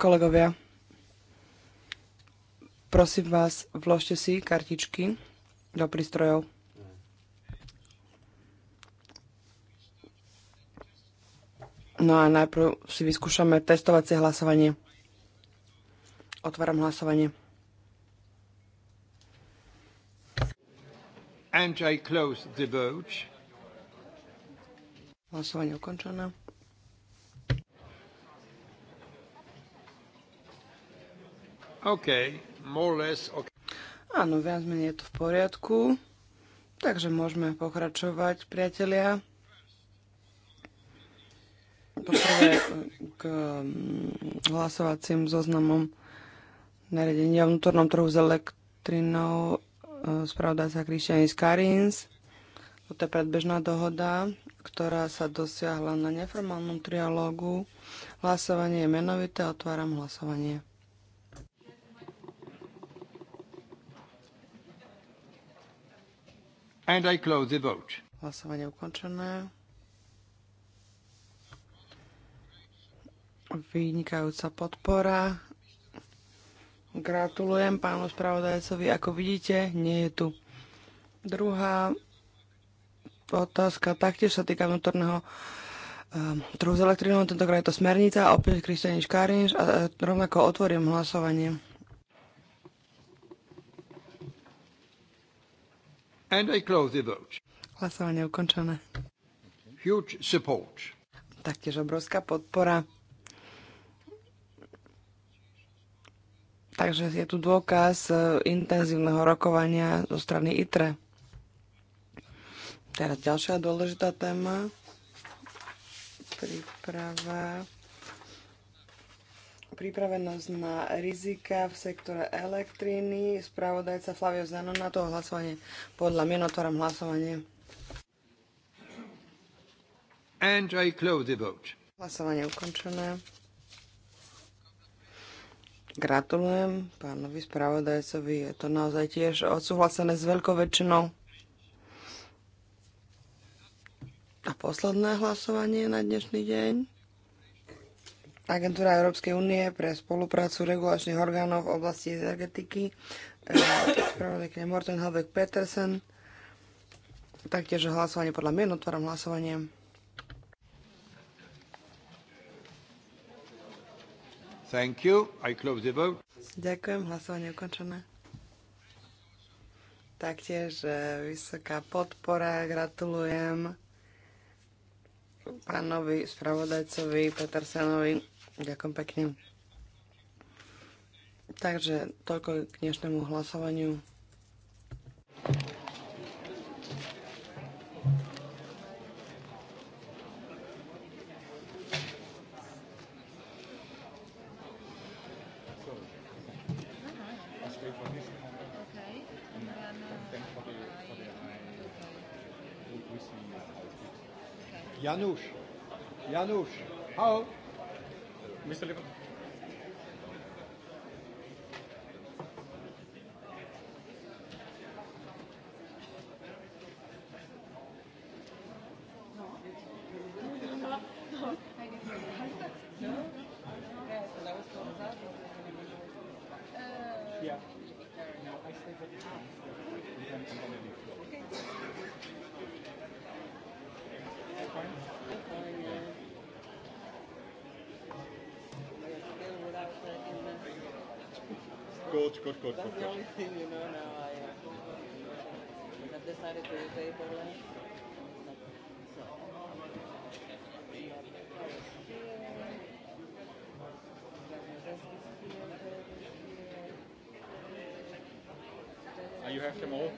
Kolegovia, prosím vás, vložte si kartičky do prístrojov. No a najprv si vyskúšame testovacie hlasovanie. Otváram hlasovanie. And I close the vote. Hlasovanie ukončené. Less, Áno, viac menej je to v poriadku. Takže môžeme pokračovať, priatelia. Poprvé eh, k mm, hlasovacím zoznamom naredenia o vnútornom trhu s elektrinou eh, spravda sa Christianis Karins. To je predbežná dohoda, ktorá sa dosiahla na neformálnom trialógu. Hlasovanie je menovité, otváram hlasovanie. And I close the vote. Hlasovanie ukončené. Vynikajúca podpora. Gratulujem pánu spravodajcovi. Ako vidíte, nie je tu. Druhá otázka taktiež sa týka vnútorného um, trhu s elektrínou. Tentokrát je to smernica. Opäť Kristianič Karinš. A, a e, rovnako otvorím hlasovanie. And I close the vote. Hlasovanie ukončené. Huge support. Taktiež obrovská podpora. Takže je tu dôkaz e, intenzívneho rokovania zo strany ITRE. Teraz ďalšia dôležitá téma. Príprava pripravenosť na rizika v sektore elektriny. Spravodajca Flavio Zanon na to hlasovanie. Podľa mien otváram hlasovanie. And I close the vote. Hlasovanie ukončené. Gratulujem pánovi spravodajcovi. Je to naozaj tiež odsúhlasené s veľkou väčšinou. A posledné hlasovanie na dnešný deň. Agentúra Európskej únie pre spoluprácu regulačných orgánov v oblasti energetiky, e, spravodajkyňa Morten Halbeck Petersen, taktiež hlasovanie podľa mien, otváram hlasovanie. Thank you. I close the vote. Ďakujem, hlasovanie ukončené. Taktiež e, vysoká podpora, gratulujem pánovi spravodajcovi Petersenovi. Ďakujem pekne. Takže toľko k dnešnému hlasovaniu. Janusz. Janusz. How? Mr. eftermål.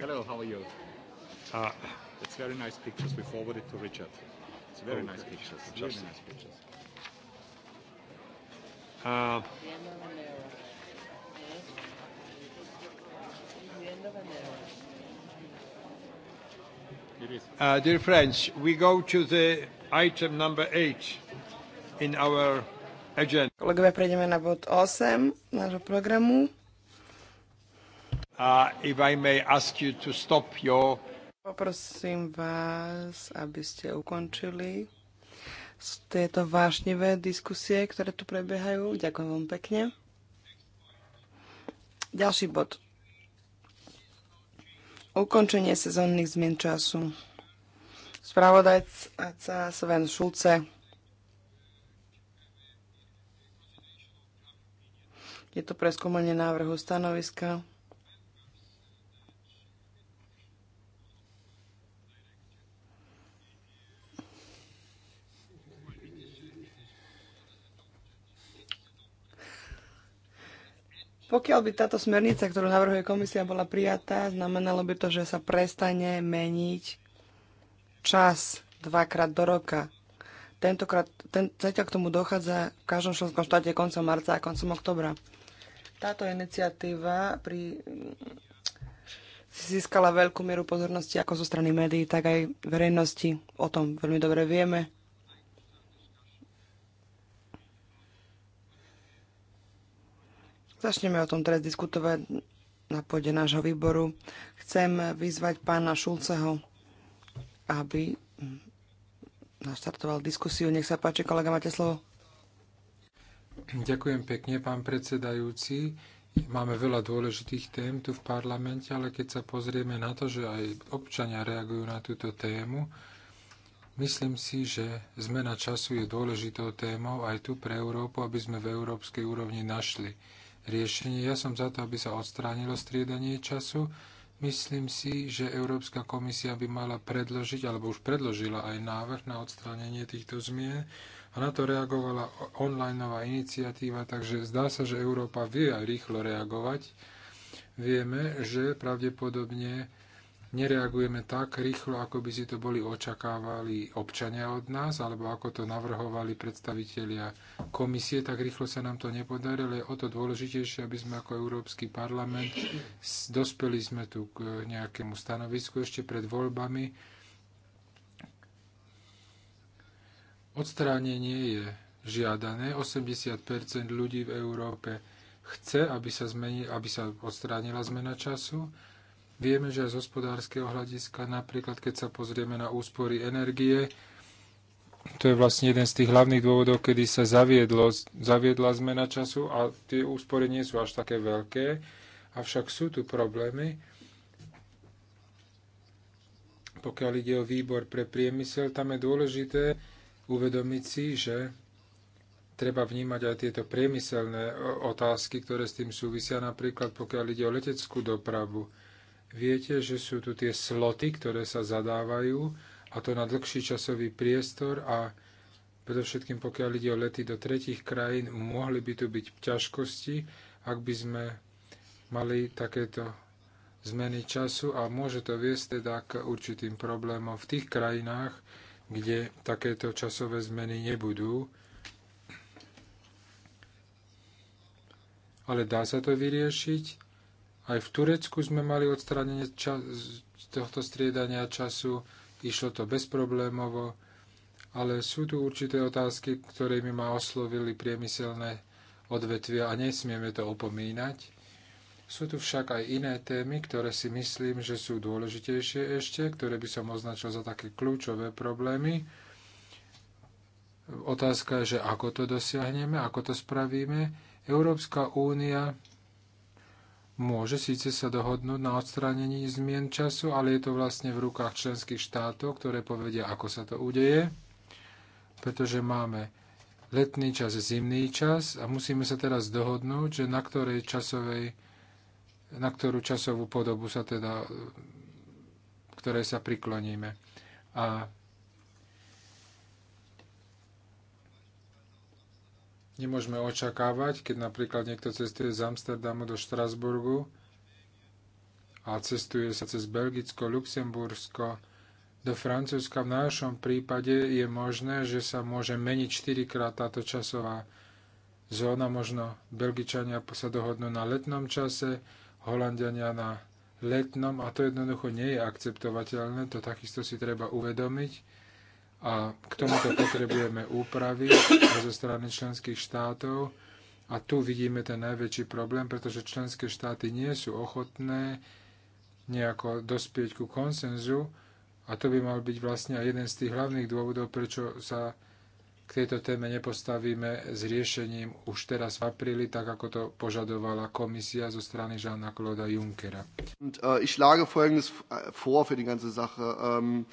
Hello, how are you? Uh, It's very nice pictures. We forwarded to Richard. It's very nice pictures. Very nice pictures. Uh, Uh, dear friends, we go to the item number eight in our agenda. Kolegovia, prejdeme na bod 8 nášho programu. Uh, if I may ask you to stop your Poprosím vás, aby ste ukončili tieto vášnivé diskusie, ktoré tu prebiehajú. Ďakujem vám pekne. Ďalší bod. Ukončenie sezónnych zmien času. Spravodajca Sven Šulce. Je to preskúmanie návrhu stanoviska. Pokiaľ by táto smernica, ktorú navrhuje komisia, bola prijatá, znamenalo by to, že sa prestane meniť čas dvakrát do roka. Tentokrát, ten, zatiaľ k tomu dochádza v každom členskom štáte koncom marca a koncom oktobra. Táto iniciatíva pri, si získala veľkú mieru pozornosti ako zo strany médií, tak aj verejnosti. O tom veľmi dobre vieme. Začneme o tom teraz diskutovať na pôde nášho výboru. Chcem vyzvať pána Šulceho, aby naštartoval diskusiu. Nech sa páči, kolega, máte slovo. Ďakujem pekne, pán predsedajúci. Máme veľa dôležitých tém tu v parlamente, ale keď sa pozrieme na to, že aj občania reagujú na túto tému, myslím si, že zmena času je dôležitou témou aj tu pre Európu, aby sme v európskej úrovni našli riešenie. Ja som za to, aby sa odstránilo striedanie času. Myslím si, že Európska komisia by mala predložiť, alebo už predložila aj návrh na odstránenie týchto zmien a na to reagovala onlineová iniciatíva, takže zdá sa, že Európa vie aj rýchlo reagovať. Vieme, že pravdepodobne nereagujeme tak rýchlo, ako by si to boli očakávali občania od nás, alebo ako to navrhovali predstavitelia komisie, tak rýchlo sa nám to nepodarilo. Je o to dôležitejšie, aby sme ako Európsky parlament dospeli sme tu k nejakému stanovisku ešte pred voľbami. Odstránenie je žiadané. 80 ľudí v Európe chce, aby sa, aby sa odstránila zmena času Vieme, že aj z hospodárskeho hľadiska, napríklad keď sa pozrieme na úspory energie, to je vlastne jeden z tých hlavných dôvodov, kedy sa zaviedlo, zaviedla zmena času a tie úspory nie sú až také veľké, avšak sú tu problémy. Pokiaľ ide o výbor pre priemysel, tam je dôležité uvedomiť si, že treba vnímať aj tieto priemyselné e, otázky, ktoré s tým súvisia, napríklad pokiaľ ide o leteckú dopravu. Viete, že sú tu tie sloty, ktoré sa zadávajú, a to na dlhší časový priestor a predovšetkým pokiaľ ide o lety do tretich krajín, mohli by tu byť ťažkosti, ak by sme mali takéto zmeny času a môže to viesť teda k určitým problémom v tých krajinách, kde takéto časové zmeny nebudú. Ale dá sa to vyriešiť aj v Turecku sme mali odstránenie tohto striedania času, išlo to bezproblémovo, ale sú tu určité otázky, ktorými ma oslovili priemyselné odvetvia a nesmieme to opomínať. Sú tu však aj iné témy, ktoré si myslím, že sú dôležitejšie ešte, ktoré by som označil za také kľúčové problémy. Otázka je, že ako to dosiahneme, ako to spravíme. Európska únia môže síce sa dohodnúť na odstránení zmien času, ale je to vlastne v rukách členských štátov, ktoré povedia, ako sa to udeje, pretože máme letný čas, zimný čas a musíme sa teraz dohodnúť, že na ktorej časovej na ktorú časovú podobu sa teda, ktoré sa prikloníme. A Nemôžeme očakávať, keď napríklad niekto cestuje z Amsterdamu do Štrasburgu a cestuje sa cez Belgicko, Luxembursko, do Francúzska. V našom prípade je možné, že sa môže meniť 4 krát táto časová zóna. Možno Belgičania sa dohodnú na letnom čase, Holandiania na letnom a to jednoducho nie je akceptovateľné, to takisto si treba uvedomiť. A k tomuto potrebujeme úpravy zo strany členských štátov. A tu vidíme ten najväčší problém, pretože členské štáty nie sú ochotné nejako dospieť ku konsenzu. A to by mal byť vlastne aj jeden z tých hlavných dôvodov, prečo sa k tejto téme nepostavíme s riešením už teraz v apríli, tak ako to požadovala komisia zo strany Žána Kloda Junckera. Und, uh, ich schlage folgendes äh, vor für die ganze Sache. Um,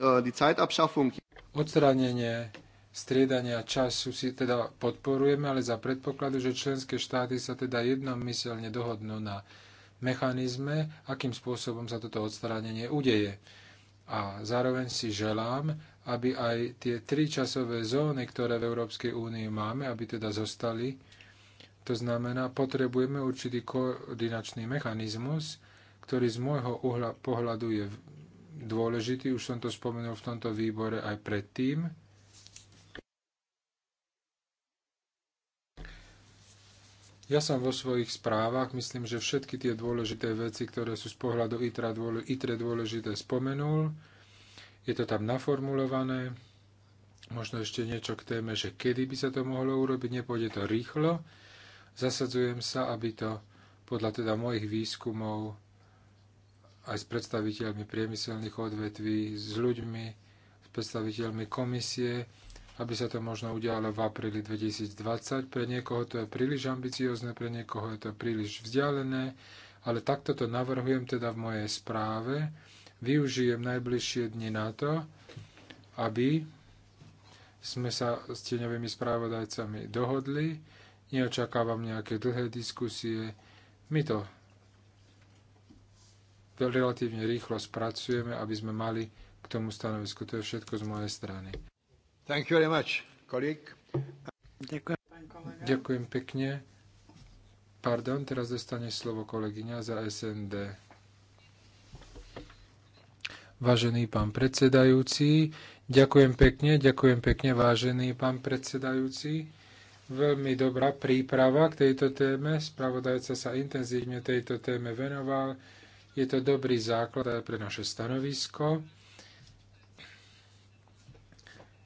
Äh, die Zeitabschaffung. Odstránenie striedania času si teda podporujeme, ale za predpokladu, že členské štáty sa teda jednomyselne dohodnú na mechanizme, akým spôsobom sa toto odstránenie udeje. A zároveň si želám, aby aj tie tri časové zóny, ktoré v Európskej únii máme, aby teda zostali. To znamená, potrebujeme určitý koordinačný mechanizmus, ktorý z môjho uhla pohľadu je dôležitý, už som to spomenul v tomto výbore aj predtým. Ja som vo svojich správach, myslím, že všetky tie dôležité veci, ktoré sú z pohľadu ITRA dôležité, dôležité, spomenul. Je to tam naformulované. Možno ešte niečo k téme, že kedy by sa to mohlo urobiť, nepôjde to rýchlo. Zasadzujem sa, aby to podľa teda mojich výskumov aj s predstaviteľmi priemyselných odvetví, s ľuďmi, s predstaviteľmi komisie, aby sa to možno udialo v apríli 2020. Pre niekoho to je príliš ambiciozne, pre niekoho je to príliš vzdialené, ale takto to navrhujem teda v mojej správe. Využijem najbližšie dni na to, aby sme sa s tieňovými správodajcami dohodli. Neočakávam nejaké dlhé diskusie. My to relatívne rýchlo spracujeme, aby sme mali k tomu stanovisku. To je všetko z mojej strany. Thank you very much, Ďakujem, Ďakujem pekne. Pardon, teraz dostane slovo kolegyňa za SND. Vážený pán predsedajúci, ďakujem pekne, ďakujem pekne, vážený pán predsedajúci. Veľmi dobrá príprava k tejto téme. Spravodajca sa intenzívne tejto téme venoval. Je to dobrý základ aj pre naše stanovisko.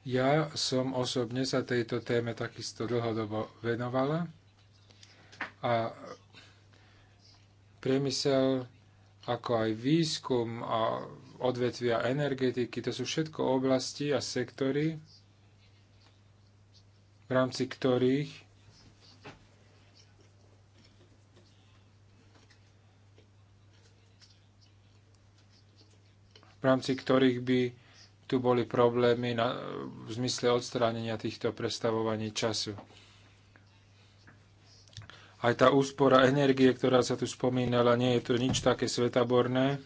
Ja som osobne sa tejto téme takisto dlhodobo venovala a priemysel ako aj výskum a odvetvia energetiky, to sú všetko oblasti a sektory, v rámci ktorých v rámci ktorých by tu boli problémy na, v zmysle odstránenia týchto prestavovaní času. Aj tá úspora energie, ktorá sa tu spomínala, nie je to nič také svetaborné.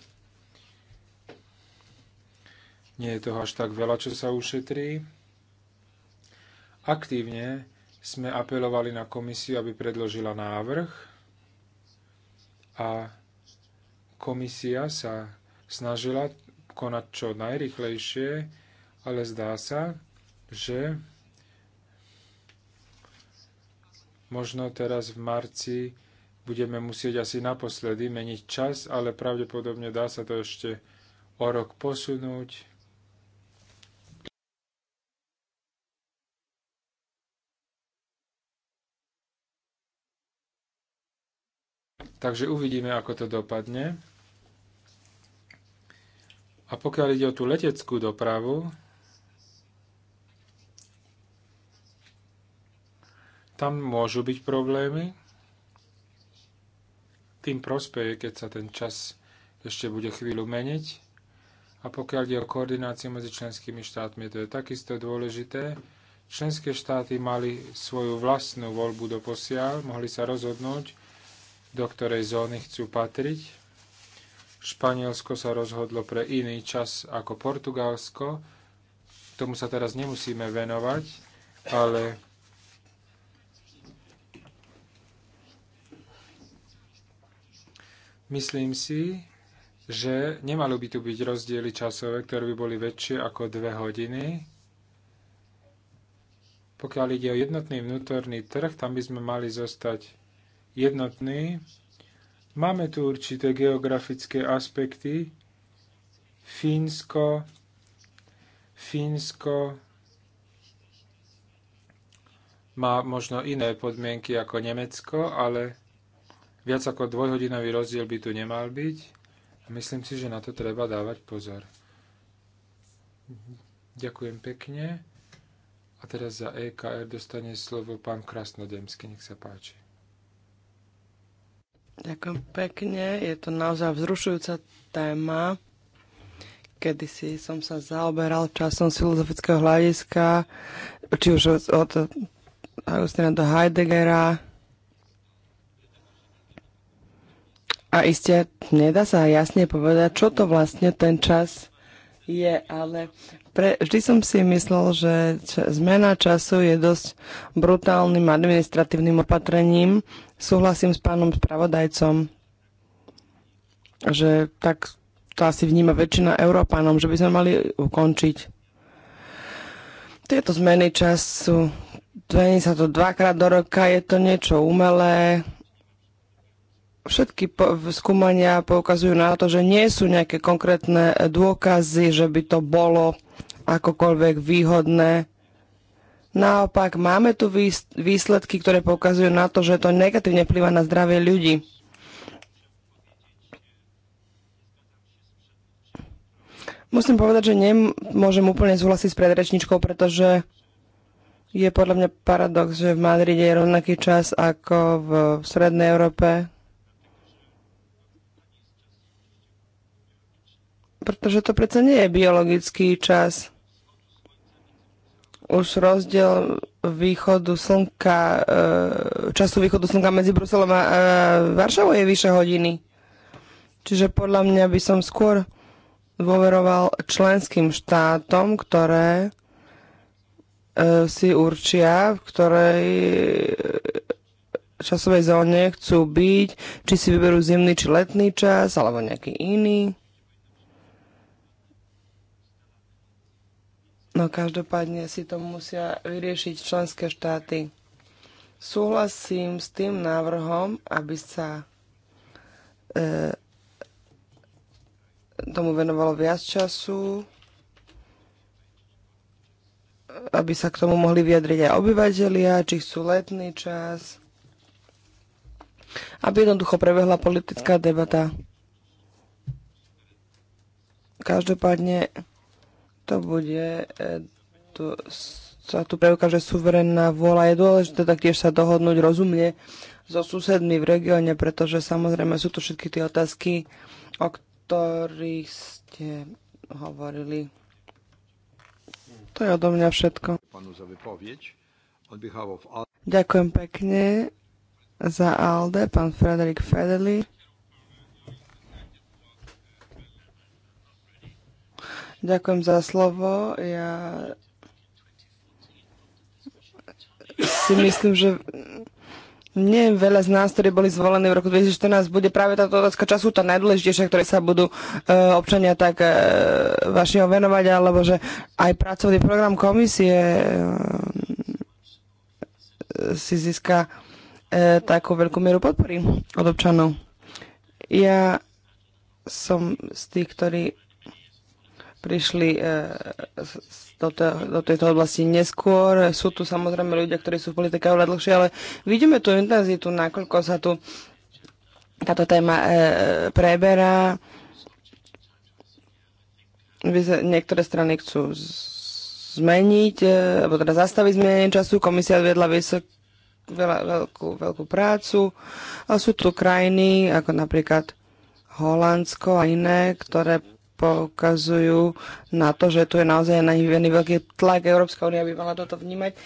Nie je toho až tak veľa, čo sa ušetrí. Aktívne sme apelovali na komisiu, aby predložila návrh a komisia sa snažila konať čo najrychlejšie, ale zdá sa, že možno teraz v marci budeme musieť asi naposledy meniť čas, ale pravdepodobne dá sa to ešte o rok posunúť. Takže uvidíme, ako to dopadne. A pokiaľ ide o tú leteckú dopravu, tam môžu byť problémy. Tým prospeje, keď sa ten čas ešte bude chvíľu meniť. A pokiaľ ide o koordináciu medzi členskými štátmi, to je takisto dôležité. Členské štáty mali svoju vlastnú voľbu do posiaľ, mohli sa rozhodnúť, do ktorej zóny chcú patriť. Španielsko sa rozhodlo pre iný čas ako Portugalsko. Tomu sa teraz nemusíme venovať, ale myslím si, že nemalo by tu byť rozdiely časové, ktoré by boli väčšie ako dve hodiny. Pokiaľ ide o jednotný vnútorný trh, tam by sme mali zostať jednotní Máme tu určité geografické aspekty. Fínsko, Fínsko má možno iné podmienky ako Nemecko, ale viac ako dvojhodinový rozdiel by tu nemal byť. A myslím si, že na to treba dávať pozor. Ďakujem pekne. A teraz za EKR dostane slovo pán Krasnodemský. Nech sa páči. Ďakujem pekne. Je to naozaj vzrušujúca téma. Kedysi som sa zaoberal časom z filozofického hľadiska, či už od Augustina do Heideggera. A iste nedá sa jasne povedať, čo to vlastne ten čas je, ale pre, vždy som si myslel, že zmena času je dosť brutálnym administratívnym opatrením, Súhlasím s pánom spravodajcom, že tak to asi vníma väčšina Európanom, že by sme mali ukončiť tieto zmeny času. Zmení sa to dvakrát do roka, je to niečo umelé, všetky po- skúmania poukazujú na to, že nie sú nejaké konkrétne dôkazy, že by to bolo akokoľvek výhodné Naopak, máme tu výsledky, ktoré poukazujú na to, že to negatívne vplyvá na zdravie ľudí. Musím povedať, že nemôžem úplne súhlasiť s predrečničkou, pretože je podľa mňa paradox, že v Madride je rovnaký čas ako v Strednej Európe. Pretože to predsa nie je biologický čas už rozdiel východu slnka, e, času východu slnka medzi Bruselom a e, Varšavou je vyše hodiny. Čiže podľa mňa by som skôr dôveroval členským štátom, ktoré e, si určia, v ktorej časovej zóne chcú byť, či si vyberú zimný či letný čas, alebo nejaký iný. No každopádne si to musia vyriešiť členské štáty. Súhlasím s tým návrhom, aby sa e, tomu venovalo viac času, aby sa k tomu mohli vyjadriť aj obyvateľia, či chcú letný čas, aby jednoducho prebehla politická debata. Každopádne to bude, e, to sa tu preukáže suverénna vôľa. Je dôležité taktiež sa dohodnúť rozumne so susedmi v regióne, pretože samozrejme sú tu všetky tie otázky, o ktorých ste hovorili. To je odo mňa všetko. Ďakujem pekne za ALDE, pán Frederik Federli. Ďakujem za slovo. Ja si myslím, že nie veľa z nás, ktorí boli zvolení v roku 2014, bude práve táto otázka času tá najdôležitejšia, ktoré sa budú e, občania tak e, vašim venovať, alebo že aj pracovný program komisie e, si získa e, takú veľkú mieru podpory od občanov. Ja som z tých, ktorí prišli do, e, te, do tejto oblasti neskôr. Sú tu samozrejme ľudia, ktorí sú v politike oveľa dlhšie, ale vidíme tú intenzitu, nakoľko sa tu táto téma e, preberá. Niektoré strany chcú zmeniť, e, alebo teda zastaviť zmenenie času. Komisia viedla vysok, veľa, veľkú, veľkú prácu. A sú tu krajiny, ako napríklad Holandsko a iné, ktoré poukazujú na to, že tu je naozaj na nich veľký tlak. Európska únia by mala toto vnímať. E,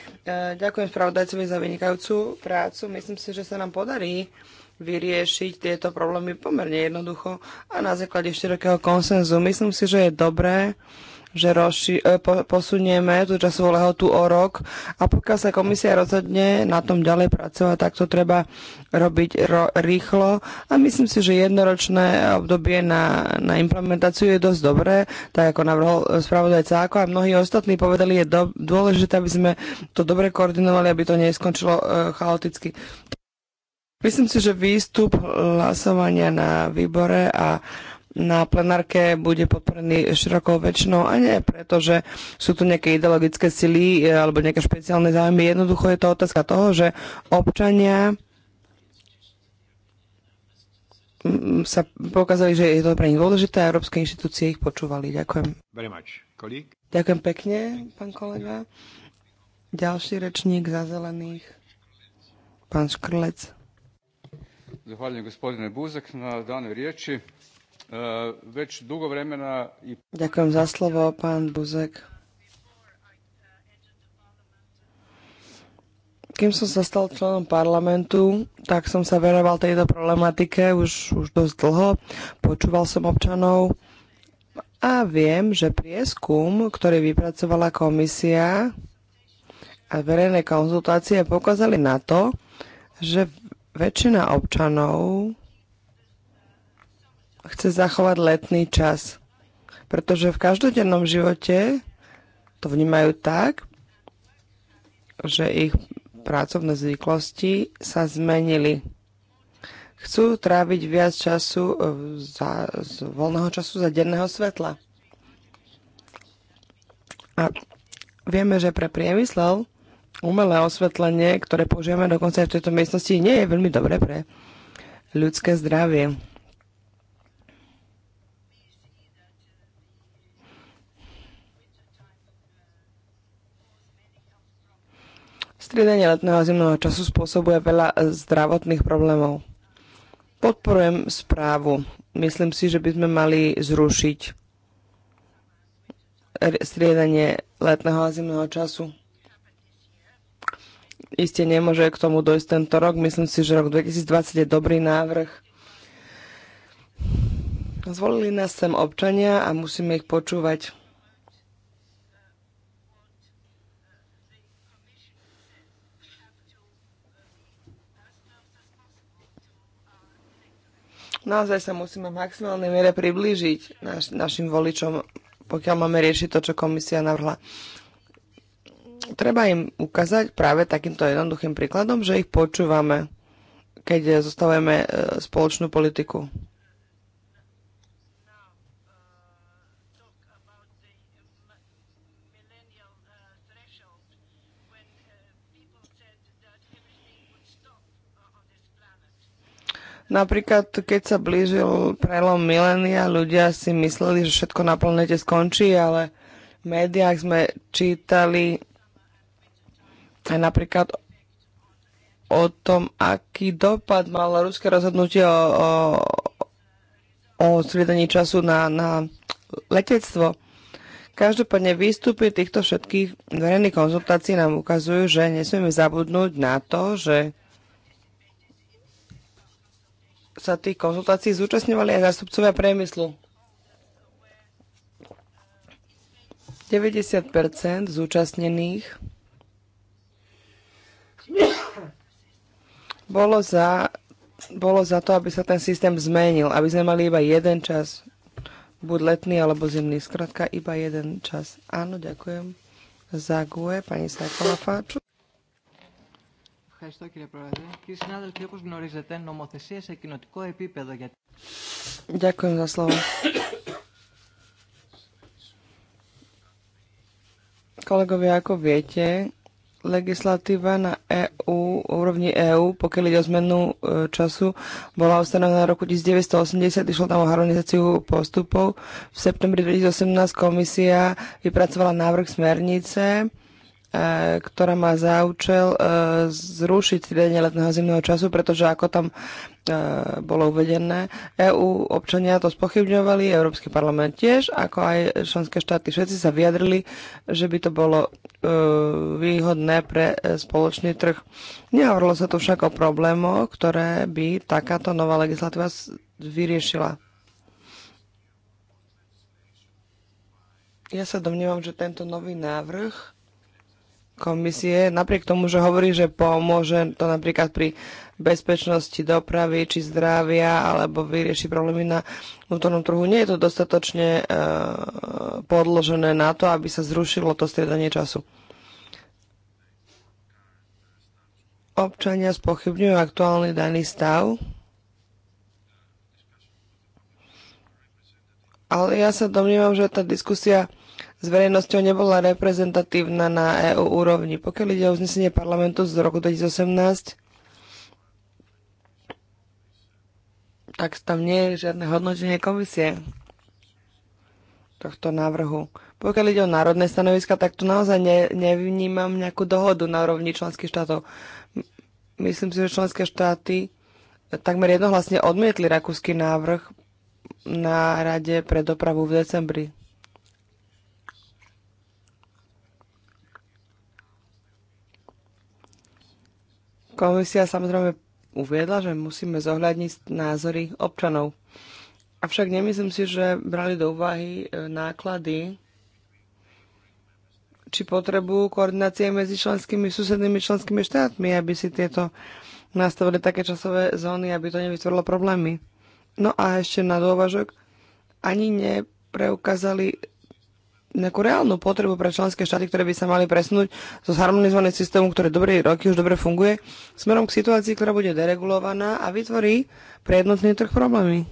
ďakujem spravodajcovi za vynikajúcu prácu. Myslím si, že sa nám podarí vyriešiť tieto problémy pomerne jednoducho a na základe širokého konsenzu. Myslím si, že je dobré, že rozši- e, po, posunieme tú časovú lehotu o rok a pokiaľ sa komisia rozhodne na tom ďalej pracovať, tak to treba robiť ro- rýchlo a myslím si, že jednoročné obdobie na, na implementáciu je dosť dobré, tak ako navrhol e, spravodajca ako a mnohí ostatní povedali, je do- dôležité, aby sme to dobre koordinovali, aby to neskončilo e, chaoticky. Myslím si, že výstup hlasovania na výbore a na plenárke bude podporený širokou väčšinou a nie preto, že sú tu nejaké ideologické sily e, alebo nejaké špeciálne záujmy. Jednoducho je to otázka toho, že občania mm, sa pokázali, že je to pre nich dôležité a európske inštitúcie ich počúvali. Ďakujem. Ďakujem pekne, pán kolega. Ďalší rečník za zelených, pán Škrlec. Zahvaljujem gospodine Buzek na danoj riječi. Ďakujem za slovo, pán Buzek. Kým som sa stal členom parlamentu, tak som sa venoval tejto problematike už, už dosť dlho. Počúval som občanov a viem, že prieskum, ktorý vypracovala komisia a verejné konzultácie pokázali na to, že väčšina občanov chce zachovať letný čas. Pretože v každodennom živote to vnímajú tak, že ich pracovné zvyklosti sa zmenili. Chcú tráviť viac času e, za, z voľného času za denného svetla. A vieme, že pre priemysel umelé osvetlenie, ktoré používame dokonca aj v tejto miestnosti, nie je veľmi dobré pre ľudské zdravie. Striedanie letného a zimného času spôsobuje veľa e, zdravotných problémov. Podporujem správu. Myslím si, že by sme mali zrušiť striedanie letného a zimného času. Isté nemôže k tomu dojsť tento rok. Myslím si, že rok 2020 je dobrý návrh. Zvolili nás sem občania a musíme ich počúvať. naozaj sa musíme v maximálnej miere priblížiť naš, našim voličom, pokiaľ máme riešiť to, čo komisia navrhla. Treba im ukázať práve takýmto jednoduchým príkladom, že ich počúvame, keď eh, zostavujeme eh, spoločnú politiku. Napríklad, keď sa blížil prelom milénia, ľudia si mysleli, že všetko na planete skončí, ale v médiách sme čítali aj napríklad o tom, aký dopad malo ruské rozhodnutie o, o, o striedaní času na, na letectvo. Každopádne výstupy týchto všetkých verejných konzultácií nám ukazujú, že nesmieme zabudnúť na to, že sa tých konzultácií zúčastňovali aj zástupcovia priemyslu. 90 zúčastnených bolo za, bolo za to, aby sa ten systém zmenil, aby sme mali iba jeden čas, buď letný alebo zimný, skrátka iba jeden čas. Áno, ďakujem. Zaguje, pani Sajkolafa. Ευχαριστώ κύριε Πρόεδρε. Κύριε συνάδελφοι, όπως γνωρίζετε, νομοθεσία σε κοινοτικό επίπεδο για... Ďakujem za slovo. Kolegovia, ako viete, legislatíva na EU, úrovni EÚ, pokiaľ ide o zmenu času, bola ustanovená v roku 1980, išlo tam o harmonizáciu postupov. V septembri 2018 komisia vypracovala návrh smernice, E, ktorá má za účel e, zrušiť triedenie letného zimného času, pretože ako tam e, bolo uvedené, EU občania to spochybňovali, Európsky parlament tiež, ako aj členské štáty. Všetci sa vyjadrili, že by to bolo výhodné pre spoločný trh. Nehovorilo sa tu však o problémoch, ktoré by takáto nová legislatíva vyriešila. Ja sa domnívam, že tento nový návrh komisie, napriek tomu, že hovorí, že pomôže to napríklad pri bezpečnosti dopravy či zdravia alebo vyrieši problémy na vnútornom trhu, nie je to dostatočne e, podložené na to, aby sa zrušilo to striedanie času. Občania spochybňujú aktuálny daný stav, ale ja sa domnívam, že tá diskusia s verejnosťou nebola reprezentatívna na EU úrovni. Pokiaľ ide o uznesenie parlamentu z roku 2018, tak tam nie je žiadne hodnotenie komisie tohto návrhu. Pokiaľ ide o národné stanoviska, tak tu naozaj ne, nevnímam nejakú dohodu na úrovni členských štátov. Myslím si, že členské štáty takmer jednohlasne odmietli rakúsky návrh na Rade pre dopravu v decembri. Komisia samozrejme uviedla, že musíme zohľadniť názory občanov. Avšak nemyslím si, že brali do úvahy e, náklady či potrebu koordinácie medzi členskými susednými členskými štátmi, aby si tieto nastavili také časové zóny, aby to nevytvorilo problémy. No a ešte na dôvažok, ani nepreukázali nejakú reálnu potrebu pre členské štáty, ktoré by sa mali presunúť zo zharmonizovaného systému, ktoré dobré roky už dobre funguje, smerom k situácii, ktorá bude deregulovaná a vytvorí pre jednotný trh problémy.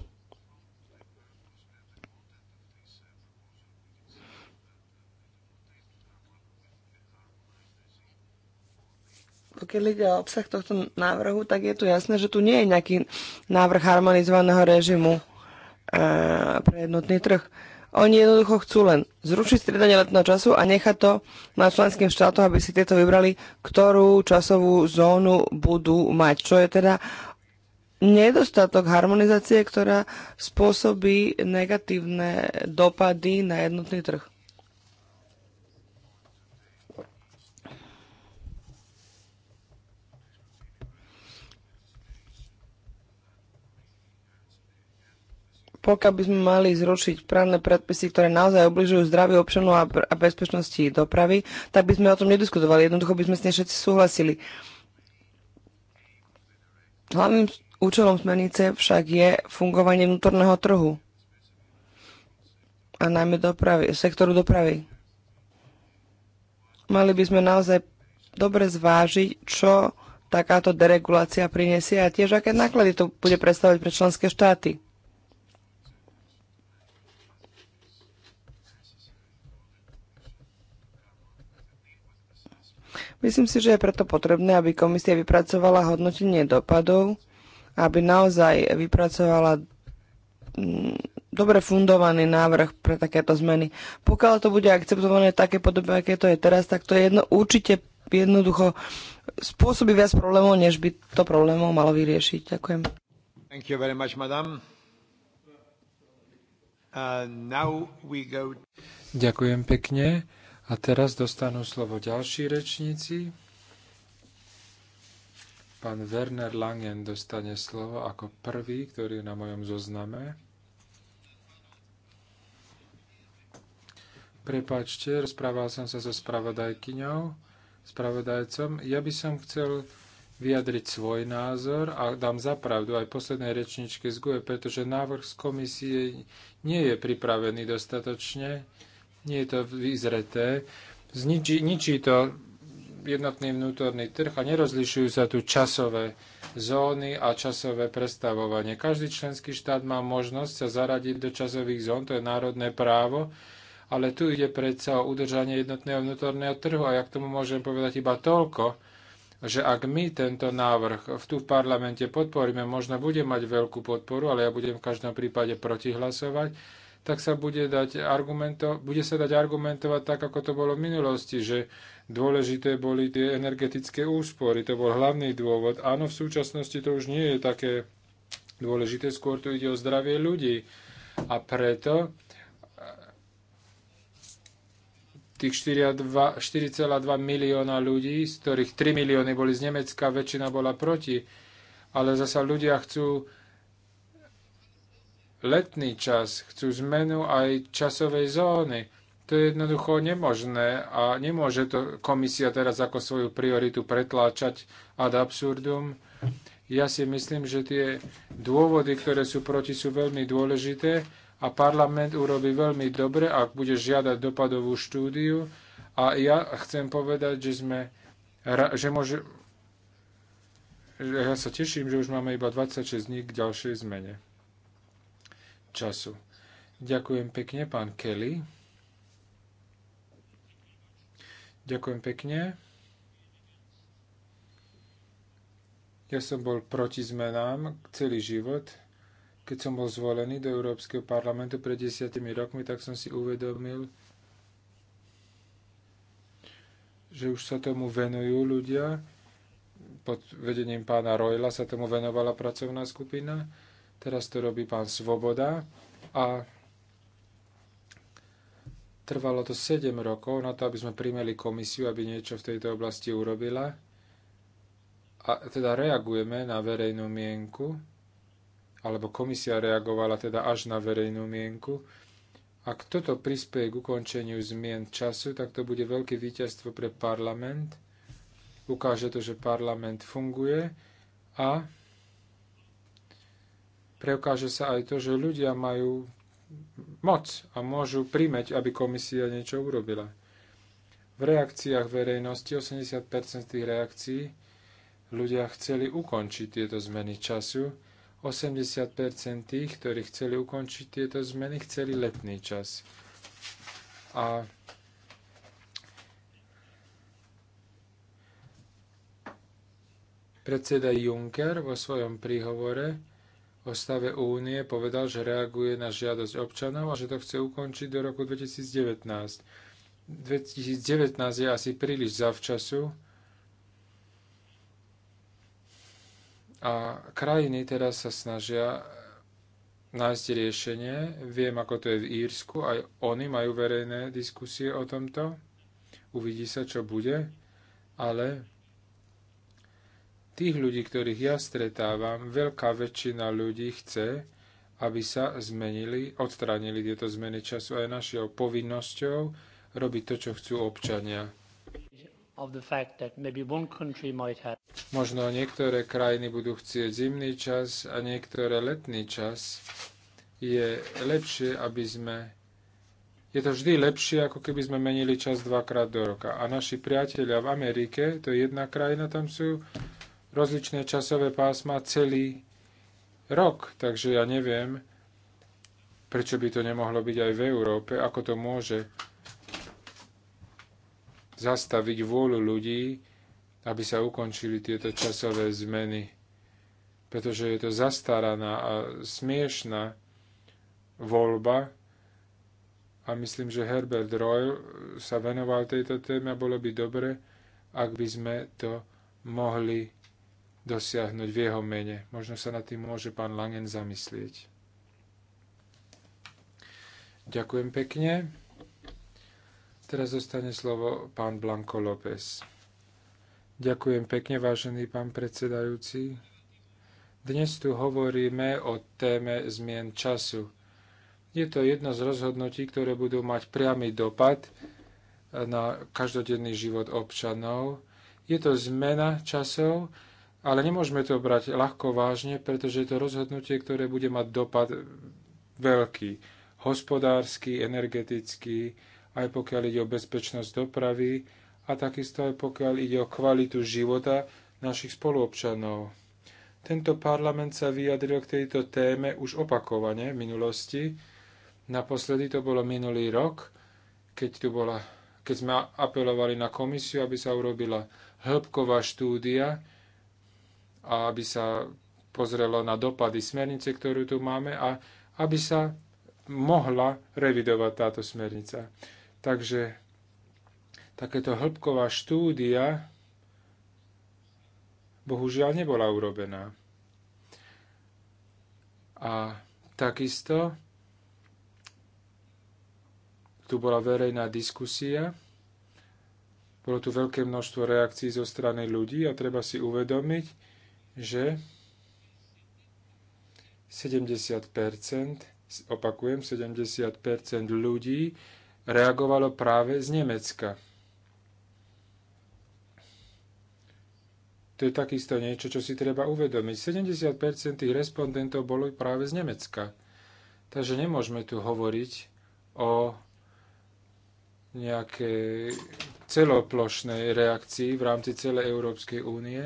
pokiaľ ide o obsah tohto návrhu, tak je tu jasné, že tu nie je nejaký návrh harmonizovaného režimu eh, pre jednotný trh. Oni jednoducho chcú len zrušiť striedanie letného času a nechať to na členským štátoch, aby si tieto vybrali, ktorú časovú zónu budú mať. Čo je teda nedostatok harmonizácie, ktorá spôsobí negatívne dopady na jednotný trh. pokiaľ by sme mali zrušiť právne predpisy, ktoré naozaj obližujú zdravie občanov a, a bezpečnosti dopravy, tak by sme o tom nediskutovali. Jednoducho by sme s všetci súhlasili. Hlavným účelom smernice však je fungovanie vnútorného trhu a najmä dopravy, sektoru dopravy. Mali by sme naozaj dobre zvážiť, čo takáto deregulácia prinesie a tiež aké náklady to bude predstavovať pre členské štáty. Myslím si, že je preto potrebné, aby komisia vypracovala hodnotenie dopadov, aby naozaj vypracovala mm, dobre fundovaný návrh pre takéto zmeny. Pokiaľ to bude akceptované v takej podobe, aké to je teraz, tak to je jedno, určite jednoducho spôsobí viac problémov, než by to problémov malo vyriešiť. Ďakujem. Thank you very much, madam. Uh, now we go... Ďakujem pekne. A teraz dostanú slovo ďalší rečníci. Pán Werner Langen dostane slovo ako prvý, ktorý je na mojom zozname. Prepačte, rozprával som sa so spravodajkyňou, spravodajcom. Ja by som chcel vyjadriť svoj názor a dám zapravdu aj poslednej rečničke z GUE, pretože návrh z komisie nie je pripravený dostatočne nie je to vyzreté. Zničí, ničí to jednotný vnútorný trh a nerozlišujú sa tu časové zóny a časové prestavovanie. Každý členský štát má možnosť sa zaradiť do časových zón, to je národné právo, ale tu ide predsa o udržanie jednotného vnútorného trhu a ja k tomu môžem povedať iba toľko, že ak my tento návrh v tu v parlamente podporíme, možno bude mať veľkú podporu, ale ja budem v každom prípade protihlasovať, tak sa bude, dať argumento, bude sa dať argumentovať tak, ako to bolo v minulosti, že dôležité boli tie energetické úspory. To bol hlavný dôvod. Áno, v súčasnosti to už nie je také dôležité, skôr tu ide o zdravie ľudí. A preto tých 4,2 milióna ľudí, z ktorých 3 milióny boli z Nemecka, väčšina bola proti. Ale zasa ľudia chcú letný čas, chcú zmenu aj časovej zóny. To je jednoducho nemožné a nemôže to komisia teraz ako svoju prioritu pretláčať ad absurdum. Ja si myslím, že tie dôvody, ktoré sú proti, sú veľmi dôležité a parlament urobí veľmi dobre, ak bude žiadať dopadovú štúdiu. A ja chcem povedať, že sme, že môže, ja sa teším, že už máme iba 26 dní k ďalšej zmene času. Ďakujem pekne, pán Kelly. Ďakujem pekne. Ja som bol proti zmenám celý život. Keď som bol zvolený do Európskeho parlamentu pred desiatimi rokmi, tak som si uvedomil, že už sa tomu venujú ľudia. Pod vedením pána Royla sa tomu venovala pracovná skupina. Teraz to robí pán Svoboda a trvalo to 7 rokov na to, aby sme primeli komisiu, aby niečo v tejto oblasti urobila. A teda reagujeme na verejnú mienku, alebo komisia reagovala teda až na verejnú mienku. Ak toto prispieje k ukončeniu zmien času, tak to bude veľké víťazstvo pre parlament. Ukáže to, že parlament funguje a preukáže sa aj to, že ľudia majú moc a môžu primeť, aby komisia niečo urobila. V reakciách verejnosti 80% tých reakcií ľudia chceli ukončiť tieto zmeny času, 80% tých, ktorí chceli ukončiť tieto zmeny, chceli letný čas. A predseda Juncker vo svojom príhovore o stave únie povedal, že reaguje na žiadosť občanov a že to chce ukončiť do roku 2019. 2019 je asi príliš zavčasu a krajiny teraz sa snažia nájsť riešenie. Viem, ako to je v Írsku, aj oni majú verejné diskusie o tomto. Uvidí sa, čo bude, ale Tých ľudí, ktorých ja stretávam, veľká väčšina ľudí chce, aby sa zmenili, odstránili tieto zmeny času aj našou povinnosťou robiť to, čo chcú občania. Have... Možno niektoré krajiny budú chcieť zimný čas a niektoré letný čas. Je lepšie, aby sme... Je to vždy lepšie, ako keby sme menili čas dvakrát do roka. A naši priatelia v Amerike, to je jedna krajina, tam sú rozličné časové pásma celý rok. Takže ja neviem, prečo by to nemohlo byť aj v Európe, ako to môže zastaviť vôľu ľudí, aby sa ukončili tieto časové zmeny. Pretože je to zastaraná a smiešná voľba a myslím, že Herbert Royal sa venoval tejto téme a bolo by dobre, ak by sme to mohli dosiahnuť v jeho mene. Možno sa nad tým môže pán Langen zamyslieť. Ďakujem pekne. Teraz zostane slovo pán Blanko López. Ďakujem pekne, vážený pán predsedajúci. Dnes tu hovoríme o téme zmien času. Je to jedno z rozhodnutí, ktoré budú mať priamy dopad na každodenný život občanov. Je to zmena časov, ale nemôžeme to brať ľahko vážne, pretože je to rozhodnutie, ktoré bude mať dopad veľký. Hospodársky, energetický, aj pokiaľ ide o bezpečnosť dopravy a takisto aj pokiaľ ide o kvalitu života našich spoluobčanov. Tento parlament sa vyjadril k tejto téme už opakovane v minulosti. Naposledy to bolo minulý rok, keď, tu bola, keď sme apelovali na komisiu, aby sa urobila hĺbková štúdia, a aby sa pozrelo na dopady smernice, ktorú tu máme a aby sa mohla revidovať táto smernica. Takže takéto hĺbková štúdia bohužiaľ nebola urobená. A takisto tu bola verejná diskusia, bolo tu veľké množstvo reakcií zo strany ľudí a treba si uvedomiť, že 70 opakujem, 70 ľudí reagovalo práve z Nemecka. To je takisto niečo, čo si treba uvedomiť. 70 tých respondentov bolo práve z Nemecka. Takže nemôžeme tu hovoriť o nejakej celoplošnej reakcii v rámci celej Európskej únie.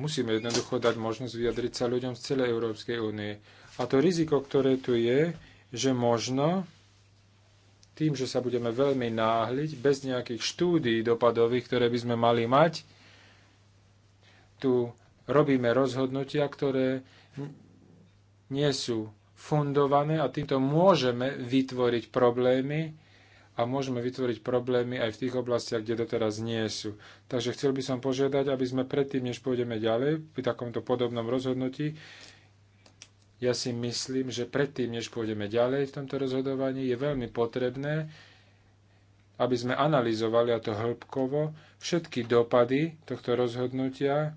Musíme jednoducho dať možnosť vyjadriť sa ľuďom z celej Európskej únie. A to riziko, ktoré tu je, že možno tým, že sa budeme veľmi náhliť, bez nejakých štúdií dopadových, ktoré by sme mali mať, tu robíme rozhodnutia, ktoré nie sú fundované a týmto môžeme vytvoriť problémy, a môžeme vytvoriť problémy aj v tých oblastiach, kde doteraz nie sú. Takže chcel by som požiadať, aby sme predtým, než pôjdeme ďalej pri takomto podobnom rozhodnutí, ja si myslím, že predtým, než pôjdeme ďalej v tomto rozhodovaní, je veľmi potrebné, aby sme analyzovali, a to hĺbkovo, všetky dopady tohto rozhodnutia,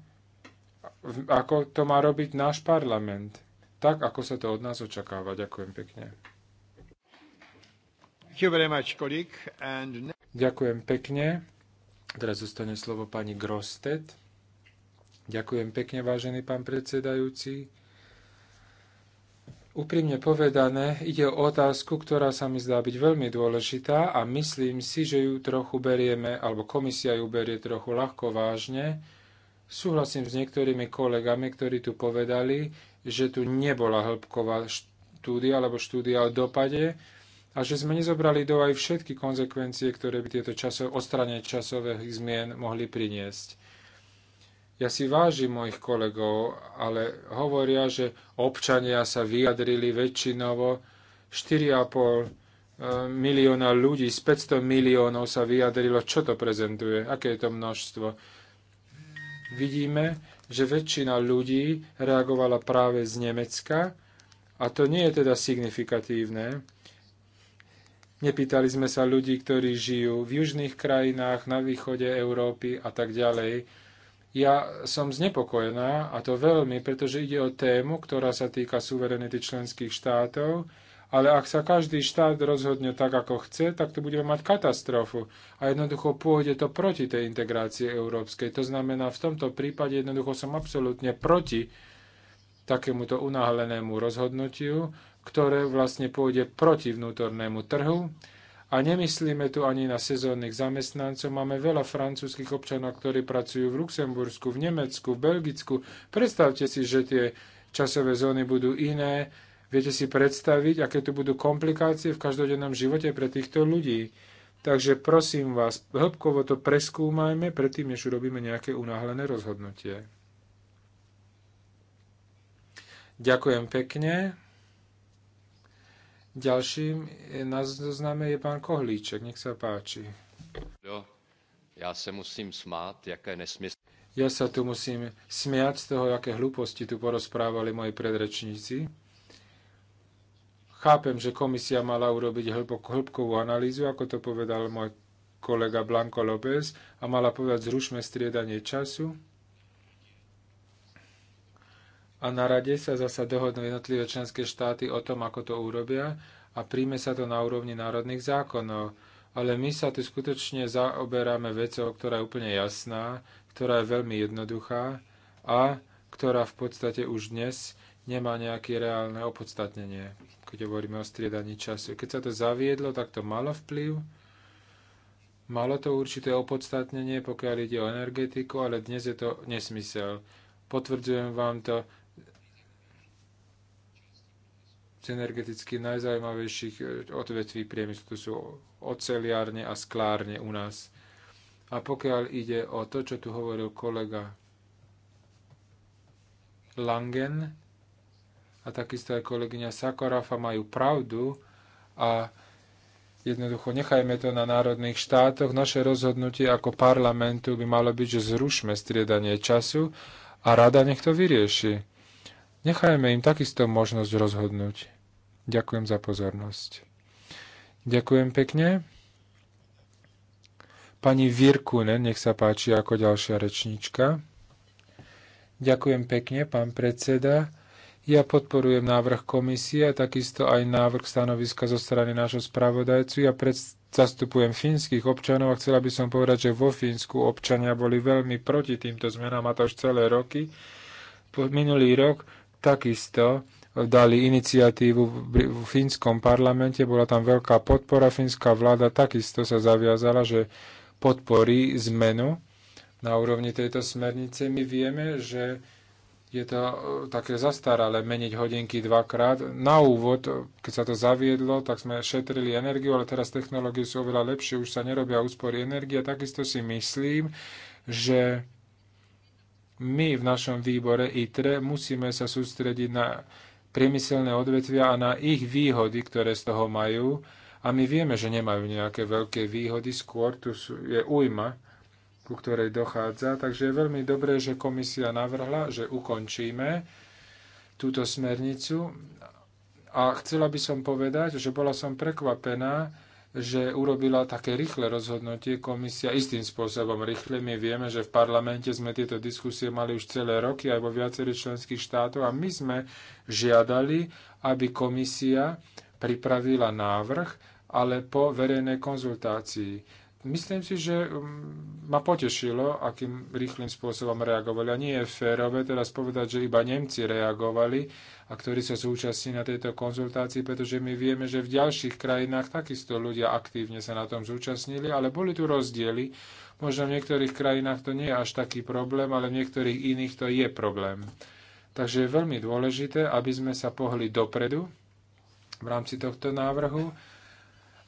ako to má robiť náš parlament, tak ako sa to od nás očakáva. Ďakujem pekne. Ďakujem pekne. Teraz zostane slovo pani grostet. Ďakujem pekne, vážený pán predsedajúci. Úprimne povedané, ide o otázku, ktorá sa mi zdá byť veľmi dôležitá a myslím si, že ju trochu berieme, alebo komisia ju berie trochu ľahko vážne. Súhlasím s niektorými kolegami, ktorí tu povedali, že tu nebola hĺbková štúdia alebo štúdia o dopade, a že sme nezobrali do aj všetky konsekvencie, ktoré by tieto časov, odstranie časových zmien mohli priniesť. Ja si vážim mojich kolegov, ale hovoria, že občania sa vyjadrili väčšinovo 4,5 e, milióna ľudí z 500 miliónov sa vyjadrilo, čo to prezentuje, aké je to množstvo. Vidíme, že väčšina ľudí reagovala práve z Nemecka a to nie je teda signifikatívne Nepýtali sme sa ľudí, ktorí žijú v južných krajinách, na východe Európy a tak ďalej. Ja som znepokojená, a to veľmi, pretože ide o tému, ktorá sa týka suverenity členských štátov, ale ak sa každý štát rozhodne tak, ako chce, tak to budeme mať katastrofu. A jednoducho pôjde to proti tej integrácie európskej. To znamená, v tomto prípade jednoducho som absolútne proti takémuto unáhlenému rozhodnutiu ktoré vlastne pôjde proti vnútornému trhu. A nemyslíme tu ani na sezónnych zamestnancov. Máme veľa francúzskych občanov, ktorí pracujú v Luxembursku, v Nemecku, v Belgicku. Predstavte si, že tie časové zóny budú iné. Viete si predstaviť, aké tu budú komplikácie v každodennom živote pre týchto ľudí. Takže prosím vás, hĺbkovo to preskúmajme, predtým, než urobíme nejaké unáhlené rozhodnutie. Ďakujem pekne. Ďalším na zozname je pán Kohlíček, nech sa páči. Jo, ja sa musím smáť, jaké nesmysl... Ja sa tu musím smiať z toho, aké hlúposti tu porozprávali moji predrečníci. Chápem, že komisia mala urobiť hĺbok, hĺbkovú analýzu, ako to povedal môj kolega Blanco López, a mala povedať zrušme striedanie času, a na rade sa zasa dohodnú jednotlivé členské štáty o tom, ako to urobia a príjme sa to na úrovni národných zákonov. Ale my sa tu skutočne zaoberáme vecou, ktorá je úplne jasná, ktorá je veľmi jednoduchá a ktorá v podstate už dnes nemá nejaké reálne opodstatnenie, keď hovoríme o striedaní času. Keď sa to zaviedlo, tak to malo vplyv, malo to určité opodstatnenie, pokiaľ ide o energetiku, ale dnes je to nesmysel. Potvrdzujem vám to, z energeticky najzaujímavejších e, odvetví priemyslu. To sú oceliárne a sklárne u nás. A pokiaľ ide o to, čo tu hovoril kolega Langen a takisto aj kolegyňa Sakorafa majú pravdu a Jednoducho nechajme to na národných štátoch. Naše rozhodnutie ako parlamentu by malo byť, že zrušme striedanie času a rada nech to vyrieši. Nechajme im takisto možnosť rozhodnúť. Ďakujem za pozornosť. Ďakujem pekne. Pani Virkunen, nech sa páči ako ďalšia rečníčka. Ďakujem pekne, pán predseda. Ja podporujem návrh komisie a takisto aj návrh stanoviska zo strany nášho spravodajcu. Ja pred, zastupujem fínskych občanov a chcela by som povedať, že vo Fínsku občania boli veľmi proti týmto zmenám a to už celé roky. Po, minulý rok takisto dali iniciatívu v fínskom parlamente, bola tam veľká podpora, fínska vláda takisto sa zaviazala, že podporí zmenu na úrovni tejto smernice. My vieme, že je to e, také zastaralé meniť hodinky dvakrát. Na úvod, e, keď sa to zaviedlo, tak sme šetrili energiu, ale teraz technológie sú oveľa lepšie, už sa nerobia úspory energie. Takisto si myslím, že my v našom výbore ITRE musíme sa sústrediť na priemyselné odvetvia a na ich výhody, ktoré z toho majú. A my vieme, že nemajú nejaké veľké výhody, skôr tu je újma, ku ktorej dochádza. Takže je veľmi dobré, že komisia navrhla, že ukončíme túto smernicu. A chcela by som povedať, že bola som prekvapená, že urobila také rýchle rozhodnutie komisia istým spôsobom rýchle. My vieme, že v parlamente sme tieto diskusie mali už celé roky aj vo viacerých členských štátov a my sme žiadali, aby komisia pripravila návrh, ale po verejnej konzultácii. Myslím si, že um, ma potešilo, akým rýchlým spôsobom reagovali. A nie je férové teraz povedať, že iba Nemci reagovali a ktorí sa zúčastní na tejto konzultácii, pretože my vieme, že v ďalších krajinách takisto ľudia aktívne sa na tom zúčastnili, ale boli tu rozdiely. Možno v niektorých krajinách to nie je až taký problém, ale v niektorých iných to je problém. Takže je veľmi dôležité, aby sme sa pohli dopredu v rámci tohto návrhu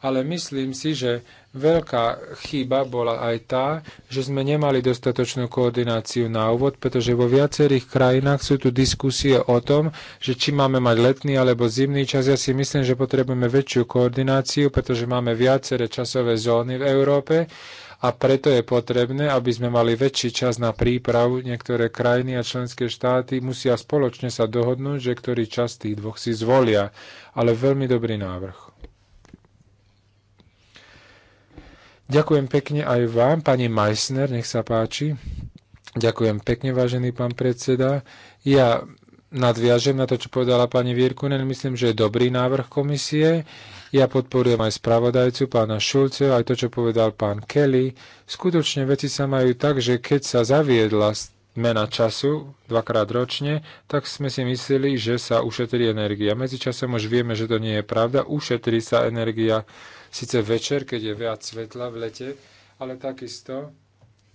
ale myslím si, že veľká chyba bola aj tá, že sme nemali dostatočnú koordináciu na úvod, pretože vo viacerých krajinách sú tu diskusie o tom, že či máme mať letný alebo zimný čas. Ja si myslím, že potrebujeme väčšiu koordináciu, pretože máme viaceré časové zóny v Európe a preto je potrebné, aby sme mali väčší čas na prípravu. Niektoré krajiny a členské štáty musia spoločne sa dohodnúť, že ktorý čas tých dvoch si zvolia. Ale veľmi dobrý návrh. Ďakujem pekne aj vám, pani Meissner, nech sa páči. Ďakujem pekne, vážený pán predseda. Ja nadviažem na to, čo povedala pani Vierkunen. Myslím, že je dobrý návrh komisie. Ja podporujem aj spravodajcu pána Šulce, aj to, čo povedal pán Kelly. Skutočne veci sa majú tak, že keď sa zaviedla mena času dvakrát ročne, tak sme si mysleli, že sa ušetrí energia. Medzičasom už vieme, že to nie je pravda. Ušetrí sa energia síce večer, keď je viac svetla v lete, ale takisto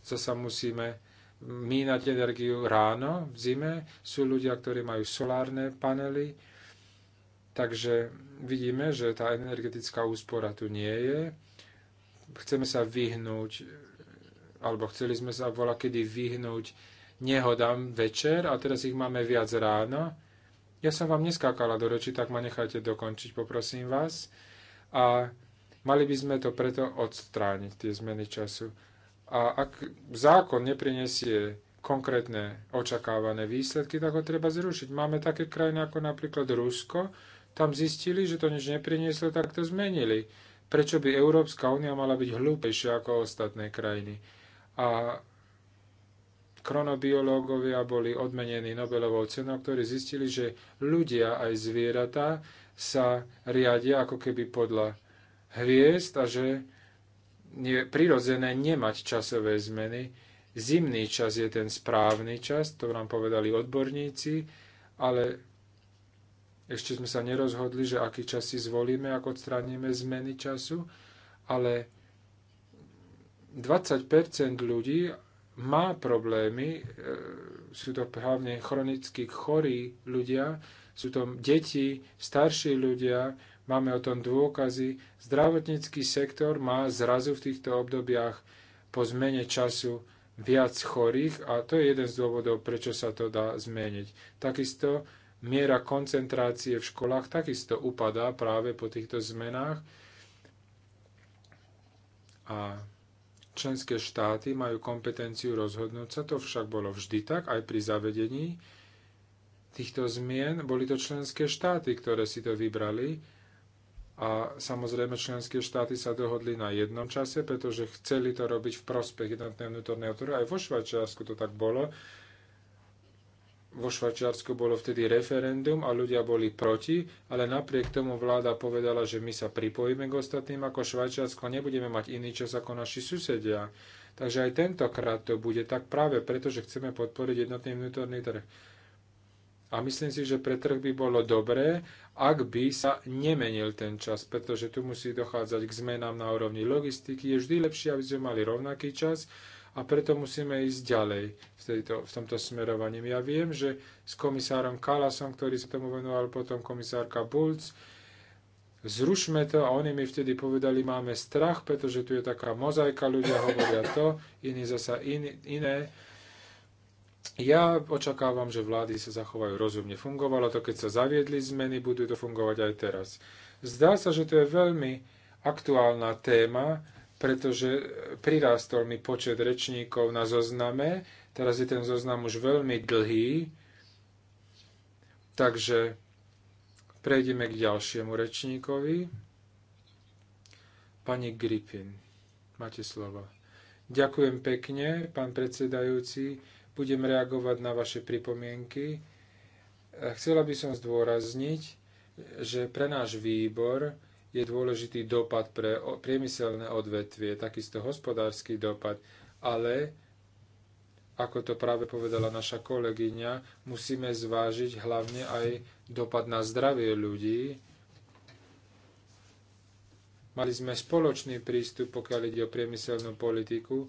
sa musíme mínať energiu ráno, v zime. Sú ľudia, ktorí majú solárne panely, takže vidíme, že tá energetická úspora tu nie je. Chceme sa vyhnúť, alebo chceli sme sa vola kedy vyhnúť nehodám večer a teraz ich máme viac ráno. Ja som vám neskákala do reči, tak ma nechajte dokončiť, poprosím vás. A Mali by sme to preto odstrániť, tie zmeny času. A ak zákon nepriniesie konkrétne očakávané výsledky, tak ho treba zrušiť. Máme také krajiny ako napríklad Rusko, tam zistili, že to nič neprinieslo, tak to zmenili. Prečo by Európska únia mala byť hlúpejšia ako ostatné krajiny? A kronobiológovia boli odmenení Nobelovou cenou, ktorí zistili, že ľudia aj zvieratá sa riadia ako keby podľa hviezd a že je prirodzené nemať časové zmeny. Zimný čas je ten správny čas, to nám povedali odborníci, ale ešte sme sa nerozhodli, že aký čas si zvolíme, ako odstraníme zmeny času, ale 20% ľudí má problémy, e, sú to hlavne chronicky chorí ľudia, sú to deti, starší ľudia, Máme o tom dôkazy. Zdravotnícky sektor má zrazu v týchto obdobiach po zmene času viac chorých a to je jeden z dôvodov, prečo sa to dá zmeniť. Takisto miera koncentrácie v školách takisto upadá práve po týchto zmenách a členské štáty majú kompetenciu rozhodnúť sa. To však bolo vždy tak, aj pri zavedení týchto zmien. Boli to členské štáty, ktoré si to vybrali a samozrejme členské štáty sa dohodli na jednom čase, pretože chceli to robiť v prospech jednotného vnútorného trhu. Aj vo Švajčiarsku to tak bolo. Vo Švajčiarsku bolo vtedy referendum a ľudia boli proti, ale napriek tomu vláda povedala, že my sa pripojíme k ostatným ako Švajčiarsko, nebudeme mať iný čas ako naši susedia. Takže aj tentokrát to bude tak práve preto, že chceme podporiť jednotný vnútorný trh. A myslím si, že pre trh by bolo dobré, ak by sa nemenil ten čas, pretože tu musí dochádzať k zmenám na úrovni logistiky. Je vždy lepšie, aby sme mali rovnaký čas a preto musíme ísť ďalej v, tejto, v tomto smerovaní. Ja viem, že s komisárom Kalasom, ktorý sa tomu venoval potom komisárka Bulc, zrušme to a oni mi vtedy povedali, máme strach, pretože tu je taká mozaika, ľudia hovoria to, iní zasa in, iné. Ja očakávam, že vlády sa zachovajú rozumne. Fungovalo to, keď sa zaviedli zmeny, budú to fungovať aj teraz. Zdá sa, že to je veľmi aktuálna téma, pretože prirástol mi počet rečníkov na zozname. Teraz je ten zoznam už veľmi dlhý, takže prejdeme k ďalšiemu rečníkovi. Pani Gripin, máte slovo. Ďakujem pekne, pán predsedajúci budem reagovať na vaše pripomienky. E, chcela by som zdôrazniť, že pre náš výbor je dôležitý dopad pre priemyselné odvetvie, takisto hospodársky dopad, ale ako to práve povedala naša kolegyňa, musíme zvážiť hlavne aj dopad na zdravie ľudí. Mali sme spoločný prístup, pokiaľ ide o priemyselnú politiku,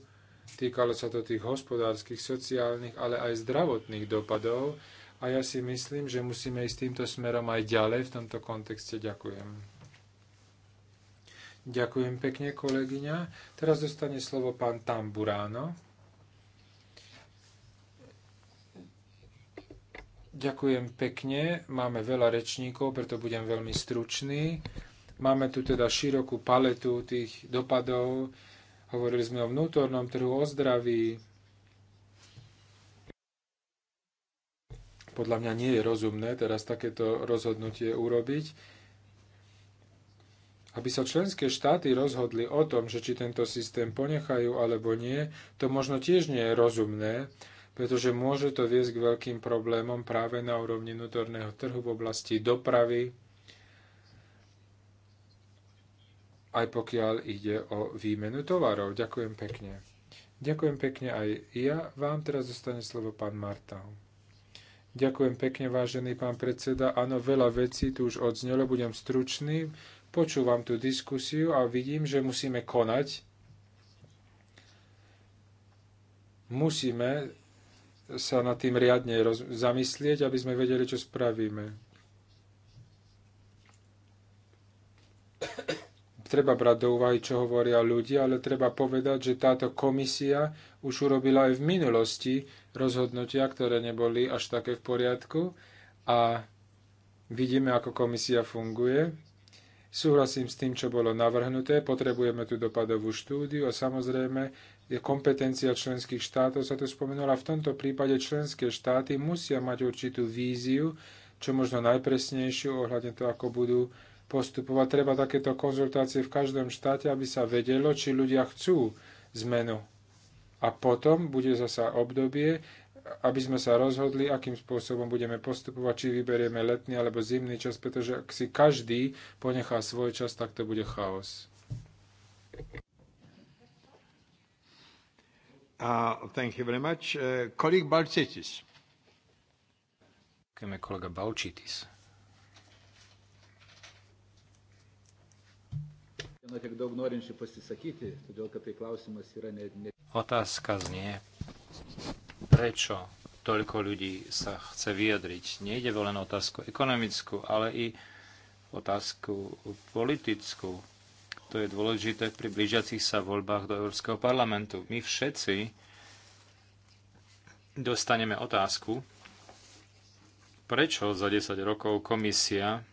Týkalo sa to tých hospodárskych, sociálnych, ale aj zdravotných dopadov. A ja si myslím, že musíme ísť týmto smerom aj ďalej v tomto kontexte. Ďakujem. Ďakujem pekne, kolegyňa. Teraz dostane slovo pán Tamburáno. Ďakujem pekne. Máme veľa rečníkov, preto budem veľmi stručný. Máme tu teda širokú paletu tých dopadov, Hovorili sme o vnútornom trhu, o zdraví. Podľa mňa nie je rozumné teraz takéto rozhodnutie urobiť, aby sa členské štáty rozhodli o tom, že či tento systém ponechajú alebo nie, to možno tiež nie je rozumné, pretože môže to viesť k veľkým problémom práve na úrovni vnútorného trhu v oblasti dopravy, aj pokiaľ ide o výmenu tovarov. Ďakujem pekne. Ďakujem pekne aj ja. Vám teraz zostane slovo pán Marta. Ďakujem pekne, vážený pán predseda. Áno, veľa vecí tu už odznelo, budem stručný. Počúvam tú diskusiu a vidím, že musíme konať. Musíme sa nad tým riadne zamyslieť, aby sme vedeli, čo spravíme treba brať do úvahy, čo hovoria ľudia, ale treba povedať, že táto komisia už urobila aj v minulosti rozhodnutia, ktoré neboli až také v poriadku a vidíme, ako komisia funguje. Súhlasím s tým, čo bolo navrhnuté, potrebujeme tú dopadovú štúdiu a samozrejme je kompetencia členských štátov sa tu spomenula. V tomto prípade členské štáty musia mať určitú víziu, čo možno najpresnejšiu ohľadne to, ako budú postupovať. Treba takéto konzultácie v každom štáte, aby sa vedelo, či ľudia chcú zmenu. A potom bude zasa obdobie, aby sme sa rozhodli, akým spôsobom budeme postupovať, či vyberieme letný alebo zimný čas, pretože ak si každý ponechá svoj čas, tak to bude chaos. Uh, thank you very much. Uh, e, kolik kolega Balčitis. tiek daug norinčių pasisakyti, todėl kad tai klausimas yra ne. ne... Otázka znie, prečo toľko ľudí sa chce vyjadriť. Nejde len otázku ekonomickú, ale i otázku politickú. To je dôležité pri blížiacich sa voľbách do Európskeho parlamentu. My všetci dostaneme otázku, prečo za 10 rokov komisia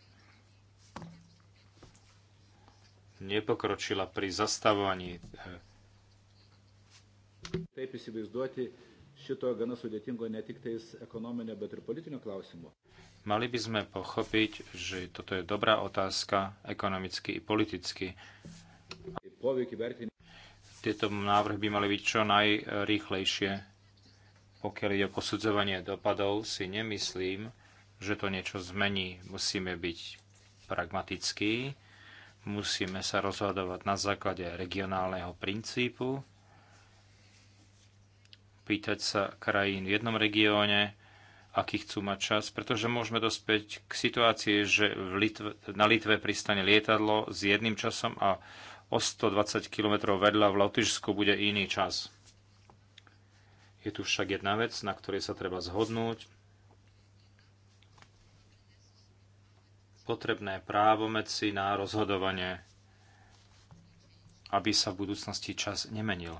nepokročila pri zastavovaní. Eh. Taip įsivaizduoti šito gana sudėtingo ne tik tais ekonominio, bet ir politinio klausimo. Mali by sme pochopiť, že toto je dobrá otázka ekonomicky i politicky. Tieto návrhy by mali byť čo najrýchlejšie. Pokiaľ ide o posudzovanie dopadov, si nemyslím, že to niečo zmení. Musíme byť pragmatickí Musíme sa rozhodovať na základe regionálneho princípu, pýtať sa krajín v jednom regióne, aký chcú mať čas, pretože môžeme dospieť k situácii, že v Litve, na Litve pristane lietadlo s jedným časom a o 120 km vedľa v Lotyšsku bude iný čas. Je tu však jedna vec, na ktorej sa treba zhodnúť. potrebné právomeci na rozhodovanie, aby sa v budúcnosti čas nemenil.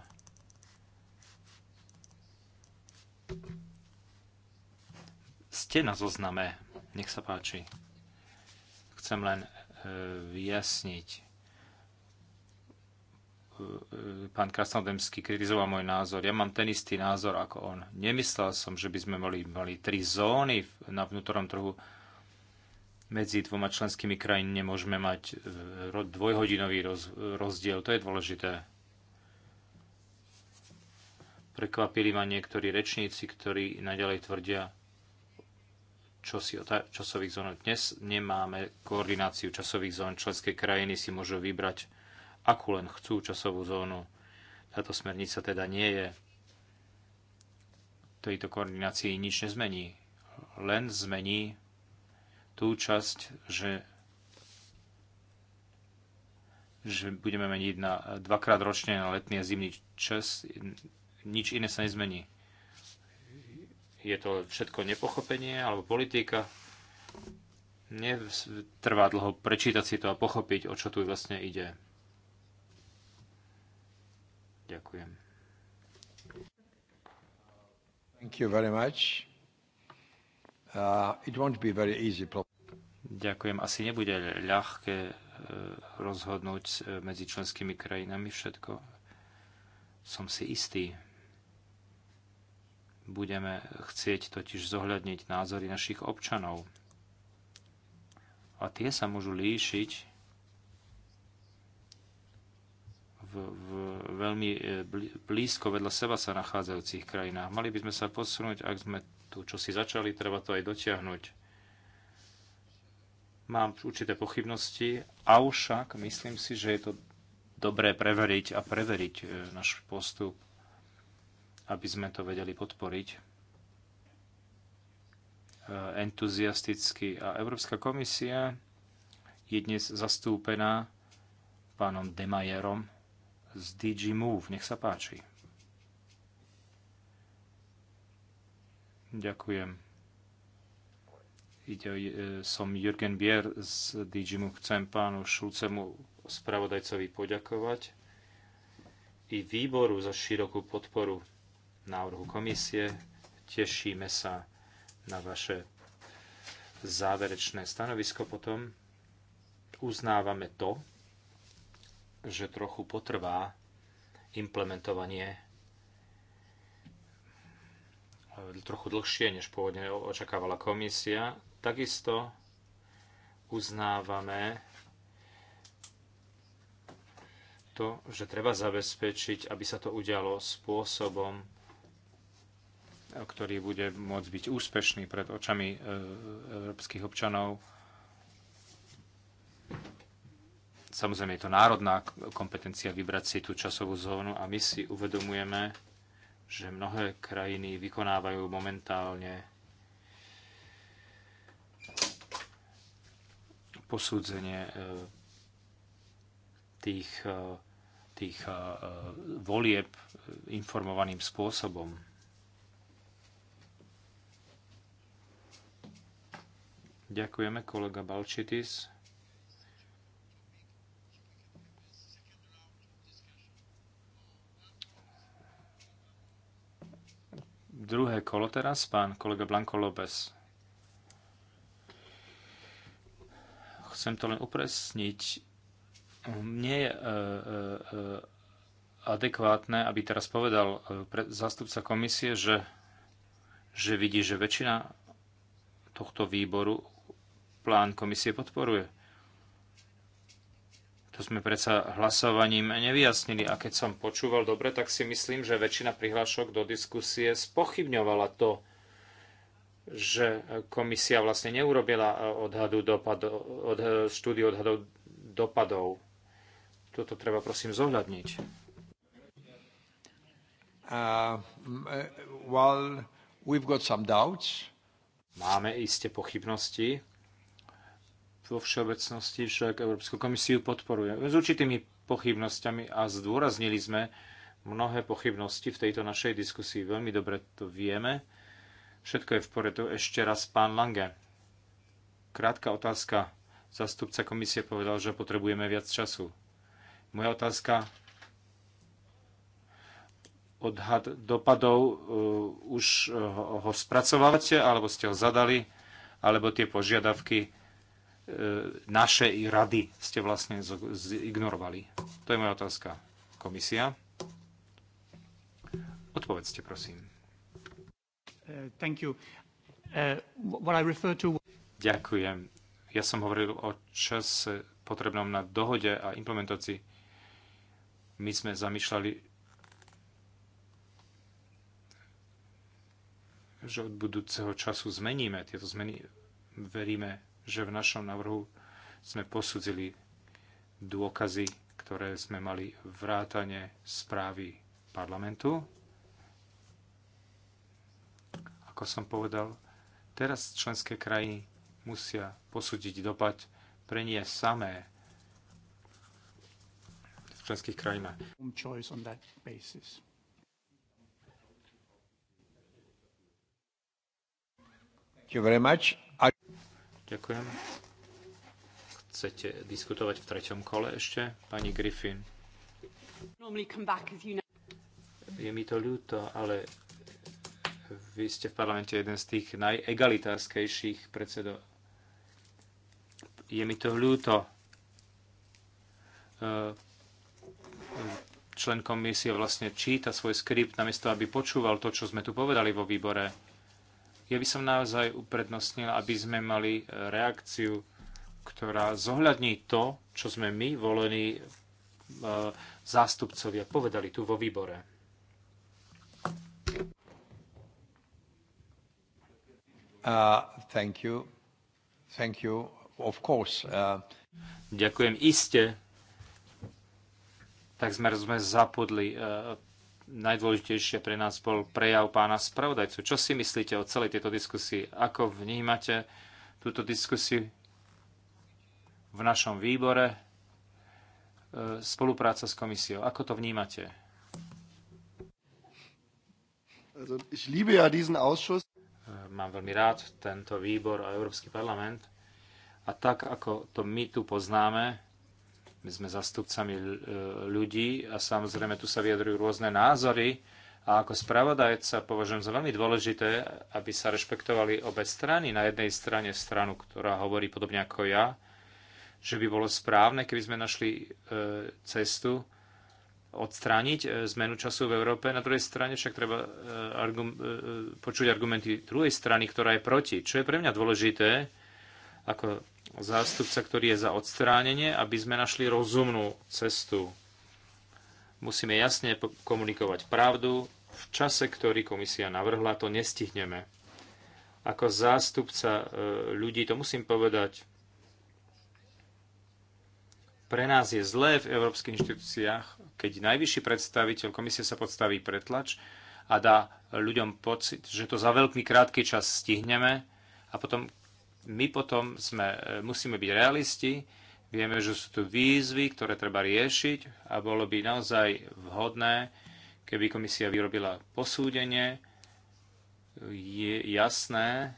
Ste na zozname, nech sa páči. Chcem len e, vyjasniť. E, pán Krasnodemský kritizoval môj názor. Ja mám ten istý názor ako on. Nemyslel som, že by sme mali, mali tri zóny na vnútornom trhu medzi dvoma členskými krajinami nemôžeme mať e, dvojhodinový roz, rozdiel. To je dôležité. Prekvapili ma niektorí rečníci, ktorí naďalej tvrdia, čo si o časových zónach dnes nemáme koordináciu časových zón. Členské krajiny si môžu vybrať, akú len chcú časovú zónu. Táto smernica teda nie je tejto koordinácii nič nezmení. Len zmení tú časť, že, že budeme meniť na dvakrát ročne na letný a zimný čas, nič iné sa nezmení. Je to všetko nepochopenie alebo politika? Netrvá dlho prečítať si to a pochopiť, o čo tu vlastne ide. Ďakujem. Thank you very much. Uh, it won't be very easy. Ďakujem. Asi nebude ľahké e, rozhodnúť e, medzi členskými krajinami všetko. Som si istý. Budeme chcieť totiž zohľadniť názory našich občanov. A tie sa môžu líšiť v, v veľmi e, blízko vedľa seba sa nachádzajúcich krajinách. Mali by sme sa posunúť, ak sme tu čo si začali, treba to aj dotiahnuť Mám určité pochybnosti, avšak myslím si, že je to dobré preveriť a preveriť e, náš postup, aby sme to vedeli podporiť e, entuziasticky. A Európska komisia je dnes zastúpená pánom Demajerom z DG Move. Nech sa páči. Ďakujem. Ide, e, som Jürgen Bier z Digimu. Chcem pánu Šulcemu spravodajcovi poďakovať i výboru za širokú podporu návrhu komisie. Tešíme sa na vaše záverečné stanovisko potom. Uznávame to, že trochu potrvá implementovanie trochu dlhšie, než pôvodne očakávala komisia. Takisto uznávame to, že treba zabezpečiť, aby sa to udialo spôsobom, ktorý bude môcť byť úspešný pred očami e, európskych občanov. Samozrejme je to národná kompetencia vybrať si tú časovú zónu a my si uvedomujeme, že mnohé krajiny vykonávajú momentálne posúdzenie eh, tých, eh, tých eh, volieb informovaným spôsobom. Ďakujeme, kolega Balčitis. Druhé kolo teraz, pán kolega Blanko López. chcem to len upresniť, nie je e, e, e, adekvátne, aby teraz povedal zástupca komisie, že, že vidí, že väčšina tohto výboru plán komisie podporuje. To sme predsa hlasovaním nevyjasnili a keď som počúval dobre, tak si myslím, že väčšina prihlášok do diskusie spochybňovala to, že komisia vlastne neurobila e, odhadu od, štúdiu odhadov dopadov. Toto treba prosím zohľadniť. Uh, e, well, we've got some doubts. Máme isté pochybnosti vo všeobecnosti, však Európsku komisiu podporuje. S určitými pochybnosťami a zdôraznili sme mnohé pochybnosti v tejto našej diskusii. Veľmi dobre to vieme Všetko je v poriadku. Ešte raz pán Lange. Krátka otázka. Zastupca komisie povedal, že potrebujeme viac času. Moja otázka. Odhad dopadov uh, už uh, ho spracovávate, alebo ste ho zadali, alebo tie požiadavky uh, naše i rady ste vlastne zignorovali. To je moja otázka. Komisia. Odpovedzte, prosím. Uh, uh, Ďakujem. Ja som hovoril o čase eh, potrebnom na dohode a implementácii. My sme zamýšľali, že od budúceho času zmeníme tieto zmeny. Veríme, že v našom návrhu sme posudzili dôkazy, ktoré sme mali vrátane správy parlamentu ako som povedal, teraz členské krajiny musia posúdiť dopad pre nie samé v členských krajinách. Ďakujem. Chcete diskutovať v treťom kole ešte, pani Griffin? Je mi to ľúto, ale vy ste v parlamente jeden z tých najegalitárskejších predsedov. Je mi to ľúto. E, člen komisie vlastne číta svoj skript namiesto, aby počúval to, čo sme tu povedali vo výbore. Ja by som naozaj uprednostnil, aby sme mali reakciu, ktorá zohľadní to, čo sme my, volení e, zástupcovia, povedali tu vo výbore. Uh, thank you. Thank you. Of course. Uh, Ďakujem. Iste. Tak sme, sme zapodli. Uh, najdôležitejšie pre nás bol prejav pána spravodajcu. Čo si myslíte o celej tejto diskusii? Ako vnímate túto diskusiu v našom výbore? spolupráca s komisiou. Ako to vnímate? Also ich liebe ja diesen Ausschuss mám veľmi rád tento výbor a Európsky parlament. A tak, ako to my tu poznáme, my sme zastupcami e, ľudí a samozrejme tu sa vyjadrujú rôzne názory a ako spravodajca považujem za veľmi dôležité, aby sa rešpektovali obe strany. Na jednej strane stranu, ktorá hovorí podobne ako ja, že by bolo správne, keby sme našli e, cestu, odstrániť e, zmenu času v Európe. Na druhej strane však treba e, argum, e, počuť argumenty druhej strany, ktorá je proti. Čo je pre mňa dôležité, ako zástupca, ktorý je za odstránenie, aby sme našli rozumnú cestu. Musíme jasne komunikovať pravdu. V čase, ktorý komisia navrhla, to nestihneme. Ako zástupca ľudí to musím povedať, pre nás je zlé v európskych inštitúciách, keď najvyšší predstaviteľ komisie sa podstaví pretlač a dá ľuďom pocit, že to za veľmi krátky čas stihneme a potom my potom sme, e, musíme byť realisti, vieme, že sú tu výzvy, ktoré treba riešiť a bolo by naozaj vhodné, keby komisia vyrobila posúdenie, je jasné,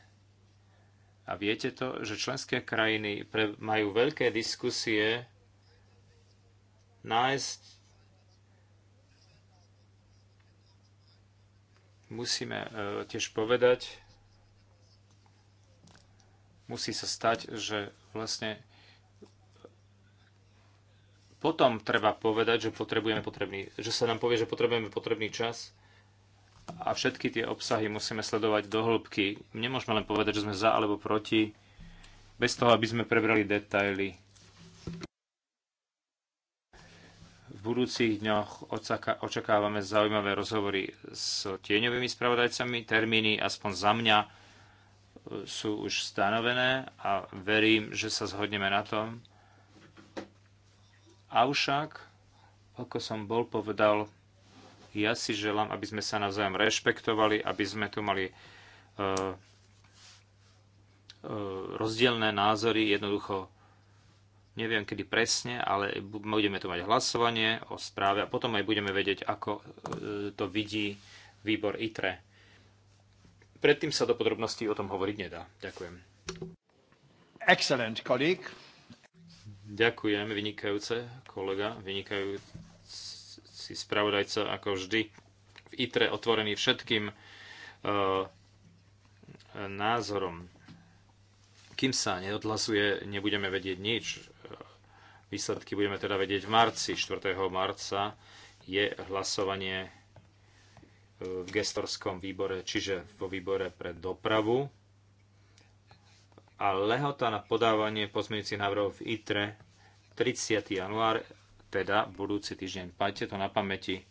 a viete to, že členské krajiny majú veľké diskusie nájsť musíme e, tiež povedať, musí sa stať, že vlastne potom treba povedať, že potrebujeme potrebný, že sa nám povie, že potrebujeme potrebný čas a všetky tie obsahy musíme sledovať do hĺbky. Nemôžeme len povedať, že sme za alebo proti, bez toho, aby sme prebrali detaily. budúcich dňoch očakávame zaujímavé rozhovory s tieňovými spravodajcami. Termíny, aspoň za mňa, e, sú už stanovené a verím, že sa zhodneme na tom. Avšak, ako som bol povedal, ja si želám, aby sme sa navzájom rešpektovali, aby sme tu mali e, e, rozdielne názory, jednoducho Neviem, kedy presne, ale budeme tu mať hlasovanie o správe a potom aj budeme vedieť, ako e, to vidí výbor ITRE. Predtým sa do podrobností o tom hovoriť nedá. Ďakujem. Excellent, colleague. Ďakujem, vynikajúce kolega, vynikajúci spravodajca, ako vždy. V ITRE otvorený všetkým uh, názorom. Kým sa neodhlasuje, nebudeme vedieť nič. Výsledky budeme teda vedieť v marci. 4. marca je hlasovanie e, v gestorskom výbore, čiže vo výbore pre dopravu. A lehota na podávanie pozmeňujúcich návrhov v ITRE 30. január, teda budúci týždeň. Majte to na pamäti.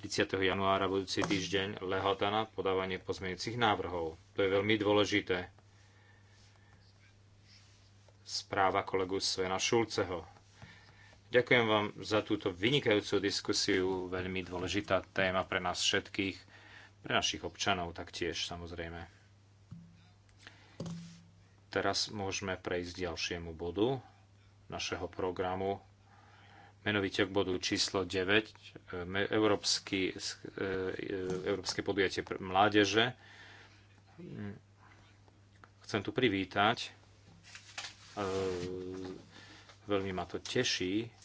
30. januára budúci týždeň lehota na podávanie pozmeňujúcich návrhov. To je veľmi dôležité. Správa kolegu Svena Šulceho Ďakujem vám za túto vynikajúcu diskusiu, veľmi dôležitá téma pre nás všetkých, pre našich občanov taktiež samozrejme. Teraz môžeme prejsť k ďalšiemu bodu našeho programu, menovite k bodu číslo 9, Európsky, e, e, Európske podujatie mládeže. Chcem tu privítať e, veľmi ma to teší,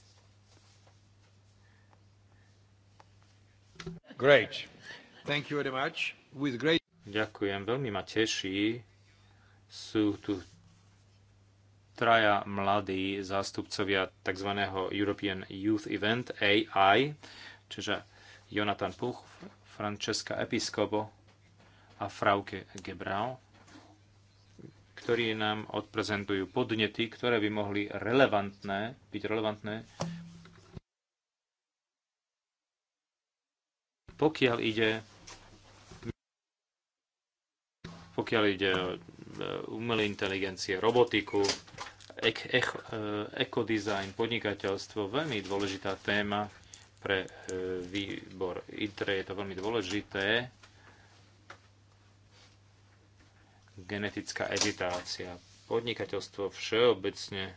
Great. Thank you very much. With great... Ďakujem, veľmi ma teší. Sú tu traja mladí zástupcovia tzv. European Youth Event, AI, čiže Jonathan Puch, Francesca Episcopo a Frauke Gebrau, ktorí nám odprezentujú podnety, ktoré by mohli relevantné, byť relevantné Pokiaľ ide pokiaľ ide o e, umelé inteligencie, robotiku, ek, ek, e, ekodizajn, podnikateľstvo, veľmi dôležitá téma pre e, výbor ITRE, je to veľmi dôležité. Genetická editácia, podnikateľstvo všeobecne,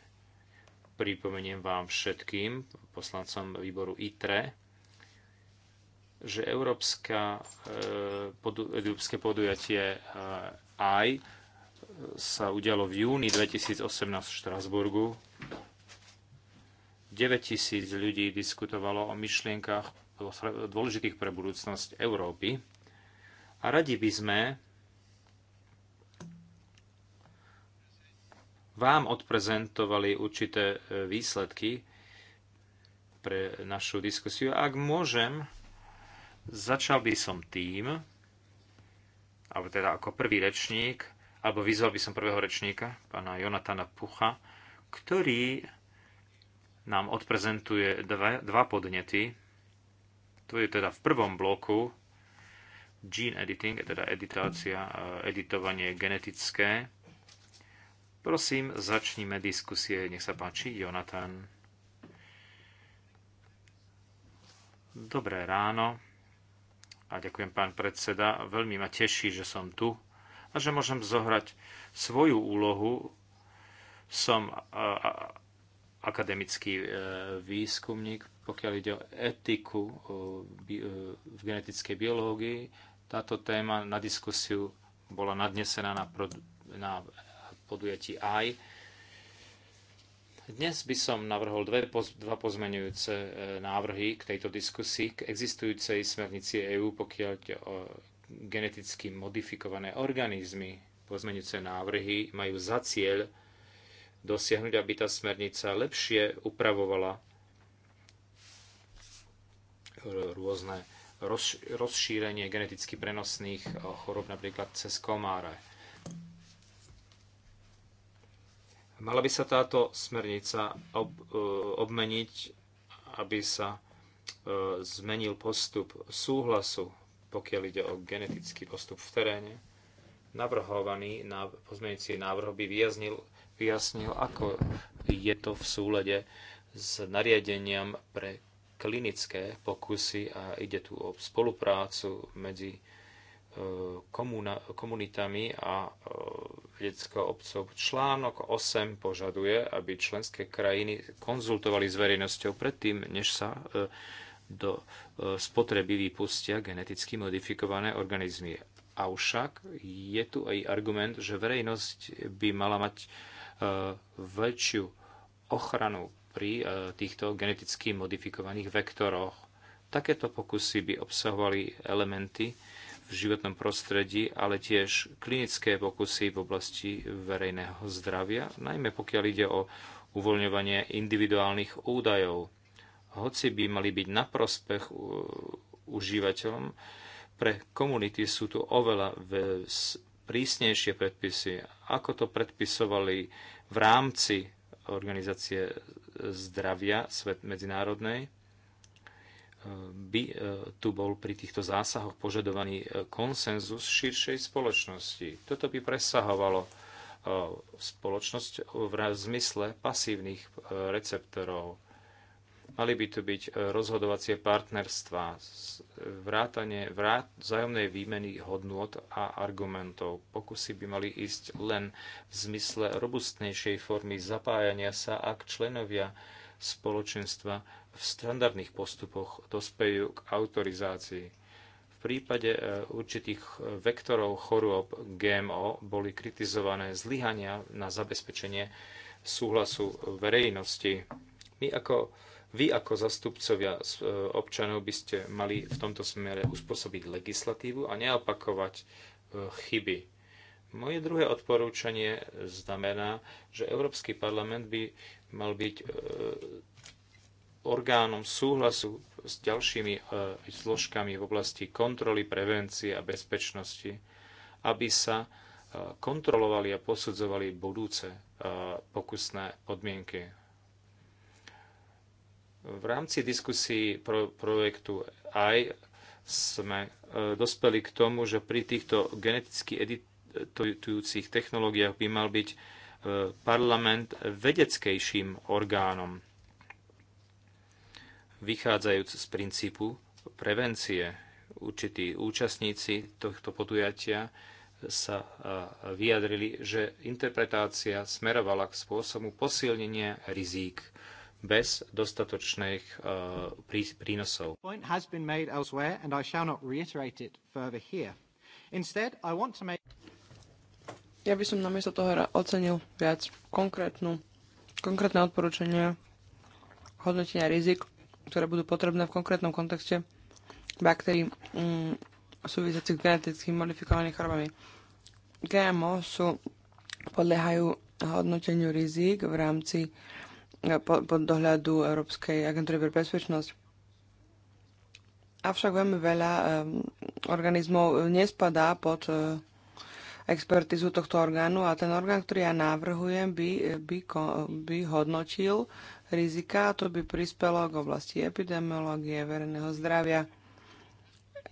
pripomeniem vám všetkým, poslancom výboru ITRE, že európska, e, podu, európske podujatie e, AI e, sa udialo v júni 2018 v Štrasburgu. 9000 ľudí diskutovalo o myšlienkach dôležitých pre budúcnosť Európy. A radi by sme vám odprezentovali určité výsledky pre našu diskusiu. Ak môžem, Začal by som tým, alebo teda ako prvý rečník, alebo vyzval by som prvého rečníka, pána Jonatana Pucha, ktorý nám odprezentuje dva, dva podnety. To je teda v prvom bloku gene editing, teda editácia, e, editovanie genetické. Prosím, začníme diskusie. Nech sa páči, Jonatan. Dobré ráno. A ďakujem, pán predseda. Veľmi ma teší, že som tu a že môžem zohrať svoju úlohu. Som akademický e, výskumník, pokiaľ ide o etiku e, e, v genetickej biológii. Táto téma na diskusiu bola nadnesená na, podujatí AI dnes by som navrhol dve, dva pozmenujúce e, návrhy k tejto diskusii, k existujúcej smernici EÚ, pokiaľ o geneticky modifikované organizmy. Pozmenujúce návrhy majú za cieľ dosiahnuť, aby tá smernica lepšie upravovala rôzne rozšírenie geneticky prenosných e, chorob napríklad cez komáre Mala by sa táto smernica ob, e, obmeniť, aby sa e, zmenil postup súhlasu, pokiaľ ide o genetický postup v teréne. Navrhovaný na pozmeňujúci návrh by vyjasnil, vyjasnil, ako je to v súlede s nariadeniam pre klinické pokusy a ide tu o spoluprácu medzi E, komunitami a e, vedeckou obcov. Článok 8 požaduje, aby členské krajiny konzultovali s verejnosťou predtým, než sa e, do spotreby vypustia geneticky modifikované organizmy. Avšak je tu aj argument, že verejnosť by mala mať väčšiu ochranu pri týchto geneticky modifikovaných vektoroch. Takéto pokusy by obsahovali elementy, v životnom prostredí, ale tiež klinické pokusy v oblasti verejného zdravia, najmä pokiaľ ide o uvoľňovanie individuálnych údajov. Hoci by mali byť na prospech uh, užívateľom, pre komunity sú tu oveľa prísnejšie predpisy, ako to predpisovali v rámci organizácie zdravia svet medzinárodnej, by e, tu bol pri týchto zásahoch požadovaný e, konsenzus širšej spoločnosti. Toto by presahovalo e, spoločnosť v zmysle pasívnych receptorov. Mali by tu byť rozhodovacie partnerstva, vrátanie, vrát, vzájomnej výmeny hodnôt a argumentov. Pokusy by mali ísť len v zmysle robustnejšej formy zapájania sa, ak členovia spoločenstva v standardných postupoch dospejú k autorizácii. V prípade e, určitých e, vektorov chorôb GMO boli kritizované zlyhania na zabezpečenie súhlasu verejnosti. My ako, vy ako zastupcovia e, občanov by ste mali v tomto smere uspôsobiť legislatívu a neopakovať chyby. Moje druhé odporúčanie znamená, že Európsky parlament by mal byť orgánom súhlasu s ďalšími e, zložkami v oblasti kontroly, prevencie a bezpečnosti, aby sa e, kontrolovali a posudzovali budúce e, pokusné podmienky. V rámci diskusí pro projektu AI sme dospeli k tomu, že pri týchto geneticky editujúcich technológiách by mal byť parlament vedeckejším orgánom vychádzajúc z princípu prevencie. Určití účastníci tohto podujatia sa vyjadrili, že interpretácia smerovala k spôsobu posilnenia rizík bez dostatočných prínosov. Ja by som namiesto toho ocenil viac konkrétnu, konkrétne odporúčania hodnotenia rizik ktoré budú potrebné v konkrétnom kontexte baktérií mm, súvisiacich geneticky modifikovaných chorobami. GMO sú, podliehajú hodnoteniu rizik v rámci e, pod dohľadu Európskej agentúry pre bezpečnosť. Avšak veľmi veľa um, organizmov nespadá pod uh, expertizu tohto orgánu a ten orgán, ktorý ja navrhujem, by, by, by hodnotil rizika a to by prispelo k oblasti epidemiológie, verejného zdravia.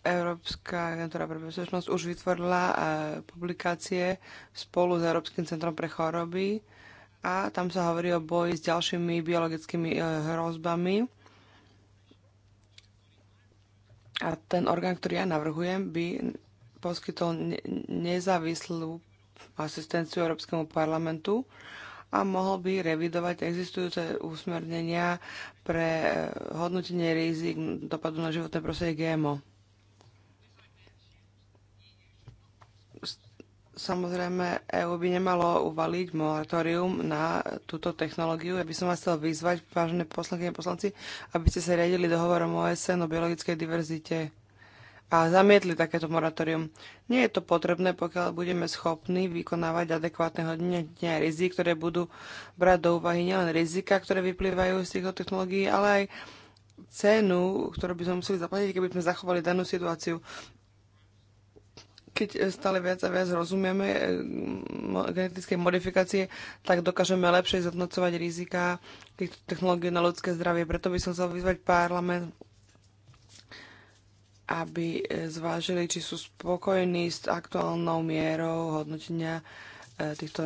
Európska agentúra pre bezpečnosť už vytvorila eh, publikácie spolu s Európskym centrom pre choroby a tam sa hovorí o boji s ďalšími biologickými eh, hrozbami. A ten orgán, ktorý ja navrhujem, by poskytol nezávislú asistenciu Európskemu parlamentu a mohol by revidovať existujúce úsmernenia pre e, hodnotenie rizik dopadu na životné prostredie GMO. Samozrejme, EU by nemalo uvaliť moratórium na túto technológiu. Ja by som vás chcel vyzvať, vážené poslanky a poslanci, aby ste sa riadili dohovorom OSN o biologickej diverzite a zamietli takéto moratórium. Nie je to potrebné, pokiaľ budeme schopní vykonávať adekvátne hodnotenia rizik, ktoré budú brať do úvahy nielen rizika, ktoré vyplývajú z týchto technológií, ale aj cenu, ktorú by sme museli zaplatiť, keby sme zachovali danú situáciu. Keď stále viac a viac rozumieme eh, genetické modifikácie, tak dokážeme lepšie zhodnocovať rizika týchto technológií na ľudské zdravie. Preto by som chcel vyzvať parlament aby e, zvážili, či sú spokojní s aktuálnou mierou hodnotenia e, týchto,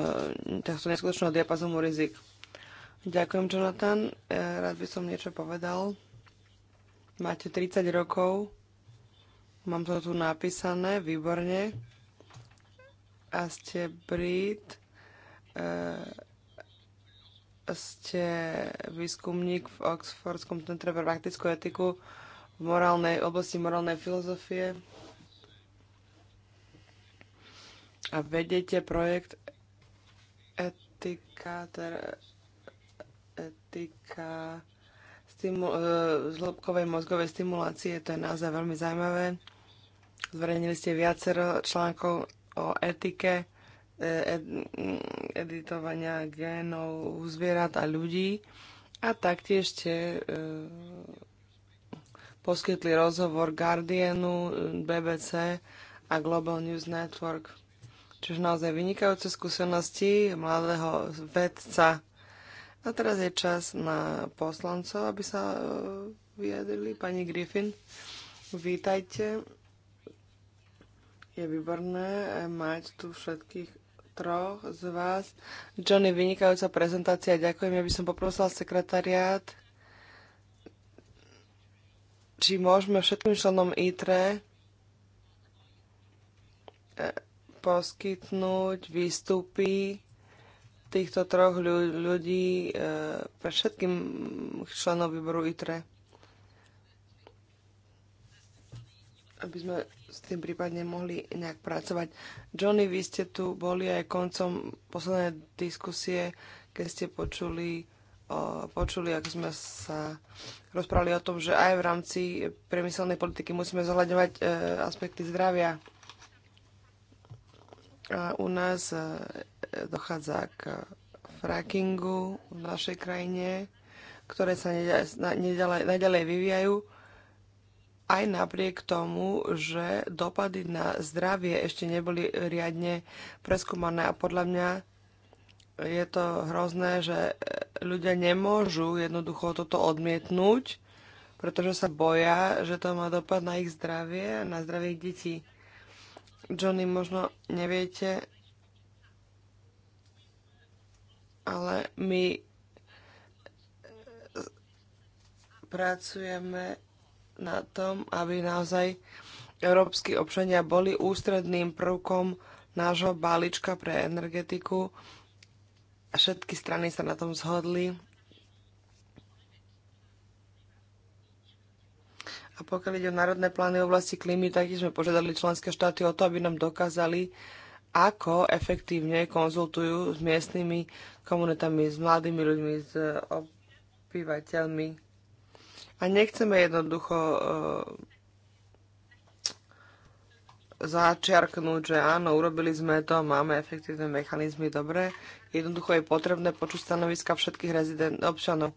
týchto neskutočného diapazomu rizik. Ďakujem, Jonathan. E, rád by som niečo povedal. Máte 30 rokov. Mám to tu napísané, výborne. A ste Brit. E, ste výskumník v Oxfordskom centre pre praktickú etiku v morálnej oblasti morálnej filozofie a vedete projekt etika, ter, etika stimu, e, zlobkovej mozgovej stimulácie, to je naozaj veľmi zaujímavé. Zverejnili ste viacero článkov o etike e, editovania génov zvierat a ľudí a taktiež ste e, poskytli rozhovor Guardianu, BBC a Global News Network. Čiže naozaj vynikajúce skúsenosti mladého vedca. A teraz je čas na poslancov, aby sa e, vyjadrili. Pani Griffin, vítajte. Je výborné e, mať tu všetkých troch z vás. Johnny, vynikajúca prezentácia. Ďakujem, ja by som poprosila sekretariát či môžeme všetkým členom ITRE e, poskytnúť výstupy týchto troch ľudí e, pre všetkým členov výboru ITRE. aby sme s tým prípadne mohli nejak pracovať. Johnny, vy ste tu boli aj koncom poslednej diskusie, keď ste počuli počuli, ako sme sa rozprávali o tom, že aj v rámci priemyselnej politiky musíme zohľadňovať e, aspekty zdravia. A u nás e, dochádza k frackingu v našej krajine, ktoré sa naďalej vyvíjajú, aj napriek tomu, že dopady na zdravie ešte neboli riadne preskúmané a podľa mňa je to hrozné, že ľudia nemôžu jednoducho toto odmietnúť, pretože sa boja, že to má dopad na ich zdravie a na zdravie ich detí. Johnny, možno neviete, ale my pracujeme na tom, aby naozaj európsky občania boli ústredným prvkom nášho balíčka pre energetiku, Všetky strany sa na tom zhodli. A pokiaľ ide o národné plány v oblasti klímy, tak sme požiadali členské štáty o to, aby nám dokázali, ako efektívne konzultujú s miestnymi komunitami, s mladými ľuďmi, s eh, obyvateľmi. A nechceme jednoducho eh, začiarknúť, že áno, urobili sme to, máme efektívne mechanizmy, dobre. Jednoducho je potrebné počuť stanoviska všetkých rezident, občanov.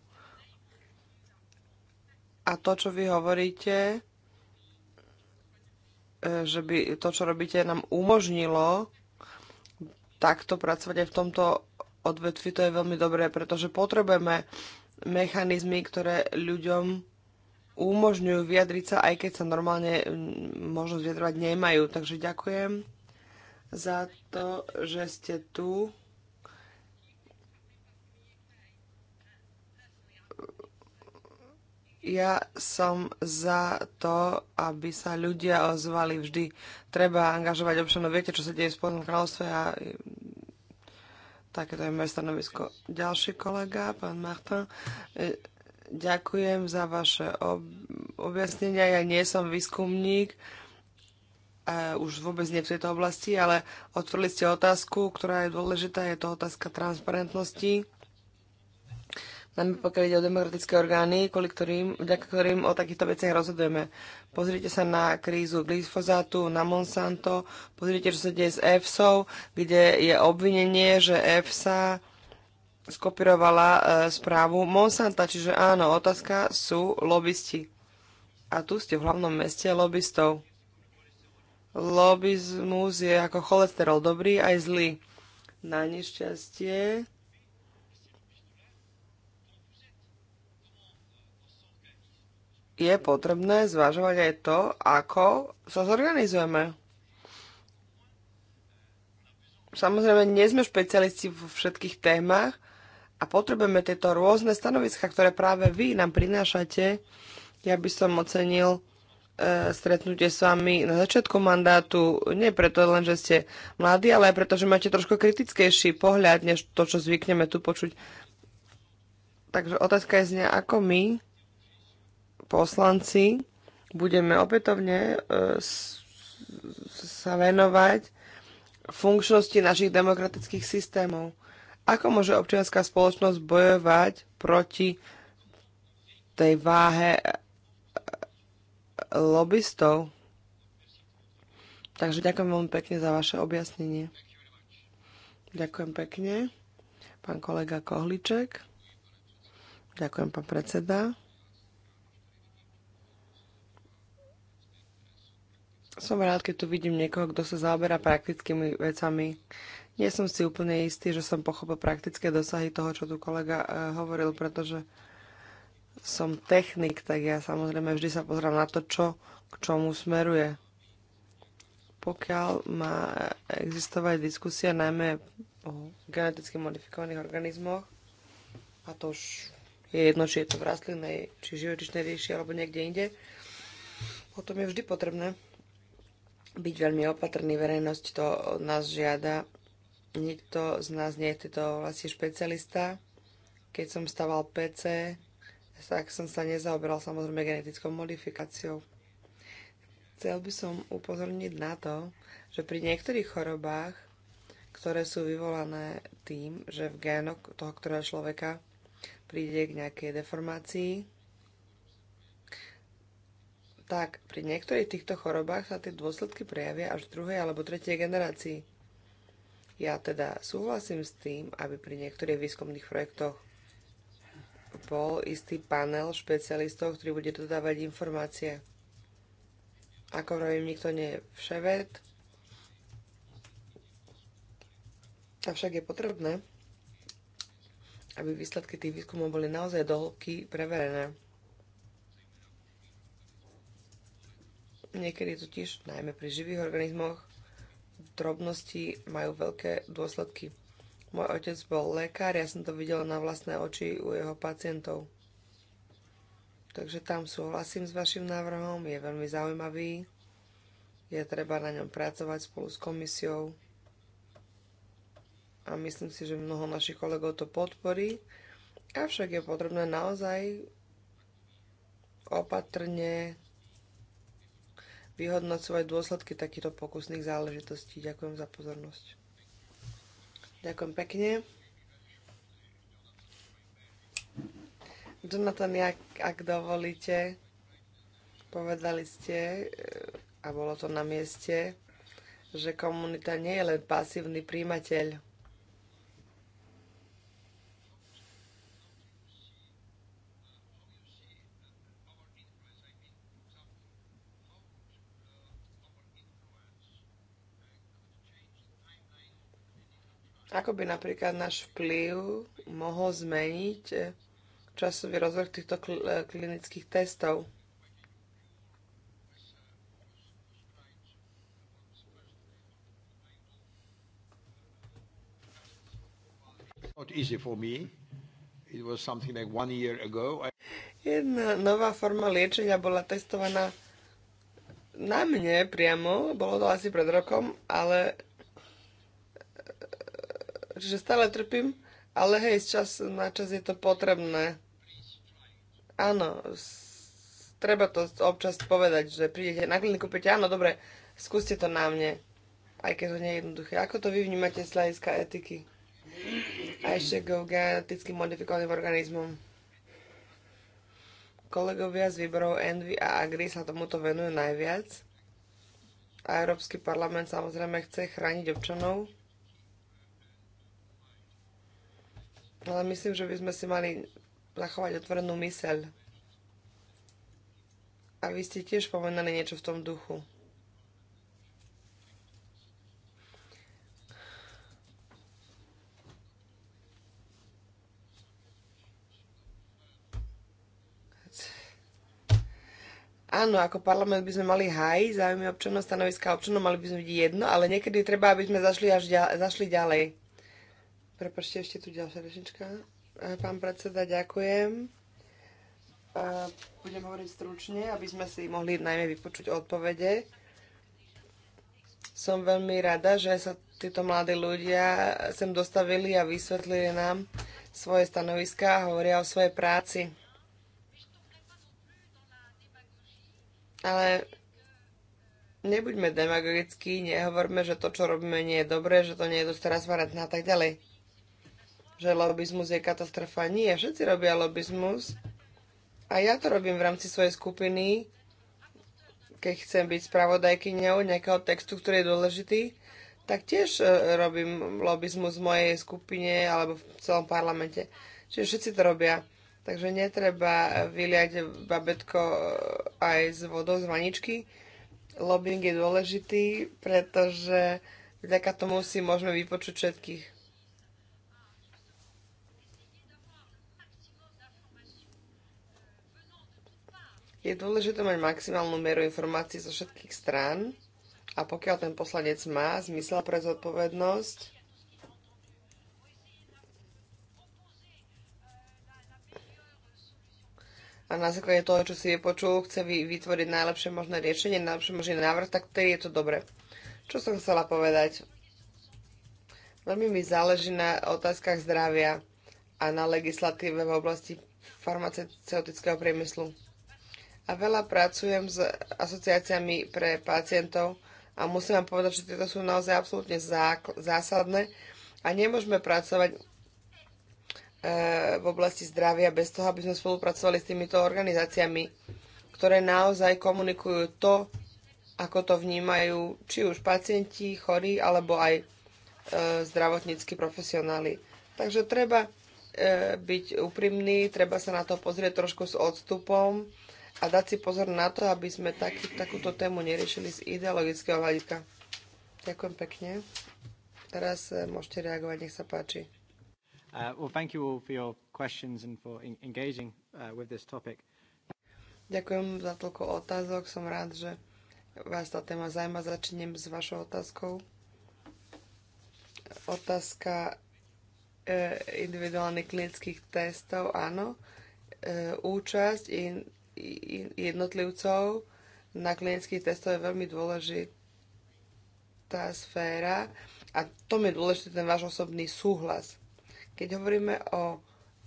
A to, čo vy hovoríte, e, že by to, čo robíte, nám umožnilo takto pracovať aj v tomto odvetvi, to je veľmi dobré, pretože potrebujeme mechanizmy, ktoré ľuďom umožňujú vyjadriť sa, aj keď sa normálne možnosť vyjadrovať nemajú. Takže ďakujem za to, že ste tu. Ja som za to, aby sa ľudia ozvali vždy. Treba angažovať občanov. Viete, čo sa deje v Spojenom kráľovstve a e, takéto je moje stanovisko. Ďalší kolega, pán Martin. E, Ďakujem za vaše objasnenia. Ja nie som výskumník, už vôbec nie v tejto oblasti, ale otvorili ste otázku, ktorá je dôležitá, je to otázka transparentnosti. Najmä pokiaľ ide o demokratické orgány, kvôli ktorým, vďaka ktorým o takýchto veciach rozhodujeme. Pozrite sa na krízu glyfozátu, na Monsanto, pozrite, čo sa deje s EFSou, kde je obvinenie, že EFSA skopirovala e, správu Monsanta, čiže áno, otázka sú lobbysti. A tu ste v hlavnom meste lobbystov. Lobizmus je ako cholesterol, dobrý aj zlý. Na nešťastie je potrebné zvažovať aj to, ako sa zorganizujeme. Samozrejme, nie sme špecialisti vo všetkých témach, a potrebujeme tieto rôzne stanoviska, ktoré práve vy nám prinášate. Ja by som ocenil e, stretnutie s vami na začiatku mandátu, nie preto len, že ste mladí, ale aj preto, že máte trošku kritickejší pohľad, než to, čo zvykneme tu počuť. Takže otázka je nej, ako my, poslanci, budeme opätovne e, s, sa venovať funkčnosti našich demokratických systémov ako môže občianská spoločnosť bojovať proti tej váhe e, e, lobbystov? Takže ďakujem veľmi pekne za vaše objasnenie. Ďakujem pekne. Pán kolega Kohliček. Ďakujem, pán predseda. Som rád, keď tu vidím niekoho, kto sa zaoberá praktickými vecami. Nie som si úplne istý, že som pochopil praktické dosahy toho, čo tu kolega e, hovoril, pretože som technik, tak ja samozrejme vždy sa pozrám na to, čo k čomu smeruje. Pokiaľ má existovať diskusia najmä o geneticky modifikovaných organizmoch, a to už je jedno, či je to v rastlinnej, či živočišnej ríši, alebo niekde inde, potom je vždy potrebné byť veľmi opatrný. Verejnosť to od nás žiada nikto z nás nie je tieto vlastne špecialista. Keď som staval PC, tak som sa nezaoberal samozrejme genetickou modifikáciou. Chcel by som upozorniť na to, že pri niektorých chorobách, ktoré sú vyvolané tým, že v génoch toho ktorého človeka príde k nejakej deformácii, tak pri niektorých týchto chorobách sa tie dôsledky prejavia až v druhej alebo tretej generácii. Ja teda súhlasím s tým, aby pri niektorých výskumných projektoch bol istý panel špecialistov, ktorý bude dodávať informácie. Ako hovorím, nikto nie je vševed. Avšak je potrebné, aby výsledky tých výskumov boli naozaj do hĺbky preverené. Niekedy totiž, najmä pri živých organizmoch, drobnosti majú veľké dôsledky. Môj otec bol lekár, ja som to videla na vlastné oči u jeho pacientov. Takže tam súhlasím s vašim návrhom, je veľmi zaujímavý. Je treba na ňom pracovať spolu s komisiou. A myslím si, že mnoho našich kolegov to podporí. Avšak je potrebné naozaj opatrne vyhodnocovať dôsledky takýchto pokusných záležitostí. Ďakujem za pozornosť. Ďakujem pekne. Jonathan, ak, ak dovolíte, povedali ste, e, a bolo to na mieste, že komunita nie je len pasívny príjimateľ Ako by napríklad náš vplyv mohol zmeniť eh, časový rozvrh týchto kl eh, klinických testov? Jedna nová forma liečenia bola testovaná na mne priamo, bolo to asi pred rokom, ale Čiže stále trpím, ale hej, z čas na čas je to potrebné. Áno, treba to občas povedať, že prídete na kliniku, poviete, áno, dobre, skúste to na mne. Aj keď to nie je jednoduché. Ako to vy vnímate z hľadiska etiky? A ešte go geneticky modifikovaným organizmom. Kolegovia z výborov Envy a Agri sa tomuto venujú najviac. A Európsky parlament samozrejme chce chrániť občanov Ale myslím, že by sme si mali zachovať otvorenú myseľ. A vy ste tiež pomenali niečo v tom duchu. Áno, ako parlament by sme mali haj, záujmy občanov, stanoviska občanov, mali by sme vidieť jedno, ale niekedy treba, aby sme zašli, až ďalej, zašli ďalej. Prepačte, ešte tu ďalšia rečnička. E, pán predseda, ďakujem. E, budem hovoriť stručne, aby sme si mohli najmä vypočuť odpovede. Som veľmi rada, že sa títo mladí ľudia sem dostavili a vysvetlili nám svoje stanoviská a hovoria o svojej práci. Ale nebuďme demagogickí, nehovorme, že to, čo robíme, nie je dobré, že to nie je dosť transparentné a tak ďalej že lobizmus je katastrofa. Nie, všetci robia lobizmus. A ja to robím v rámci svojej skupiny, keď chcem byť spravodajkyňou nejakého textu, ktorý je dôležitý, tak tiež e, robím lobizmus v mojej skupine alebo v celom parlamente. Čiže všetci to robia. Takže netreba vyliať babetko e, aj z vodou z vaničky. Lobbying je dôležitý, pretože vďaka tomu si môžeme vypočuť všetkých. Je dôležité mať maximálnu mieru informácií zo všetkých strán a pokiaľ ten poslanec má zmysel pre zodpovednosť, a na základe toho, čo si vypočul, chce vytvoriť najlepšie možné riešenie, najlepšie možný návrh, tak tedy je to dobre. Čo som chcela povedať? Veľmi mi záleží na otázkach zdravia a na legislatíve v oblasti farmaceutického priemyslu a veľa pracujem s asociáciami pre pacientov a musím vám povedať, že tieto sú naozaj absolútne zásadné a nemôžeme pracovať eh, v oblasti zdravia bez toho, aby sme spolupracovali s týmito organizáciami, ktoré naozaj komunikujú to, ako to vnímajú či už pacienti, chorí, alebo aj eh, zdravotníckí profesionáli. Takže treba eh, byť úprimný, treba sa na to pozrieť trošku s odstupom a dať si pozor na to, aby sme taký, takúto tému neriešili z ideologického hľadiska. Ďakujem pekne. Teraz eh, môžete reagovať, nech sa páči. Uh, uh, Ďakujem za toľko otázok. Som rád, že vás tá téma zaujíma. Začnem s vašou otázkou. Otázka eh, individuálnych klinických testov, áno. Eh, účasť jednotlivcov na klientských testoch je veľmi dôležitá sféra a to je dôležitý ten váš osobný súhlas. Keď hovoríme o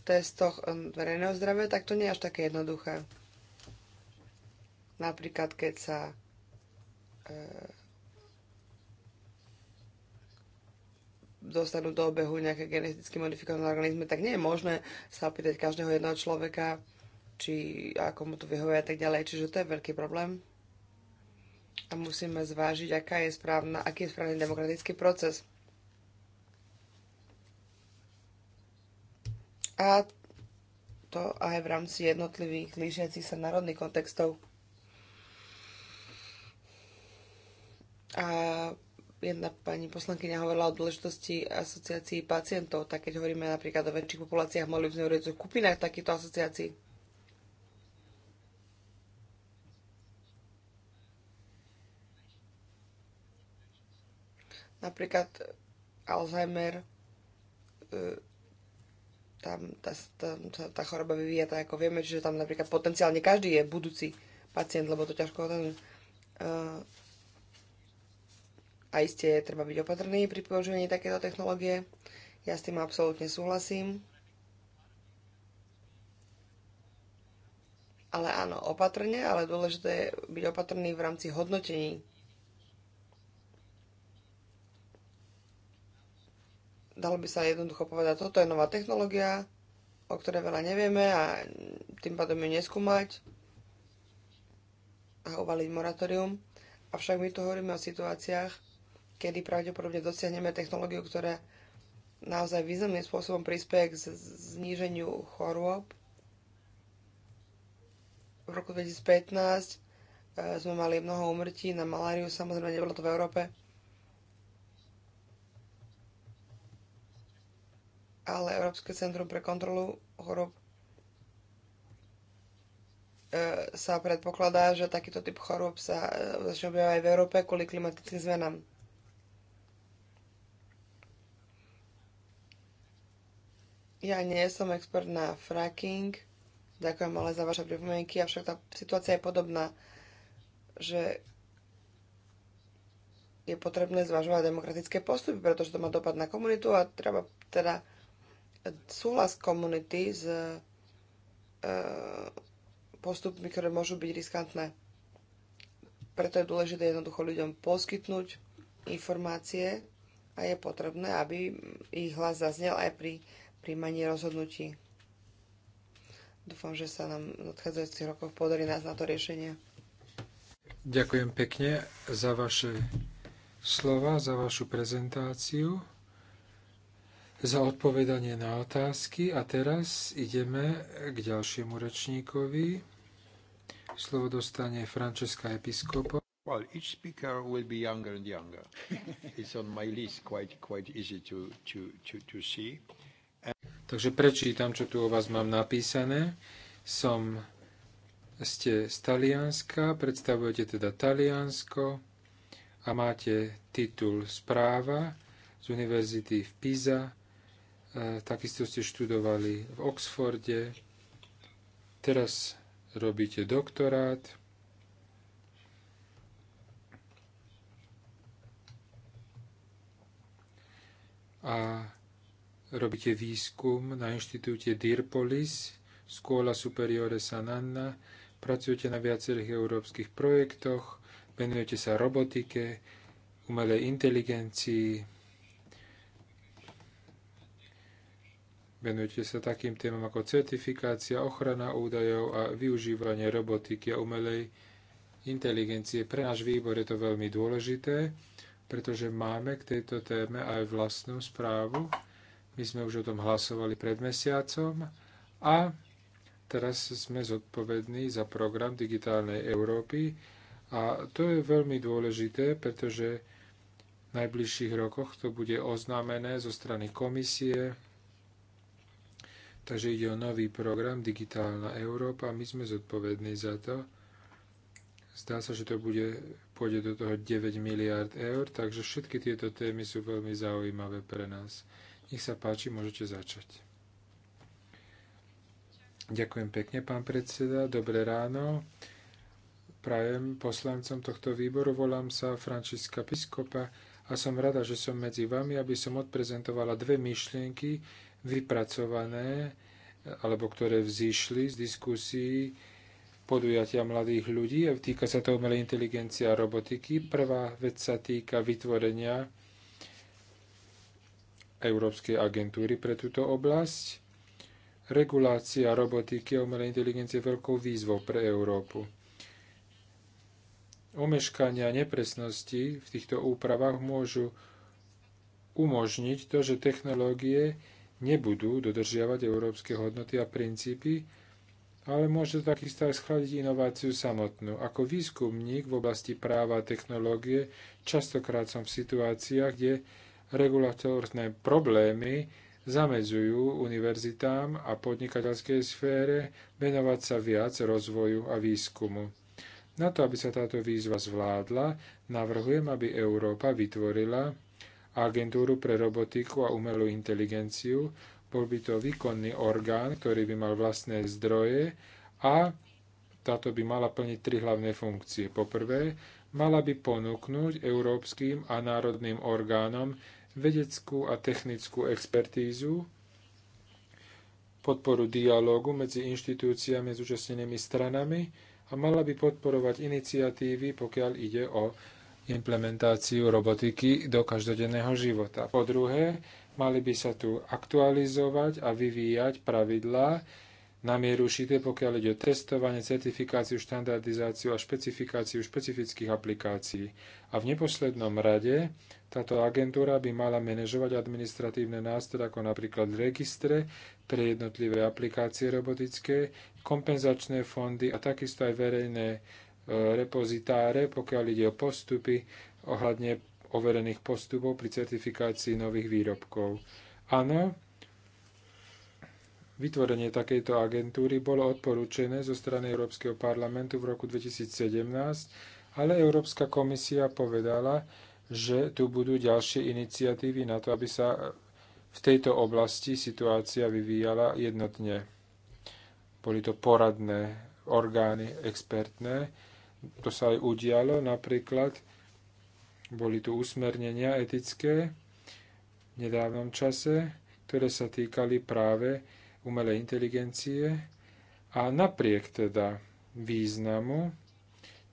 testoch um, verejného zdravia, tak to nie je až také jednoduché. Napríklad, keď sa e, dostanú do obehu nejaké geneticky modifikované organizmy, tak nie je možné sa opýtať každého jedného človeka, či ako mu to vyhovuje a tak ďalej. Čiže to je veľký problém. A musíme zvážiť, aká je správna, aký je správny demokratický proces. A to aj v rámci jednotlivých lížiacich sa národných kontextov. A jedna pani poslankyňa hovorila o dôležitosti asociácií pacientov, tak keď hovoríme napríklad o väčších populáciách, mohli by sme hovoriť o skupinách takýchto asociácií. Napríklad Alzheimer, e, tam tá, tá, tá, tá choroba vyvíja tak, ako vieme, že tam napríklad potenciálne každý je budúci pacient, lebo to ťažko ten... Uh, a iste treba byť opatrný pri používaní takéto technológie. Ja s tým absolútne súhlasím. Ale áno, opatrne, ale dôležité je byť opatrný v rámci hodnotení dalo by sa jednoducho povedať, toto je nová technológia, o ktorej veľa nevieme a tým pádom ju neskúmať a uvaliť moratórium. Avšak my tu hovoríme o situáciách, kedy pravdepodobne dosiahneme technológiu, ktorá naozaj významným spôsobom prispieje k zníženiu chorôb. V roku 2015 e, sme mali mnoho umrtí na maláriu, samozrejme nebolo to v Európe, ale Európske centrum pre kontrolu chorob e, sa predpokladá, že takýto typ chorób sa e, začne objavovať aj v Európe kvôli klimatickým zmenám. Ja nie som expert na fracking, ďakujem ale za vaše pripomienky, avšak tá situácia je podobná, že je potrebné zvažovať demokratické postupy, pretože to má dopad na komunitu a treba teda súhlas komunity s e, postupmi, ktoré môžu byť riskantné. Preto je dôležité jednoducho ľuďom poskytnúť informácie a je potrebné, aby ich hlas zaznel aj pri príjmaní rozhodnutí. Dúfam, že sa nám v nadchádzajúcich rokoch podarí nás na to riešenie. Ďakujem pekne za vaše slova, za vašu prezentáciu za odpovedanie na otázky. A teraz ideme k ďalšiemu rečníkovi. Slovo dostane Francesca Episkopo. Well, each speaker will be younger and younger. It's on my list quite, quite easy to, to, to, to see. And... Takže prečítam, čo tu o vás mám napísané. Som, ste z Talianska, predstavujete teda Taliansko a máte titul správa z Univerzity v Pisa E, takisto ste študovali v Oxforde, teraz robíte doktorát. A robíte výskum na inštitúte Dirpolis, Škola Superiore San Anna, pracujete na viacerých európskych projektoch, venujete sa robotike, umelej inteligencii, Venujte sa takým témam ako certifikácia, ochrana údajov a využívanie robotiky a umelej inteligencie. Pre náš výbor je to veľmi dôležité, pretože máme k tejto téme aj vlastnú správu. My sme už o tom hlasovali pred mesiacom a teraz sme zodpovední za program Digitálnej Európy a to je veľmi dôležité, pretože v najbližších rokoch to bude oznámené zo strany komisie, Takže ide o nový program Digitálna Európa. My sme zodpovední za to. Zdá sa, že to bude, pôjde do toho 9 miliard eur, takže všetky tieto témy sú veľmi zaujímavé pre nás. Nech sa páči, môžete začať. Ďakujem pekne, pán predseda. Dobré ráno. Prajem poslancom tohto výboru. Volám sa Franciska Piskopa a som rada, že som medzi vami, aby som odprezentovala dve myšlienky, vypracované alebo ktoré vzýšli z diskusí podujatia mladých ľudí. Týka sa to umelej inteligencie a robotiky. Prvá vec sa týka vytvorenia Európskej agentúry pre túto oblasť. Regulácia robotiky a umelej inteligencie je veľkou výzvou pre Európu. Omeškania nepresnosti v týchto úpravách môžu umožniť to, že technológie nebudú dodržiavať európske hodnoty a princípy, ale môže to takisto aj schladiť inováciu samotnú. Ako výskumník v oblasti práva a technológie častokrát som v situáciách, kde regulatórne problémy zamedzujú univerzitám a podnikateľskej sfére venovať sa viac rozvoju a výskumu. Na to, aby sa táto výzva zvládla, navrhujem, aby Európa vytvorila a agentúru pre robotiku a umelú inteligenciu. Bol by to výkonný orgán, ktorý by mal vlastné zdroje a táto by mala plniť tri hlavné funkcie. Po prvé, mala by ponúknuť európskym a národným orgánom vedeckú a technickú expertízu, podporu dialógu medzi inštitúciami a zúčastnenými stranami a mala by podporovať iniciatívy, pokiaľ ide o implementáciu robotiky do každodenného života. Po druhé, mali by sa tu aktualizovať a vyvíjať pravidlá na mieru šité, pokiaľ ide o testovanie, certifikáciu, štandardizáciu a špecifikáciu špecifických aplikácií. A v neposlednom rade táto agentúra by mala manažovať administratívne nástroje ako napríklad registre pre jednotlivé aplikácie robotické, kompenzačné fondy a takisto aj verejné E, repozitáre, pokiaľ ide o postupy ohľadne overených postupov pri certifikácii nových výrobkov. Áno, vytvorenie takejto agentúry bolo odporúčené zo strany Európskeho parlamentu v roku 2017, ale Európska komisia povedala, že tu budú ďalšie iniciatívy na to, aby sa v tejto oblasti situácia vyvíjala jednotne. Boli to poradné orgány expertné, to sa aj udialo, napríklad boli tu usmernenia etické v nedávnom čase, ktoré sa týkali práve umelej inteligencie a napriek teda významu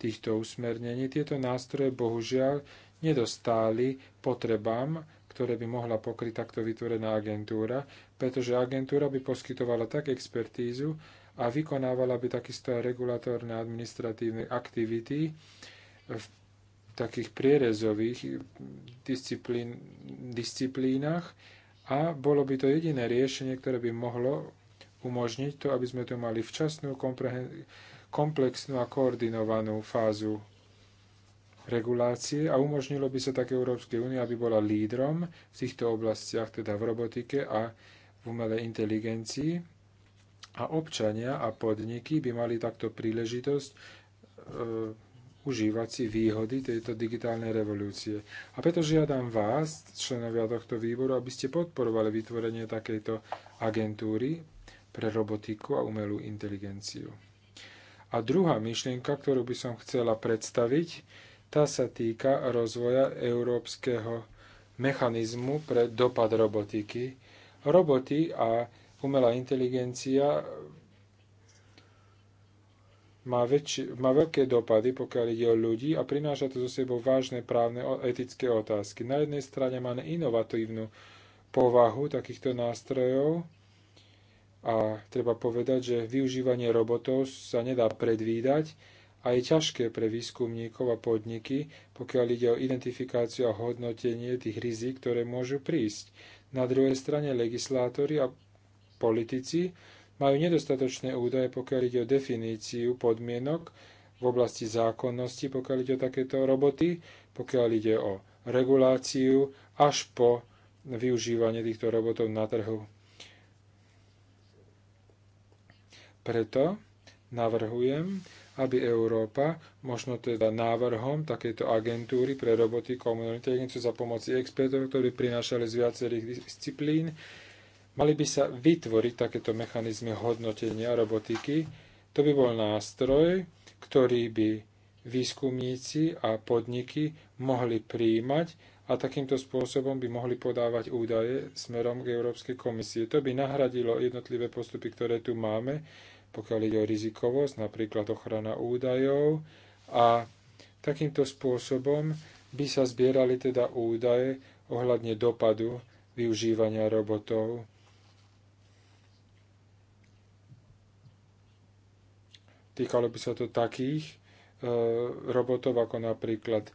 týchto usmernení tieto nástroje bohužiaľ nedostáli potrebám, ktoré by mohla pokryť takto vytvorená agentúra, pretože agentúra by poskytovala tak expertízu, a vykonávala by takisto aj regulatórne administratívne aktivity v takých prierezových disciplín, disciplínach a bolo by to jediné riešenie, ktoré by mohlo umožniť to, aby sme tu mali včasnú, komplexnú a koordinovanú fázu regulácie a umožnilo by sa také Európskej únie, aby bola lídrom v týchto oblastiach, teda v robotike a v umelej inteligencii a občania a podniky by mali takto príležitosť e, užívať si výhody tejto digitálnej revolúcie. A preto žiadam vás, členovia tohto výboru, aby ste podporovali vytvorenie takejto agentúry pre robotiku a umelú inteligenciu. A druhá myšlienka, ktorú by som chcela predstaviť, tá sa týka rozvoja európskeho mechanizmu pre dopad robotiky. Roboty a umelá inteligencia má, väčši, má veľké dopady, pokiaľ ide o ľudí a prináša to zo sebou vážne právne a etické otázky. Na jednej strane máme inovatívnu povahu takýchto nástrojov a treba povedať, že využívanie robotov sa nedá predvídať a je ťažké pre výskumníkov a podniky, pokiaľ ide o identifikáciu a hodnotenie tých rizik, ktoré môžu prísť. Na druhej strane legislátori a politici majú nedostatočné údaje, pokiaľ ide o definíciu podmienok v oblasti zákonnosti, pokiaľ ide o takéto roboty, pokiaľ ide o reguláciu, až po využívanie týchto robotov na trhu. Preto navrhujem, aby Európa, možno teda návrhom takéto agentúry pre roboty inteligencie za pomoci expertov, ktorí prinášali z viacerých disciplín, Mali by sa vytvoriť takéto mechanizmy hodnotenia robotiky. To by bol nástroj, ktorý by výskumníci a podniky mohli príjmať a takýmto spôsobom by mohli podávať údaje smerom k Európskej komisie. To by nahradilo jednotlivé postupy, ktoré tu máme, pokiaľ ide o rizikovosť, napríklad ochrana údajov a takýmto spôsobom by sa zbierali teda údaje ohľadne dopadu využívania robotov Týkalo by sa to takých e, robotov ako napríklad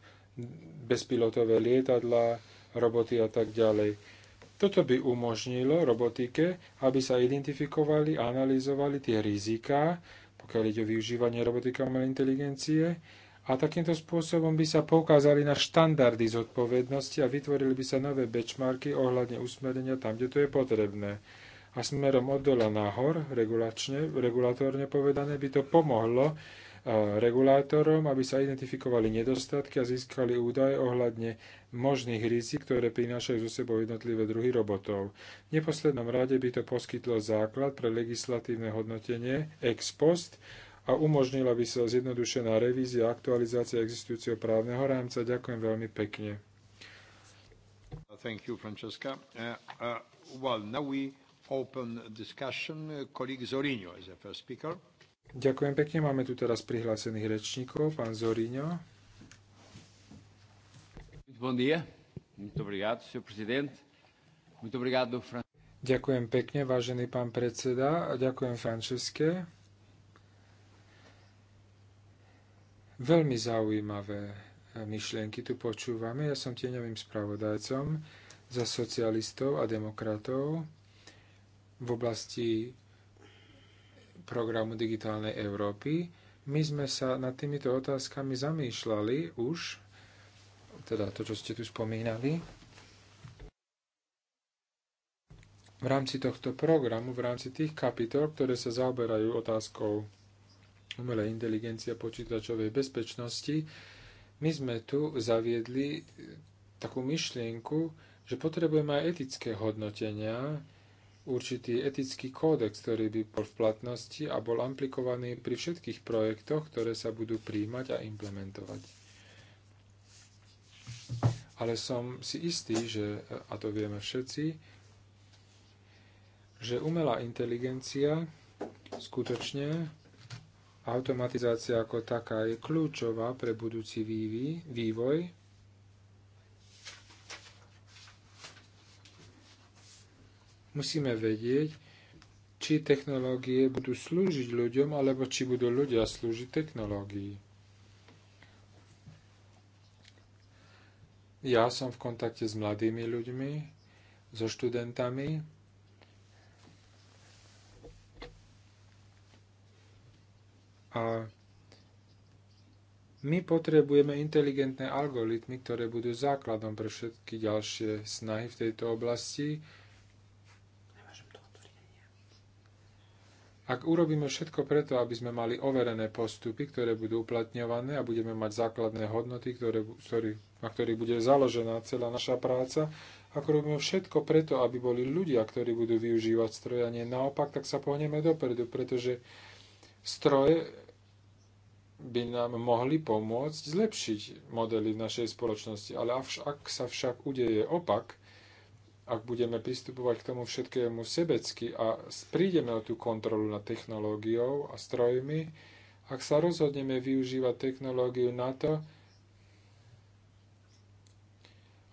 bezpilotové lietadla, roboty a tak ďalej. Toto by umožnilo robotike, aby sa identifikovali a analyzovali tie riziká, pokiaľ ide o využívanie robotika umelej inteligencie, a takýmto spôsobom by sa poukázali na štandardy zodpovednosti a vytvorili by sa nové benchmarky ohľadne usmerenia tam, kde to je potrebné a smerom od dola nahor, regulačne, regulatórne povedané, by to pomohlo e, regulátorom, aby sa identifikovali nedostatky a získali údaje ohľadne možných rizik, ktoré prinášajú zo sebou jednotlivé druhy robotov. V neposlednom rade by to poskytlo základ pre legislatívne hodnotenie ex post a umožnila by sa zjednodušená revízia a aktualizácia existujúceho právneho rámca. Ďakujem veľmi pekne. Thank you, Francesca. Uh, uh, well, now we open discussion. Uh, colleague is the first speaker. Ďakujem pekne. Máme tu teraz prihlásených rečníkov. Pán Zorino. dia. Muito obrigado, senhor presidente. Muito obrigado, Fran... Ďakujem pekne, vážený pán predseda. ďakujem Franceske. Veľmi zaujímavé eh, myšlienky tu počúvame. Ja som tieňovým spravodajcom za socialistov a demokratov v oblasti programu Digitálnej Európy. My sme sa nad týmito otázkami zamýšľali už, teda to, čo ste tu spomínali. V rámci tohto programu, v rámci tých kapitol, ktoré sa zaoberajú otázkou umelej inteligencie a počítačovej bezpečnosti, my sme tu zaviedli takú myšlienku, že potrebujeme aj etické hodnotenia, určitý etický kódex, ktorý by bol v platnosti a bol aplikovaný pri všetkých projektoch, ktoré sa budú príjmať a implementovať. Ale som si istý, že, a to vieme všetci, že umelá inteligencia skutočne automatizácia ako taká je kľúčová pre budúci vývoj Musíme vedieť, či technológie budú slúžiť ľuďom, alebo či budú ľudia slúžiť technológii. Ja som v kontakte s mladými ľuďmi, so študentami, a my potrebujeme inteligentné algoritmy, ktoré budú základom pre všetky ďalšie snahy v tejto oblasti. Ak urobíme všetko preto, aby sme mali overené postupy, ktoré budú uplatňované a budeme mať základné hodnoty, ktoré, ktorý, na ktorých bude založená celá naša práca, ak robíme všetko preto, aby boli ľudia, ktorí budú využívať stroje a nie naopak, tak sa pohneme dopredu, pretože stroje by nám mohli pomôcť zlepšiť modely v našej spoločnosti. Ale ak sa však udeje opak, ak budeme pristupovať k tomu všetkému sebecky a prídeme o tú kontrolu nad technológiou a strojmi, ak sa rozhodneme využívať technológiu na to,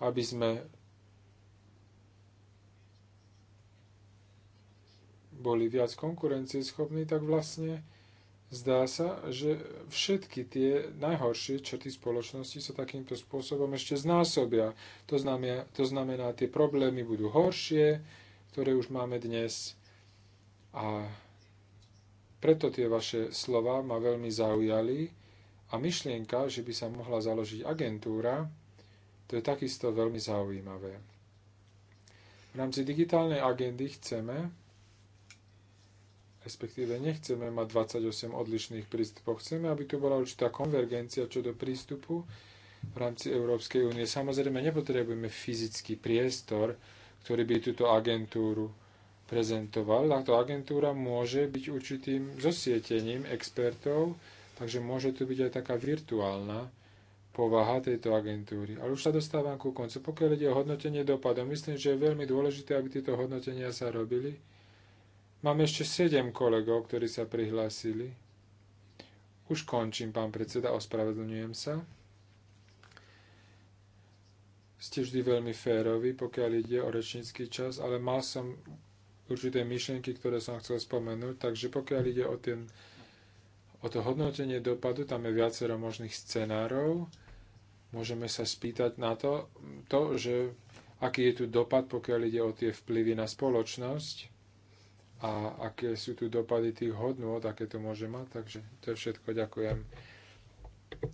aby sme boli viac konkurencieschopní, tak vlastne Zdá sa, že všetky tie najhoršie črty spoločnosti sa takýmto spôsobom ešte znásobia. To znamená, to znamená, tie problémy budú horšie, ktoré už máme dnes. A preto tie vaše slova ma veľmi zaujali a myšlienka, že by sa mohla založiť agentúra, to je takisto veľmi zaujímavé. V rámci digitálnej agendy chceme, respektíve nechceme mať 28 odlišných prístupov. Chceme, aby tu bola určitá konvergencia čo do prístupu v rámci Európskej únie. Samozrejme, nepotrebujeme fyzický priestor, ktorý by túto agentúru prezentoval. Táto agentúra môže byť určitým zosietením expertov, takže môže tu byť aj taká virtuálna povaha tejto agentúry. Ale už sa dostávam ku koncu. Pokiaľ ide o hodnotenie dopadov, myslím, že je veľmi dôležité, aby tieto hodnotenia sa robili Mám ešte sedem kolegov, ktorí sa prihlásili. Už končím, pán predseda, ospravedlňujem sa. Ste vždy veľmi férovi, pokiaľ ide o rečnícky čas, ale mal som určité myšlienky, ktoré som chcel spomenúť, takže pokiaľ ide o, ten, o to hodnotenie dopadu, tam je viacero možných scenárov. Môžeme sa spýtať na to, to že aký je tu dopad, pokiaľ ide o tie vplyvy na spoločnosť a aké sú tu dopady tých hodnot, aké to môže mať. Takže to je všetko. Ďakujem.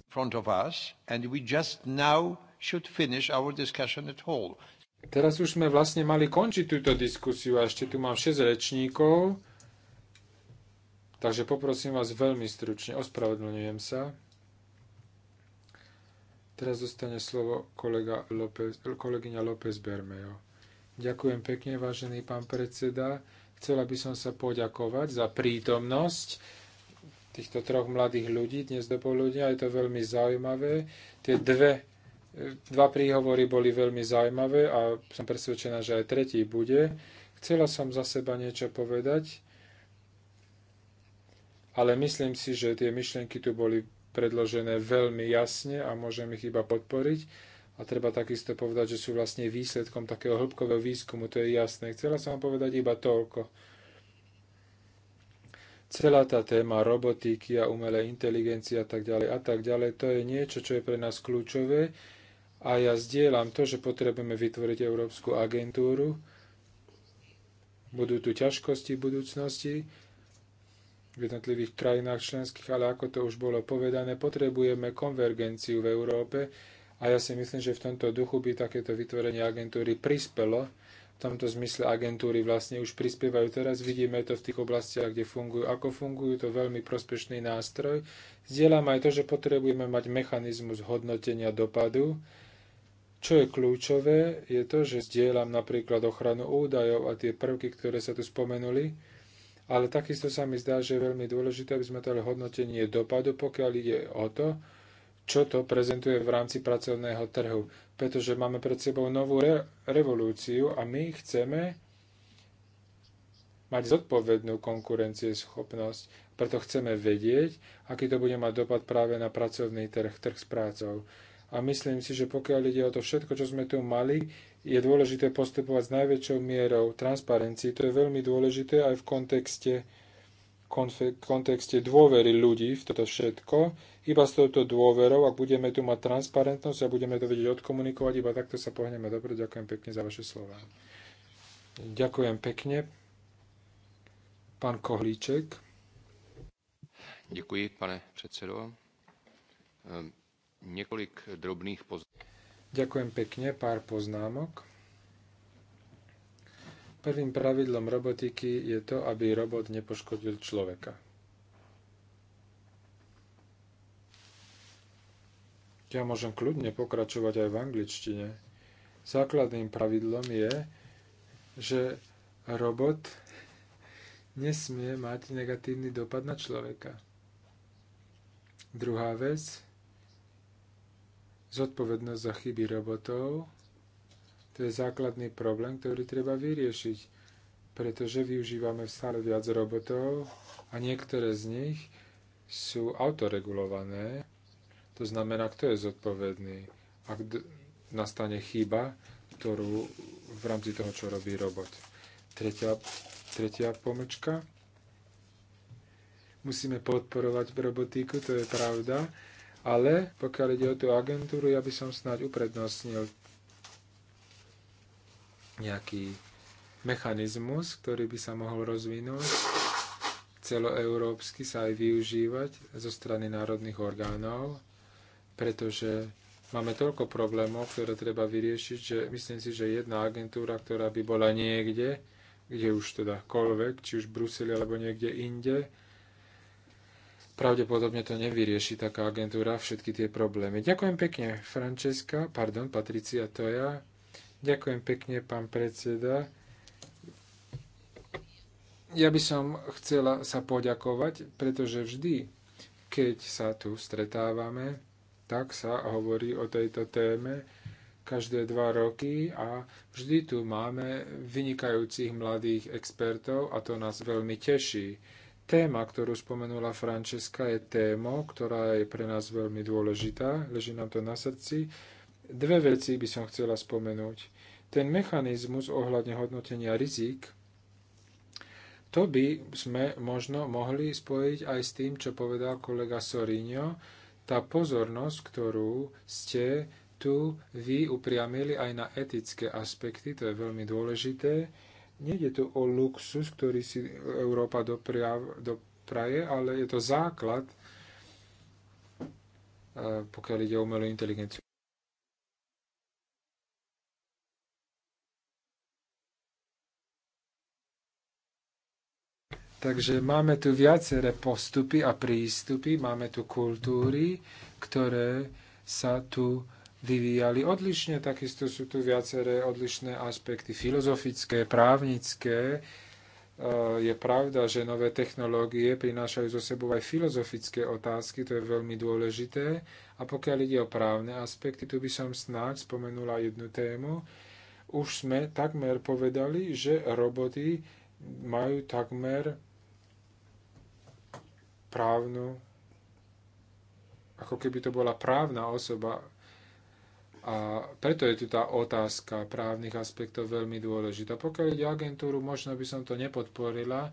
Front of us and we just now should finish our discussion at all. Teraz už sme vlastne mali končiť túto diskusiu a ešte tu mám 6 rečníkov. Takže poprosím vás veľmi stručne, ospravedlňujem sa. Teraz zostane slovo kolega López, kolegyňa López Bermejo. Ďakujem pekne, vážený pán predseda. Chcela by som sa poďakovať za prítomnosť týchto troch mladých ľudí dnes do poludnia. Je to veľmi zaujímavé. Tie dve, dva príhovory boli veľmi zaujímavé a som presvedčená, že aj tretí bude. Chcela som za seba niečo povedať, ale myslím si, že tie myšlienky tu boli predložené veľmi jasne a môžem ich iba podporiť. A treba takisto povedať, že sú vlastne výsledkom takého hĺbkového výskumu, to je jasné. Chcela som vám povedať iba toľko. Celá tá téma robotiky a umelej inteligencie a tak ďalej a tak ďalej, to je niečo, čo je pre nás kľúčové. A ja zdieľam to, že potrebujeme vytvoriť Európsku agentúru. Budú tu ťažkosti v budúcnosti v jednotlivých krajinách členských, ale ako to už bolo povedané, potrebujeme konvergenciu v Európe, a ja si myslím, že v tomto duchu by takéto vytvorenie agentúry prispelo. V tomto zmysle agentúry vlastne už prispievajú teraz. Vidíme to v tých oblastiach, kde fungujú, ako fungujú. To veľmi prospešný nástroj. Zdieľam aj to, že potrebujeme mať mechanizmus hodnotenia dopadu. Čo je kľúčové, je to, že zdieľam napríklad ochranu údajov a tie prvky, ktoré sa tu spomenuli, ale takisto sa mi zdá, že je veľmi dôležité, aby sme dali hodnotenie dopadu, pokiaľ ide o to, čo to prezentuje v rámci pracovného trhu. Pretože máme pred sebou novú re- revolúciu a my chceme mať zodpovednú konkurencieschopnosť. Preto chceme vedieť, aký to bude mať dopad práve na pracovný trh, trh s prácou. A myslím si, že pokiaľ ide o to všetko, čo sme tu mali, je dôležité postupovať s najväčšou mierou transparencií. To je veľmi dôležité aj v kontexte, kontekste dôvery ľudí v toto všetko. Iba s touto dôverou, ak budeme tu mať transparentnosť a budeme to vedieť odkomunikovať, iba takto sa pohneme dobre. Ďakujem pekne za vaše slova. Ďakujem pekne. Pán Kohlíček. Ďakujem, pane predsedo. Ehm, Niekoľko drobných poznámok. Ďakujem pekne, pár poznámok. Prvým pravidlom robotiky je to, aby robot nepoškodil človeka. Ja môžem kľudne pokračovať aj v angličtine. Základným pravidlom je, že robot nesmie mať negatívny dopad na človeka. Druhá vec, zodpovednosť za chyby robotov, to je základný problém, ktorý treba vyriešiť, pretože využívame stále viac robotov a niektoré z nich sú autoregulované, to znamená, kto je zodpovedný. Ak nastane chyba, ktorú v rámci toho, čo robí robot. Tretia, tretia pomlčka. Musíme podporovať robotíku, to je pravda. Ale pokiaľ ide o tú agentúru, ja by som snáď uprednostnil nejaký mechanizmus, ktorý by sa mohol rozvinúť celoeurópsky, sa aj využívať zo strany národných orgánov, pretože máme toľko problémov, ktoré treba vyriešiť, že myslím si, že jedna agentúra, ktorá by bola niekde, kde už teda koľvek, či už v Bruseli alebo niekde inde, pravdepodobne to nevyrieši taká agentúra všetky tie problémy. Ďakujem pekne, Francesca, pardon, Patricia Toja. Ďakujem pekne, pán predseda. Ja by som chcela sa poďakovať, pretože vždy, keď sa tu stretávame, tak sa hovorí o tejto téme každé dva roky a vždy tu máme vynikajúcich mladých expertov a to nás veľmi teší. Téma, ktorú spomenula Frančeska, je téma, ktorá je pre nás veľmi dôležitá, leží nám to na srdci. Dve veci by som chcela spomenúť. Ten mechanizmus ohľadne hodnotenia rizik, to by sme možno mohli spojiť aj s tým, čo povedal kolega Sorinio, tá pozornosť, ktorú ste tu vy upriamili aj na etické aspekty, to je veľmi dôležité. Nejde tu o luxus, ktorý si Európa dopraje, ale je to základ, eh, pokiaľ ide o umelú inteligenciu. Takže máme tu viaceré postupy a prístupy, máme tu kultúry, ktoré sa tu vyvíjali odlišne, takisto sú tu viaceré odlišné aspekty filozofické, právnické. E, je pravda, že nové technológie prinášajú zo sebou aj filozofické otázky, to je veľmi dôležité. A pokiaľ ide o právne aspekty, tu by som snáď spomenula jednu tému. Už sme takmer povedali, že roboty majú takmer právnu, ako keby to bola právna osoba. A preto je tu tá otázka právnych aspektov veľmi dôležitá. Pokiaľ ide agentúru, možno by som to nepodporila.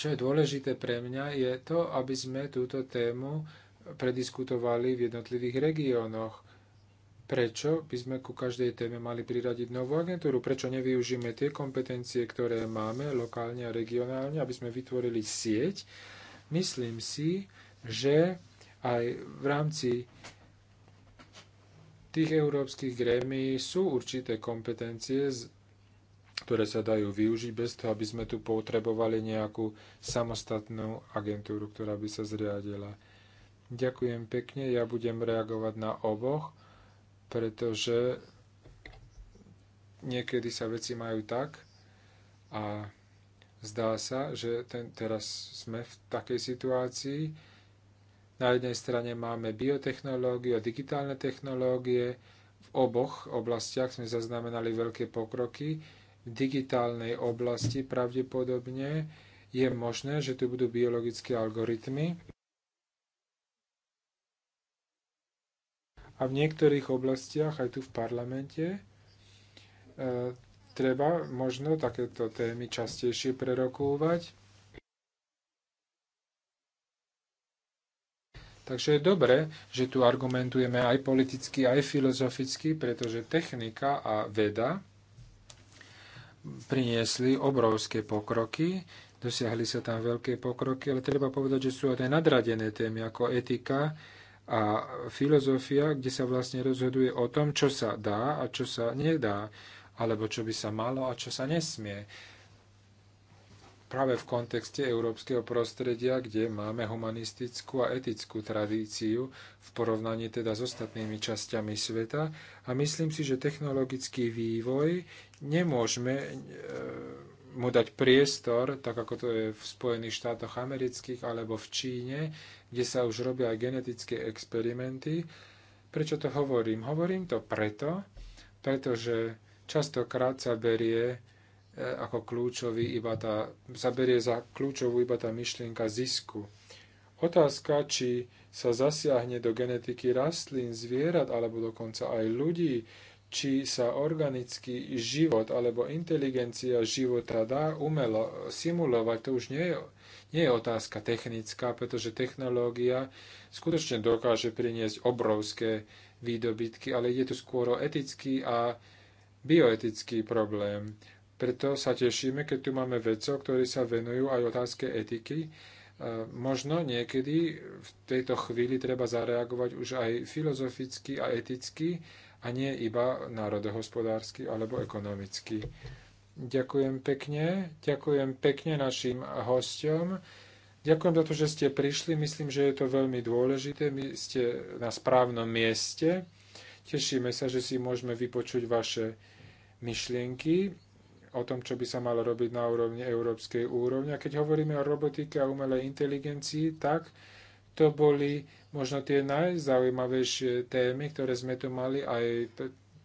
Čo je dôležité pre mňa, je to, aby sme túto tému prediskutovali v jednotlivých regiónoch. Prečo by sme ku každej téme mali priradiť novú agentúru? Prečo nevyužíme tie kompetencie, ktoré máme lokálne a regionálne, aby sme vytvorili sieť, Myslím si, že aj v rámci tých európskych grémií sú určité kompetencie, ktoré sa dajú využiť bez toho, aby sme tu potrebovali nejakú samostatnú agentúru, ktorá by sa zriadila. Ďakujem pekne, ja budem reagovať na oboch, pretože niekedy sa veci majú tak a Zdá sa, že ten, teraz sme v takej situácii. Na jednej strane máme biotechnológiu a digitálne technológie. V oboch oblastiach sme zaznamenali veľké pokroky. V digitálnej oblasti pravdepodobne je možné, že tu budú biologické algoritmy. A v niektorých oblastiach, aj tu v parlamente, e, treba možno takéto témy častejšie prerokúvať. Takže je dobré, že tu argumentujeme aj politicky, aj filozoficky, pretože technika a veda priniesli obrovské pokroky, dosiahli sa tam veľké pokroky, ale treba povedať, že sú aj nadradené témy ako etika, a filozofia, kde sa vlastne rozhoduje o tom, čo sa dá a čo sa nedá alebo čo by sa malo a čo sa nesmie. Práve v kontexte európskeho prostredia, kde máme humanistickú a etickú tradíciu v porovnaní teda s ostatnými časťami sveta a myslím si, že technologický vývoj nemôžeme e, mu dať priestor, tak ako to je v Spojených štátoch amerických alebo v Číne, kde sa už robia aj genetické experimenty. Prečo to hovorím? Hovorím to preto, pretože Častokrát sa berie e, ako kľúčový iba tá, zaberie za kľúčovú iba tá myšlienka zisku. Otázka, či sa zasiahne do genetiky rastlín, zvierat alebo dokonca aj ľudí, či sa organický život alebo inteligencia života dá umelo simulovať, to už nie je, nie je otázka technická, pretože technológia skutočne dokáže priniesť obrovské výdobytky, ale ide tu skôr o etický a bioetický problém. Preto sa tešíme, keď tu máme vedcov, ktorí sa venujú aj otázke etiky. E, možno niekedy v tejto chvíli treba zareagovať už aj filozoficky a eticky a nie iba národohospodársky alebo ekonomicky. Ďakujem pekne. Ďakujem pekne našim hostom. Ďakujem za to, že ste prišli. Myslím, že je to veľmi dôležité. My ste na správnom mieste. Tešíme sa, že si môžeme vypočuť vaše myšlienky o tom, čo by sa malo robiť na úrovni európskej úrovne. A keď hovoríme o robotike a umelej inteligencii, tak to boli možno tie najzaujímavejšie témy, ktoré sme tu mali aj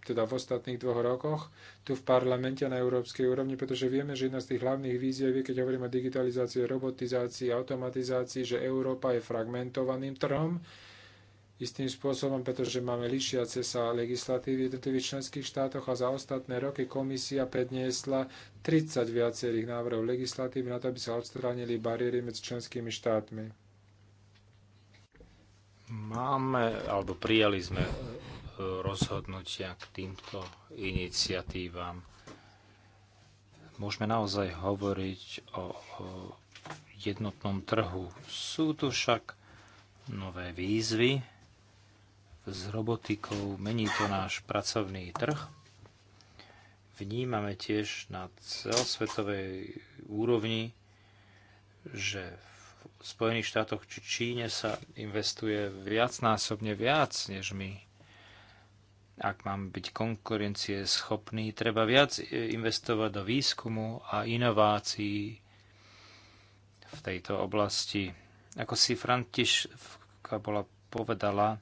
teda v ostatných dvoch rokoch tu v parlamente na európskej úrovni, pretože vieme, že jedna z tých hlavných víziev je, keď hovoríme o digitalizácii, robotizácii, automatizácii, že Európa je fragmentovaným trhom, istým spôsobom, pretože máme lišiace sa legislatívy v jednotlivých členských štátoch a za ostatné roky komisia predniesla 30 viacerých návrhov legislatívy na to, aby sa odstránili bariéry medzi členskými štátmi. Máme, alebo prijali sme e, rozhodnutia k týmto iniciatívam. Môžeme naozaj hovoriť o, o jednotnom trhu. Sú tu však nové výzvy, s robotikou, mení to náš pracovný trh. Vnímame tiež na celosvetovej úrovni, že v Spojených štátoch či Číne sa investuje viacnásobne viac než my. Ak mám byť konkurencie schopný, treba viac investovať do výskumu a inovácií v tejto oblasti. Ako si Františka bola povedala,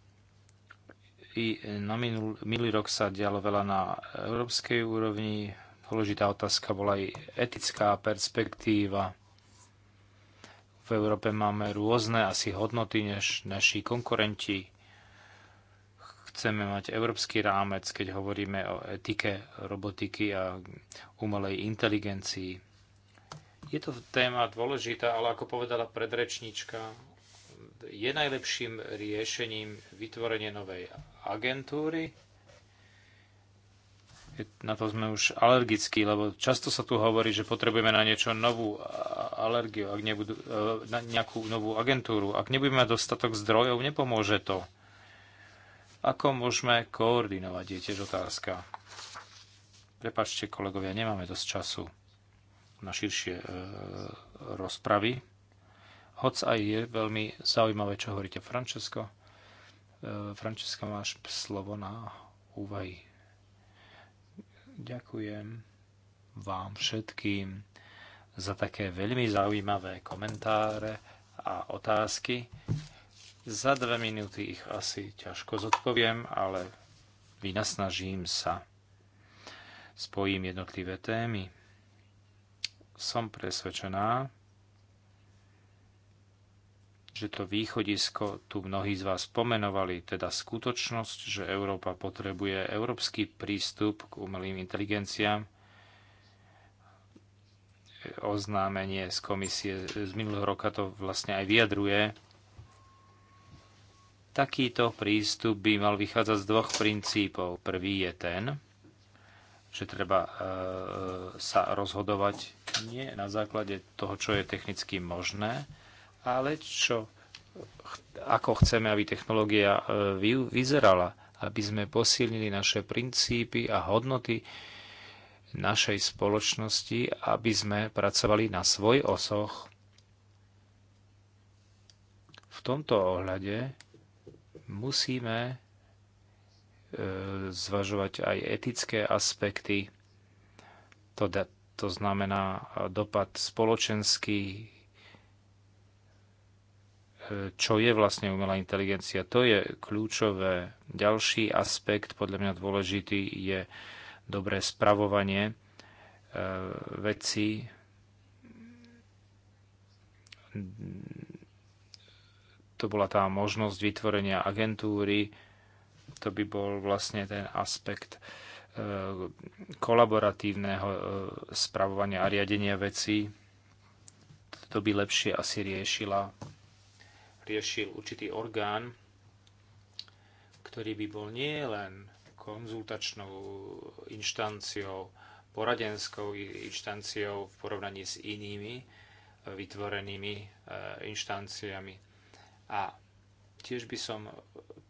i e, na minul, minulý rok sa dialo veľa na európskej úrovni. Dôležitá otázka bola aj etická perspektíva. V Európe máme rôzne asi hodnoty než naši konkurenti. Chceme mať európsky rámec, keď hovoríme o etike robotiky a umelej inteligencii. Je to téma dôležitá, ale ako povedala predrečníčka, je najlepším riešením vytvorenie novej agentúry. Na to sme už alergickí, lebo často sa tu hovorí, že potrebujeme na niečo novú alergiu, ak nebudú, e, na nejakú novú agentúru. Ak nebudeme mať dostatok zdrojov, nepomôže to. Ako môžeme koordinovať, je tiež otázka. Prepačte, kolegovia, nemáme dosť času na širšie e, rozpravy. Hoc aj je veľmi zaujímavé, čo hovoríte, Francesco. Frančiska, máš slovo na úvahy. Ďakujem vám všetkým za také veľmi zaujímavé komentáre a otázky. Za dve minúty ich asi ťažko zodpoviem, ale vynasnažím sa. Spojím jednotlivé témy. Som presvedčená, že to východisko tu mnohí z vás pomenovali, teda skutočnosť, že Európa potrebuje európsky prístup k umelým inteligenciám, oznámenie z komisie z minulého roka to vlastne aj vyjadruje. Takýto prístup by mal vychádzať z dvoch princípov. Prvý je ten, že treba e, sa rozhodovať nie na základe toho, čo je technicky možné, ale čo, ako chceme, aby technológia e, vyzerala, aby sme posilnili naše princípy a hodnoty našej spoločnosti, aby sme pracovali na svoj osoch. V tomto ohľade musíme e, zvažovať aj etické aspekty, to, to znamená dopad spoločenský, čo je vlastne umelá inteligencia. To je kľúčové. Ďalší aspekt, podľa mňa dôležitý, je dobré spravovanie e, vecí. To bola tá možnosť vytvorenia agentúry. To by bol vlastne ten aspekt e, kolaboratívneho e, spravovania a riadenia vecí. To by lepšie asi riešila riešil určitý orgán, ktorý by bol nielen konzultačnou inštanciou, poradenskou inštanciou v porovnaní s inými e, vytvorenými e, inštanciami. A tiež by som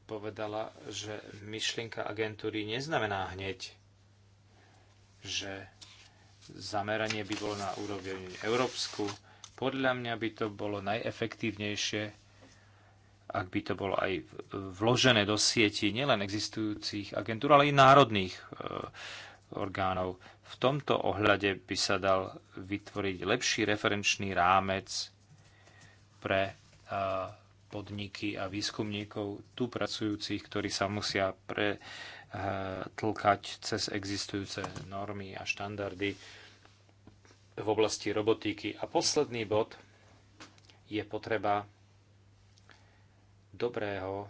povedala, že myšlienka agentúry neznamená hneď, že zameranie by bolo na úroveň európsku. Podľa mňa by to bolo najefektívnejšie ak by to bolo aj vložené do sieti nielen existujúcich agentúr, ale aj národných e, orgánov. V tomto ohľade by sa dal vytvoriť lepší referenčný rámec pre e, podniky a výskumníkov tu pracujúcich, ktorí sa musia pretlkať cez existujúce normy a štandardy v oblasti robotiky. A posledný bod je potreba dobrého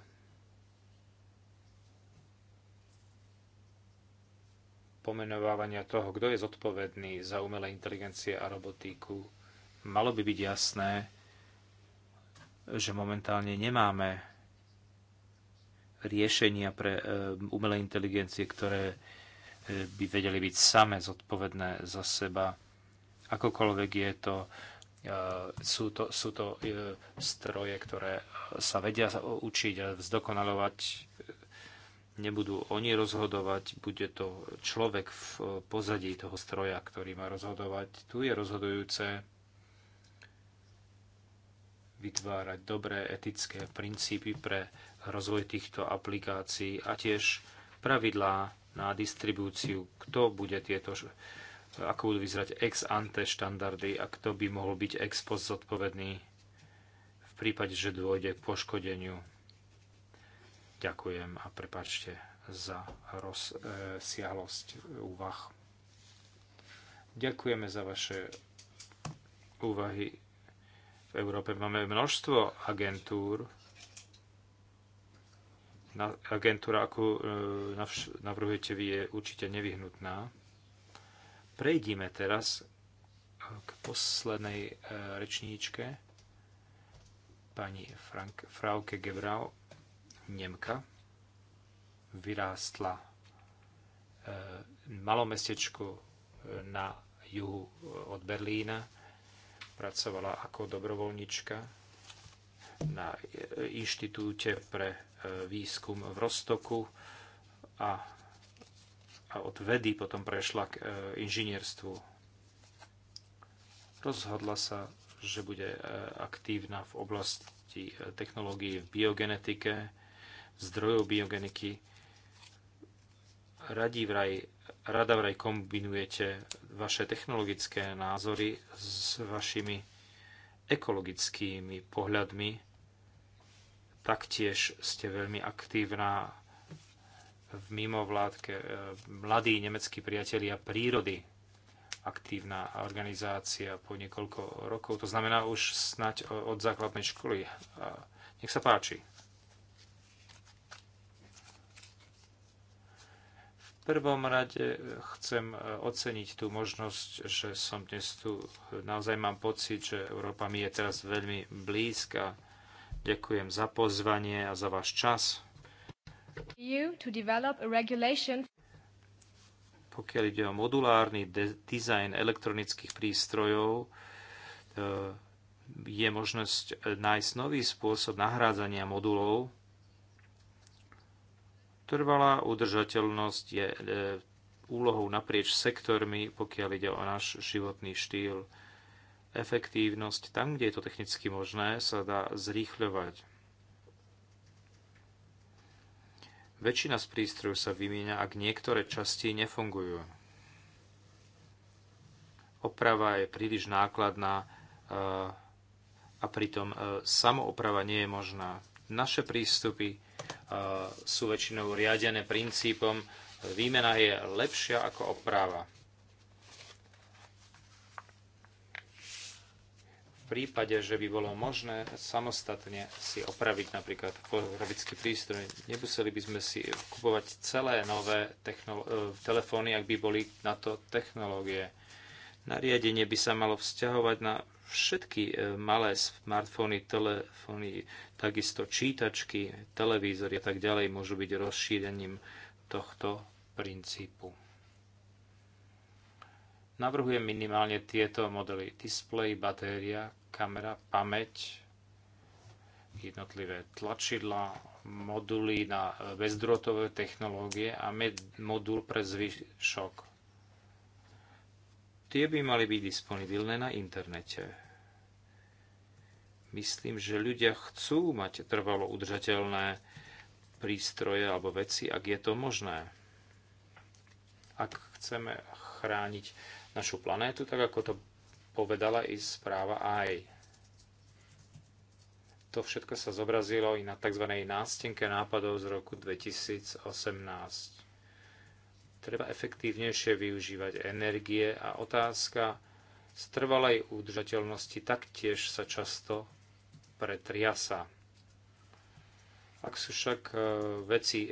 pomenovávania toho, kto je zodpovedný za umelé inteligencie a robotíku, malo by byť jasné, že momentálne nemáme riešenia pre e, umelé inteligencie, ktoré e, by vedeli byť same zodpovedné za seba. Akokoľvek je to Eh, sú to, sú to eh, stroje, ktoré sa vedia učiť a zdokonalovať. Nebudú oni rozhodovať, bude to človek v pozadí toho stroja, ktorý má rozhodovať. Tu je rozhodujúce vytvárať dobré etické princípy pre rozvoj týchto aplikácií a tiež pravidlá na distribúciu, kto bude tieto ako budú vyzerať ex ante štandardy a kto by mohol byť ex post zodpovedný v prípade, že dôjde k poškodeniu. Ďakujem a prepačte za rozsiahlosť e, úvah. Ďakujeme za vaše úvahy. V Európe máme množstvo agentúr. Agentúra, ako e, navrhujete vy, je určite nevyhnutná. Prejdime teraz eh, k poslednej eh, rečníčke, pani Frank, Frauke Gebrau, Nemka. Vyrástla v eh, malom mestečku na juhu od Berlína. Pracovala ako dobrovoľnička na inštitúte pre výskum v Rostoku a a od vedy potom prešla k e, inžinierstvu. Rozhodla sa, že bude e, aktívna v oblasti e, technológií v biogenetike, zdrojov biogeniky. Radí vraj, rada vraj kombinujete vaše technologické názory s vašimi ekologickými pohľadmi. Taktiež ste veľmi aktívna v mimovládke e, Mladí nemeckí priatelia prírody, aktívna organizácia po niekoľko rokov, to znamená už snať od základnej školy. Nech sa páči. V prvom rade chcem e, oceniť tú možnosť, že som dnes tu. Naozaj mám pocit, že Európa mi je teraz veľmi blízka. Ďakujem za pozvanie a za váš čas. Pokiaľ ide o modulárny dizajn elektronických prístrojov, e, je možnosť nájsť nový spôsob nahrádzania modulov. Trvalá udržateľnosť je e, úlohou naprieč sektormi, pokiaľ ide o náš životný štýl. Efektívnosť tam, kde je to technicky možné, sa dá zrýchľovať. Väčšina z prístrojov sa vymieňa, ak niektoré časti nefungujú. Oprava je príliš nákladná e, a pritom e, samooprava nie je možná. Naše prístupy e, sú väčšinou riadené princípom výmena je lepšia ako oprava. prípade, že by bolo možné samostatne si opraviť napríklad fotografický prístroj, nemuseli by sme si kupovať celé nové e, telefóny, ak by boli na to technológie. Nariadenie by sa malo vzťahovať na všetky e, malé smartfóny, telefóny, takisto čítačky, televízory a tak ďalej môžu byť rozšírením tohto princípu. Navrhujem minimálne tieto modely. Display, batéria, kamera, pamäť, jednotlivé tlačidla, moduly na bezdrôtové technológie a modul pre zvyšok. Tie by mali byť disponibilné na internete. Myslím, že ľudia chcú mať trvalo udržateľné prístroje alebo veci, ak je to možné. Ak chceme chrániť našu planétu, tak ako to povedala i správa aj. To všetko sa zobrazilo i na tzv. nástenke nápadov z roku 2018. Treba efektívnejšie využívať energie a otázka z trvalej udržateľnosti taktiež sa často pretriasa. Ak sú však e, veci e,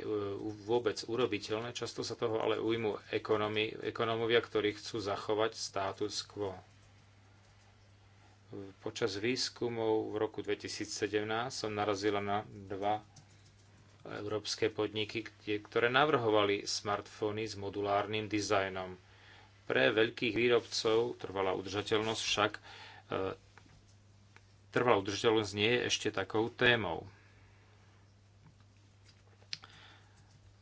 vôbec urobiteľné, často sa toho ale ujmú ekonomovia, ktorí chcú zachovať status quo. Počas výskumov v roku 2017 som narazila na dva európske podniky, ktoré navrhovali smartfóny s modulárnym dizajnom. Pre veľkých výrobcov trvalá udržateľnosť však e, trvalá udržateľnosť nie je ešte takou témou.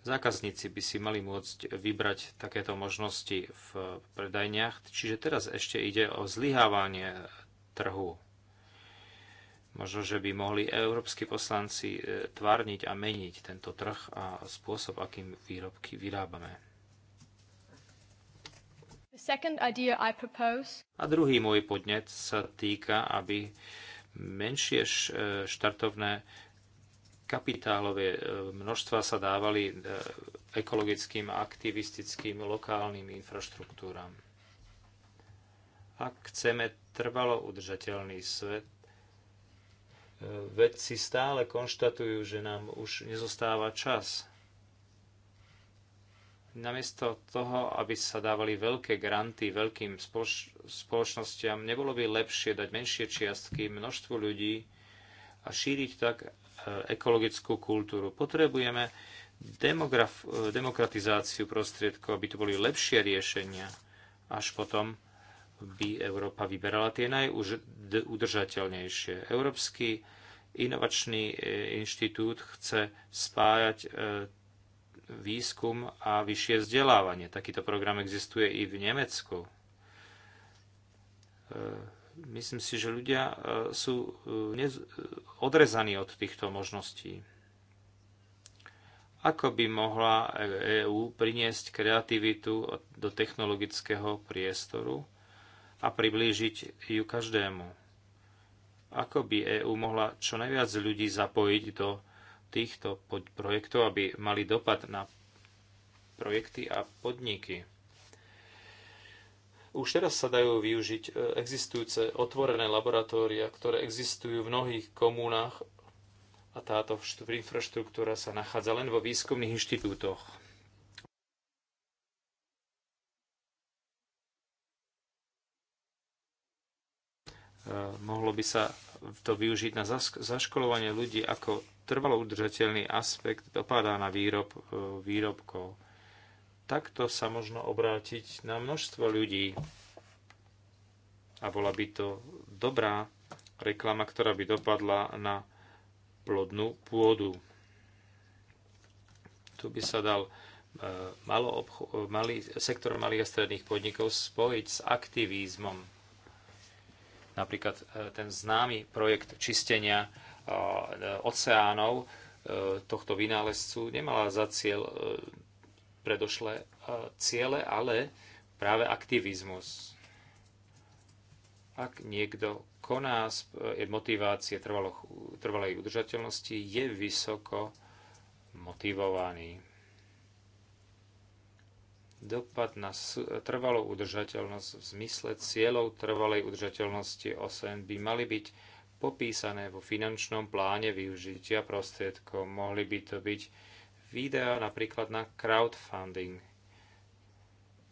Zákazníci by si mali môcť vybrať takéto možnosti v predajniach, čiže teraz ešte ide o zlyhávanie trhu. Možno, že by mohli európsky poslanci e, tvárniť a meniť tento trh a spôsob, akým výrobky vyrábame. A druhý môj podnet sa týka, aby menšie e, štartovné kapitálové e, množstva sa dávali ekologickým, aktivistickým, lokálnym infraštruktúram. Ak chceme trvalo udržateľný svet, e, vedci stále konštatujú, že nám už nezostáva čas. Namiesto toho, aby sa dávali veľké granty veľkým spoloč- spoločnostiam, nebolo by lepšie dať menšie čiastky množstvu ľudí a šíriť tak e, ekologickú kultúru. Potrebujeme demokratizáciu prostriedkov, aby to boli lepšie riešenia. Až potom by Európa vyberala tie najudržateľnejšie. Európsky inovačný e, inštitút chce spájať e, výskum a vyššie vzdelávanie. Takýto program existuje i v Nemecku. E, myslím si, že ľudia sú odrezaní od týchto možností. Ako by mohla EÚ priniesť kreativitu do technologického priestoru? a priblížiť ju každému. Ako by EÚ mohla čo najviac ľudí zapojiť do týchto projektov, aby mali dopad na projekty a podniky? Už teraz sa dajú využiť e, existujúce otvorené laboratória, ktoré existujú v mnohých komunách a táto infraštruktúra sa nachádza len vo výskumných inštitútoch E, mohlo by sa to využiť na zaškolovanie ľudí, ako trvalo udržateľný aspekt dopadá na výrob, e, výrobkov. Takto sa možno obrátiť na množstvo ľudí. A bola by to dobrá reklama, ktorá by dopadla na plodnú pôdu. Tu by sa dal e, malo obcho- malý, sektor malých a stredných podnikov spojiť s aktivizmom Napríklad e, ten známy projekt čistenia e, oceánov e, tohto vynálezcu nemala za cieľ predošlé ciele, ale práve aktivizmus. Ak niekto koná je motivácie trvalej udržateľnosti, je vysoko motivovaný. Dopad na trvalú udržateľnosť v zmysle cieľov trvalej udržateľnosti OSN by mali byť popísané vo finančnom pláne využitia prostriedkov. Mohli by to byť videá napríklad na crowdfunding.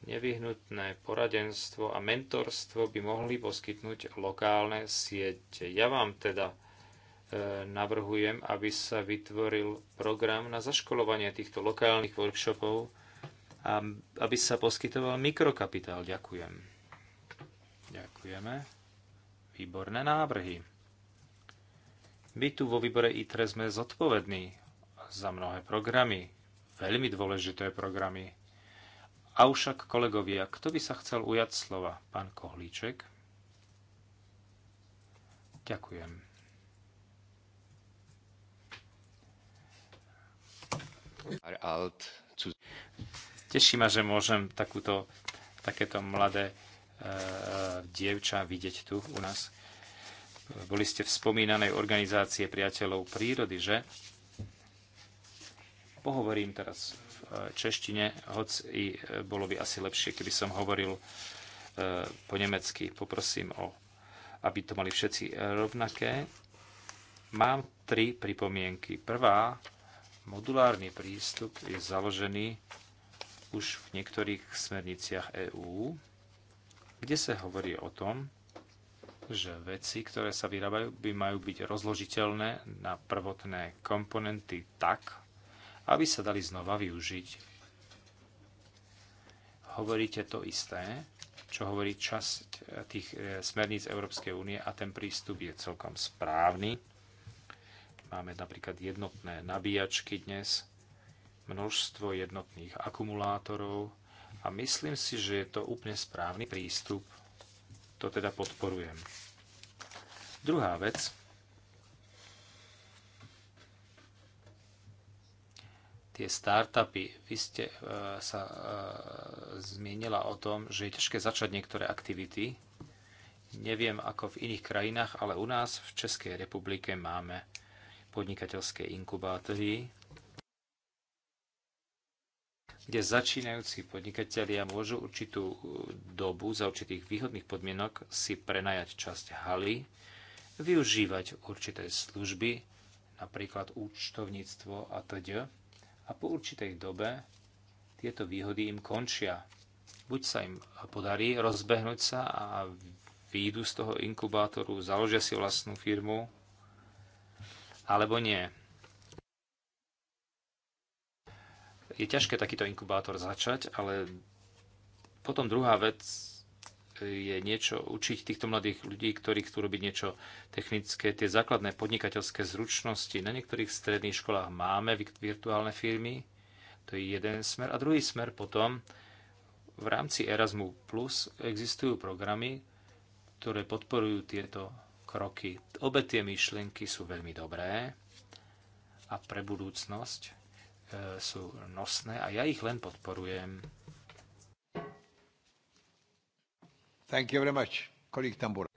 Nevyhnutné poradenstvo a mentorstvo by mohli poskytnúť lokálne siete. Ja vám teda e, navrhujem, aby sa vytvoril program na zaškolovanie týchto lokálnych workshopov aby sa poskytoval mikrokapitál. Ďakujem. Ďakujeme. Výborné návrhy. My tu vo výbore ITRE sme zodpovední za mnohé programy, veľmi dôležité programy. A však, kolegovia, kto by sa chcel ujať slova? Pán Kohlíček? Ďakujem. Alt Teší ma, že môžem takúto, takéto mladé e, dievča vidieť tu u nás. Boli ste v spomínanej organizácie priateľov prírody, že? Pohovorím teraz v e, češtine, hoci i e, bolo by asi lepšie, keby som hovoril e, po nemecky. Poprosím o, aby to mali všetci rovnaké. Mám tri pripomienky. Prvá, modulárny prístup je založený už v niektorých smerniciach EÚ, kde sa hovorí o tom, že veci, ktoré sa vyrábajú, by majú byť rozložiteľné na prvotné komponenty tak, aby sa dali znova využiť. Hovoríte to isté, čo hovorí časť tých e, smerníc Európskej únie a ten prístup je celkom správny. Máme napríklad jednotné nabíjačky dnes, množstvo jednotných akumulátorov a myslím si, že je to úplne správny prístup. To teda podporujem. Druhá vec. Tie startupy. Vy ste e, sa e, zmienila o tom, že je ťažké začať niektoré aktivity. Neviem ako v iných krajinách, ale u nás v Českej republike máme podnikateľské inkubátory, kde začínajúci podnikatelia môžu určitú e, dobu za určitých výhodných podmienok si prenajať časť haly, využívať určité služby, napríklad účtovníctvo a td. A po určitej dobe tieto výhody im končia. Buď sa im podarí rozbehnúť sa a výjdu z toho inkubátoru, založia si vlastnú firmu, alebo nie. je ťažké takýto inkubátor začať, ale potom druhá vec je niečo učiť týchto mladých ľudí, ktorí chcú robiť niečo technické, tie základné podnikateľské zručnosti. Na niektorých stredných školách máme virtuálne firmy, to je jeden smer. A druhý smer potom, v rámci Erasmu Plus existujú programy, ktoré podporujú tieto kroky. Obe tie myšlienky sú veľmi dobré a pre budúcnosť E, sú nosné a ja ich len podporujem. Thank you very much. Kolik Tambura.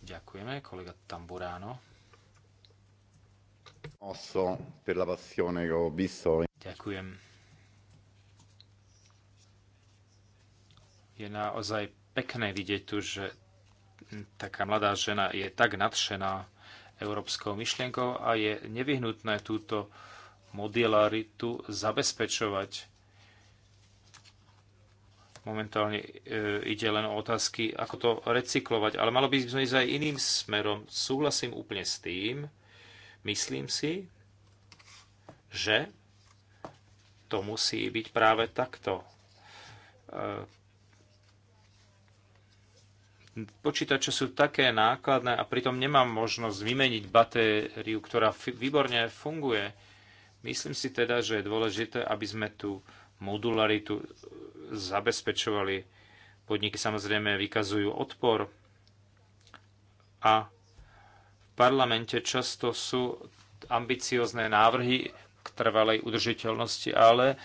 Ďakujeme, kolega Tamburano. Also per la passione che ho visto. Ďakujem. Je naozaj pekné vidieť tu, že taká mladá žena je tak nadšená európskou myšlienkou a je nevyhnutné túto uh, modularitu zabezpečovať. Momentálne e, ide len o otázky, ako to recyklovať, ale malo by sme ísť aj iným smerom. Súhlasím úplne s tým, myslím si, že to musí byť práve takto. E, Počítače sú také nákladné a pritom nemám možnosť vymeniť batériu, ktorá výborne funguje Myslím si teda, že je dôležité, aby sme tú modularitu e, zabezpečovali. Podniky samozrejme vykazujú odpor a v parlamente často sú ambiciozne návrhy k trvalej udržiteľnosti, ale e,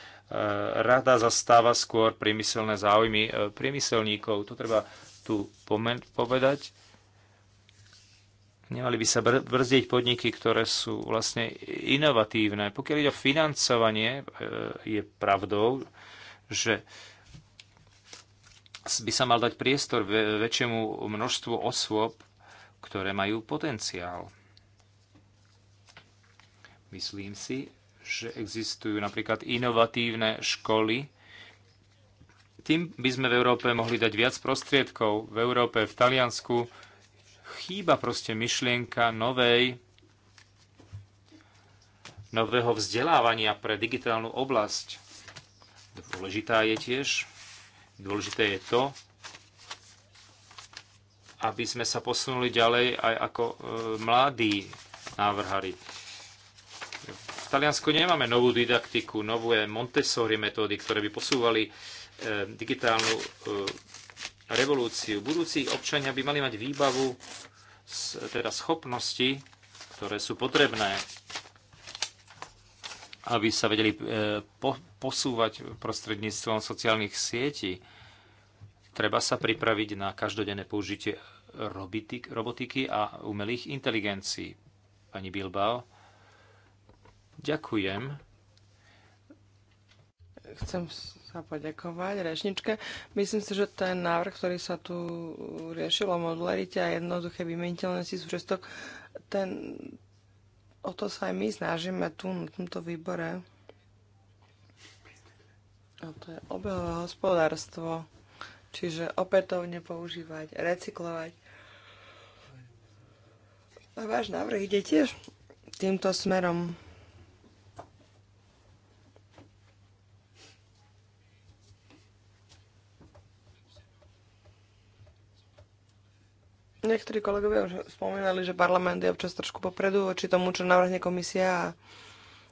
rada zastáva skôr priemyselné záujmy e, priemyselníkov. To treba tu povedať. Nemali by sa br- brzdiť podniky, ktoré sú vlastne inovatívne. Pokiaľ ide o financovanie, e, je pravdou, že by sa mal dať priestor väčšiemu množstvu osôb, ktoré majú potenciál. Myslím si, že existujú napríklad inovatívne školy. Tým by sme v Európe mohli dať viac prostriedkov. V Európe, v Taliansku, chýba proste myšlienka novej nového vzdelávania pre digitálnu oblasť. Dôležitá je tiež, dôležité je to, aby sme sa posunuli ďalej aj ako e, mladí návrhári. V Taliansku nemáme novú didaktiku, nové Montessori metódy, ktoré by posúvali e, digitálnu e, revolúciu. Budúci občania by mali mať výbavu teda schopnosti, ktoré sú potrebné, aby sa vedeli e, posúvať prostredníctvom sociálnych sietí. Treba sa pripraviť na každodenné použitie robotiky a umelých inteligencií. Pani Bilbao, ďakujem. Chcem sa poďakovať rečničke. Myslím si, že ten návrh, ktorý sa tu riešil o modularite a jednoduché vymeniteľnosti súčasťok, ten, o to sa aj my snažíme tu na tomto výbore. A to je obehové hospodárstvo, čiže opätovne používať, recyklovať. A váš návrh ide tiež týmto smerom. Niektorí kolegovia už spomínali, že parlament je občas trošku popredu voči tomu, čo navrhne komisia a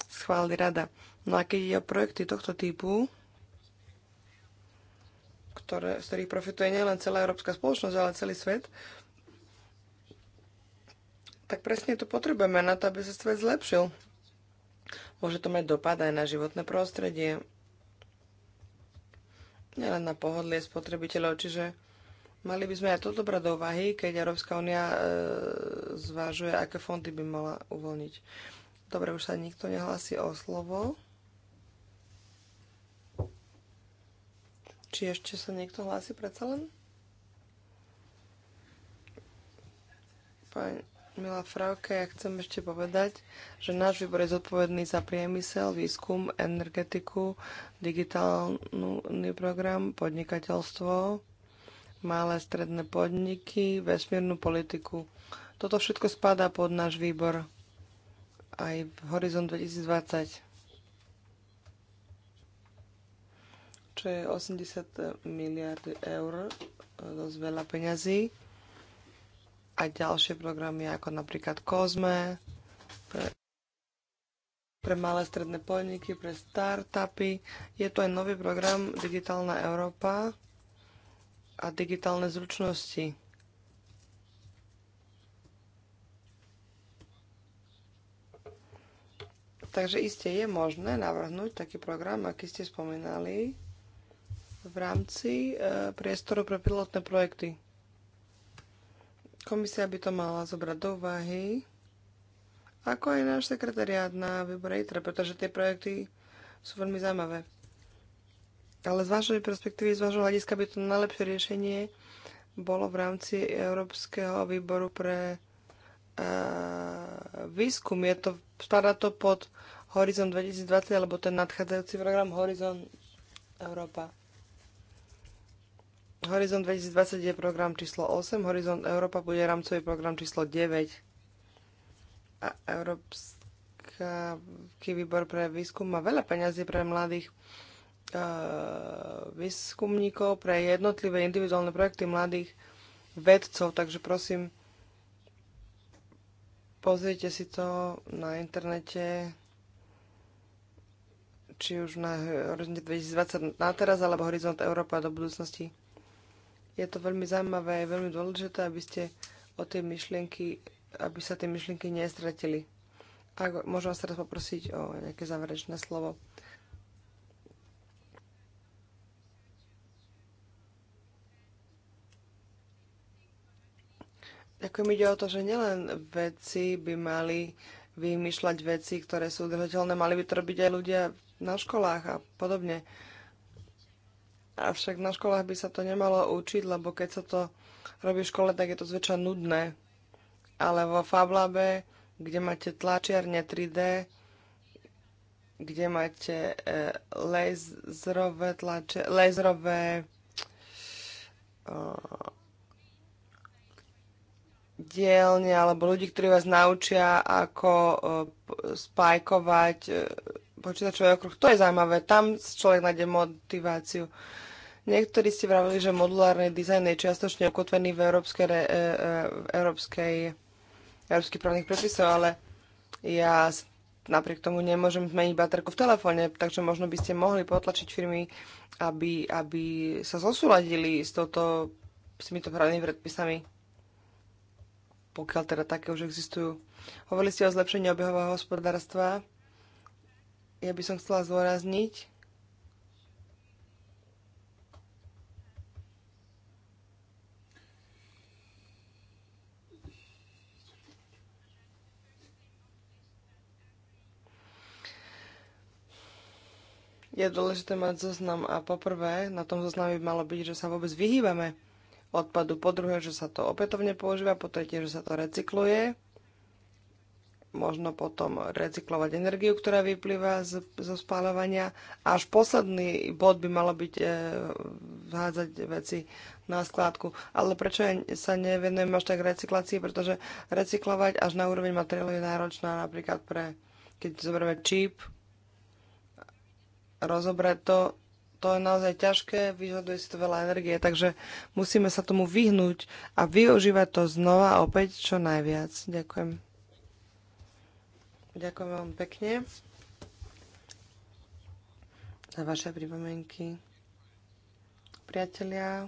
schváli rada. No a keď je o projekty tohto typu, ktoré, z ktorých profituje nielen celá európska spoločnosť, ale celý svet, tak presne to potrebujeme na to, aby sa svet zlepšil. Môže to mať dopad aj na životné prostredie, nielen na pohodlie spotrebiteľov, čiže Mali by sme aj toto brať do úvahy, keď Európska únia e, zvážuje, aké fondy by mala uvoľniť. Dobre, už sa nikto nehlási o slovo. Či ešte sa niekto hlási predsa len? Pani milá Frauke, ja chcem ešte povedať, že náš výbor je zodpovedný za priemysel, výskum, energetiku, digitálny program, podnikateľstvo, malé stredné podniky, vesmírnu politiku. Toto všetko spadá pod náš výbor aj v Horizon 2020, čo je 80 miliard eur, e, dosť veľa peňazí. A ďalšie programy ako napríklad COSME, pre, pre malé stredné podniky, pre startupy. Je tu aj nový program Digitálna Európa, a digitálne zručnosti. Takže iste je možné navrhnúť taký program, aký ste spomínali, v rámci e, priestoru pre pilotné projekty. Komisia by to mala zobrať do úvahy, ako aj náš sekretariát na výbore ITRE, pretože tie projekty sú veľmi zaujímavé. Ale z vašej perspektívy, z vášho hľadiska by to najlepšie riešenie bolo v rámci Európskeho výboru pre e, výskum. Je to, spadá to pod Horizon 2020 alebo ten nadchádzajúci program Horizon Európa. Horizon 2020 je program číslo 8, Horizon Európa bude rámcový program číslo 9 a Európsky výbor pre výskum má veľa peňazí pre mladých Eh, výskumníkov pre jednotlivé individuálne projekty mladých vedcov, takže prosím, pozrite si to na internete, či už na horizonte 2020 na teraz, alebo horizont Európa do budúcnosti. Je to veľmi zaujímavé a veľmi dôležité, aby ste o tie myšlienky, aby sa tie myšlienky nestratili. Ak môžem vás teraz poprosiť o nejaké záverečné slovo. Ďakujem, ide o to, že nielen vedci by mali vymýšľať veci, ktoré sú udržateľné, mali by to robiť aj ľudia na školách a podobne. Avšak na školách by sa to nemalo učiť, lebo keď sa to robí v škole, tak je to zväčša nudné. Ale vo Fablabe, kde máte tlačiarne 3D, kde máte e, laserové tlače, laserové e, dielne alebo ľudí, ktorí vás naučia, ako e, spajkovať e, počítačový okruh. To je zaujímavé. Tam človek nájde motiváciu. Niektorí ste vravili, že modulárny dizajn je čiastočne ukotvený v európskej, e, e, európskej, európskych právnych predpisov, ale ja napriek tomu nemôžem zmeniť baterku v telefóne, takže možno by ste mohli potlačiť firmy, aby, aby sa zosúladili s, touto, s týmito právnymi predpisami pokiaľ teda také už existujú. Hovorili ste o zlepšení obehového hospodárstva. Ja by som chcela zdôrazniť, je dôležité mať zoznam a poprvé na tom zozname by malo byť, že sa vôbec vyhýbame odpadu, po druhé, že sa to opätovne používa, po tretie, že sa to recykluje. Možno potom recyklovať energiu, ktorá vyplýva z, zo spáľovania. Až posledný bod by malo byť e, vhádzať veci na skládku. Ale prečo ja sa nevenujem až tak recyklácii? Pretože recyklovať až na úroveň materiálu je náročná napríklad pre, keď zoberieme čip, rozobrať to, to je naozaj ťažké, vyžaduje si to veľa energie, takže musíme sa tomu vyhnúť a využívať to znova a opäť čo najviac. Ďakujem. Ďakujem vám pekne za vaše pripomienky. Priatelia,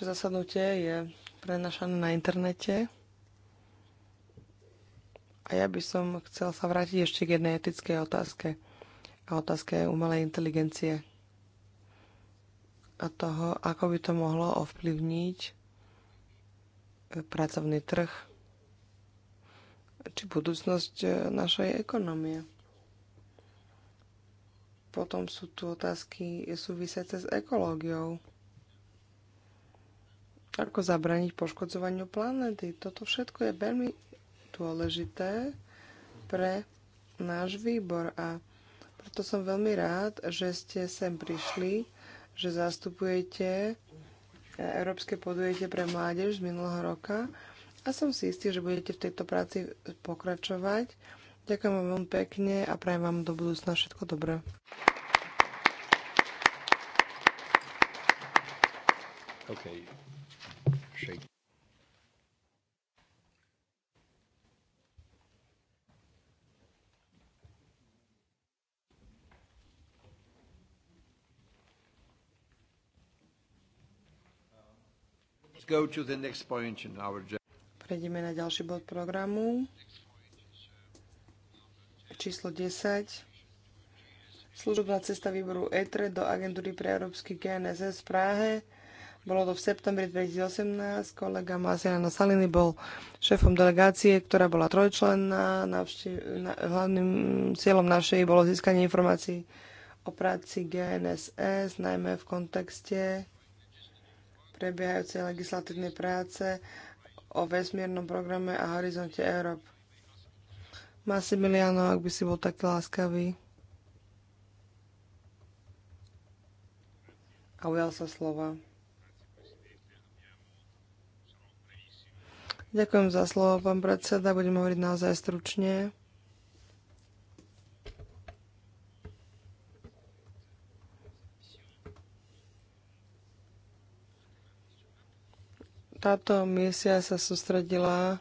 Naše zasadnutie je prenašané na internete. A ja by som chcel sa vrátiť ešte k jednej etickej otázke. A otázke umelej inteligencie. A toho, ako by to mohlo ovplyvniť eh, pracovný trh či budúcnosť eh, našej ekonomie. Potom sú tu otázky súvisiace s ekológiou ako zabraniť poškodzovaniu planéty. Toto všetko je veľmi dôležité pre náš výbor a preto som veľmi rád, že ste sem prišli, že zastupujete e, Európske podujete pre mládež z minulého roka a som si istý, že budete v tejto práci pokračovať. Ďakujem vám veľmi pekne a prajem vám do budúcna všetko dobré. Okay. Prejdeme na ďalší bod programu. Číslo 10. Služobná cesta výboru ETRE e do agentúry pre európsky GNSS v Prahe. Bolo to v septembri 2018. Kolega Masiana Salini bol šéfom delegácie, ktorá bola trojčlenná. hlavným cieľom našej bolo získanie informácií o práci GNSS, najmä v kontexte prebiehajúcej legislatívnej práce o vesmírnom programe a horizonte Európ. Massimiliano, ak by si bol tak láskavý. A ujal sa slova. Ďakujem za slovo, pán predseda. Budem hovoriť naozaj stručne. Táto misia sa sústredila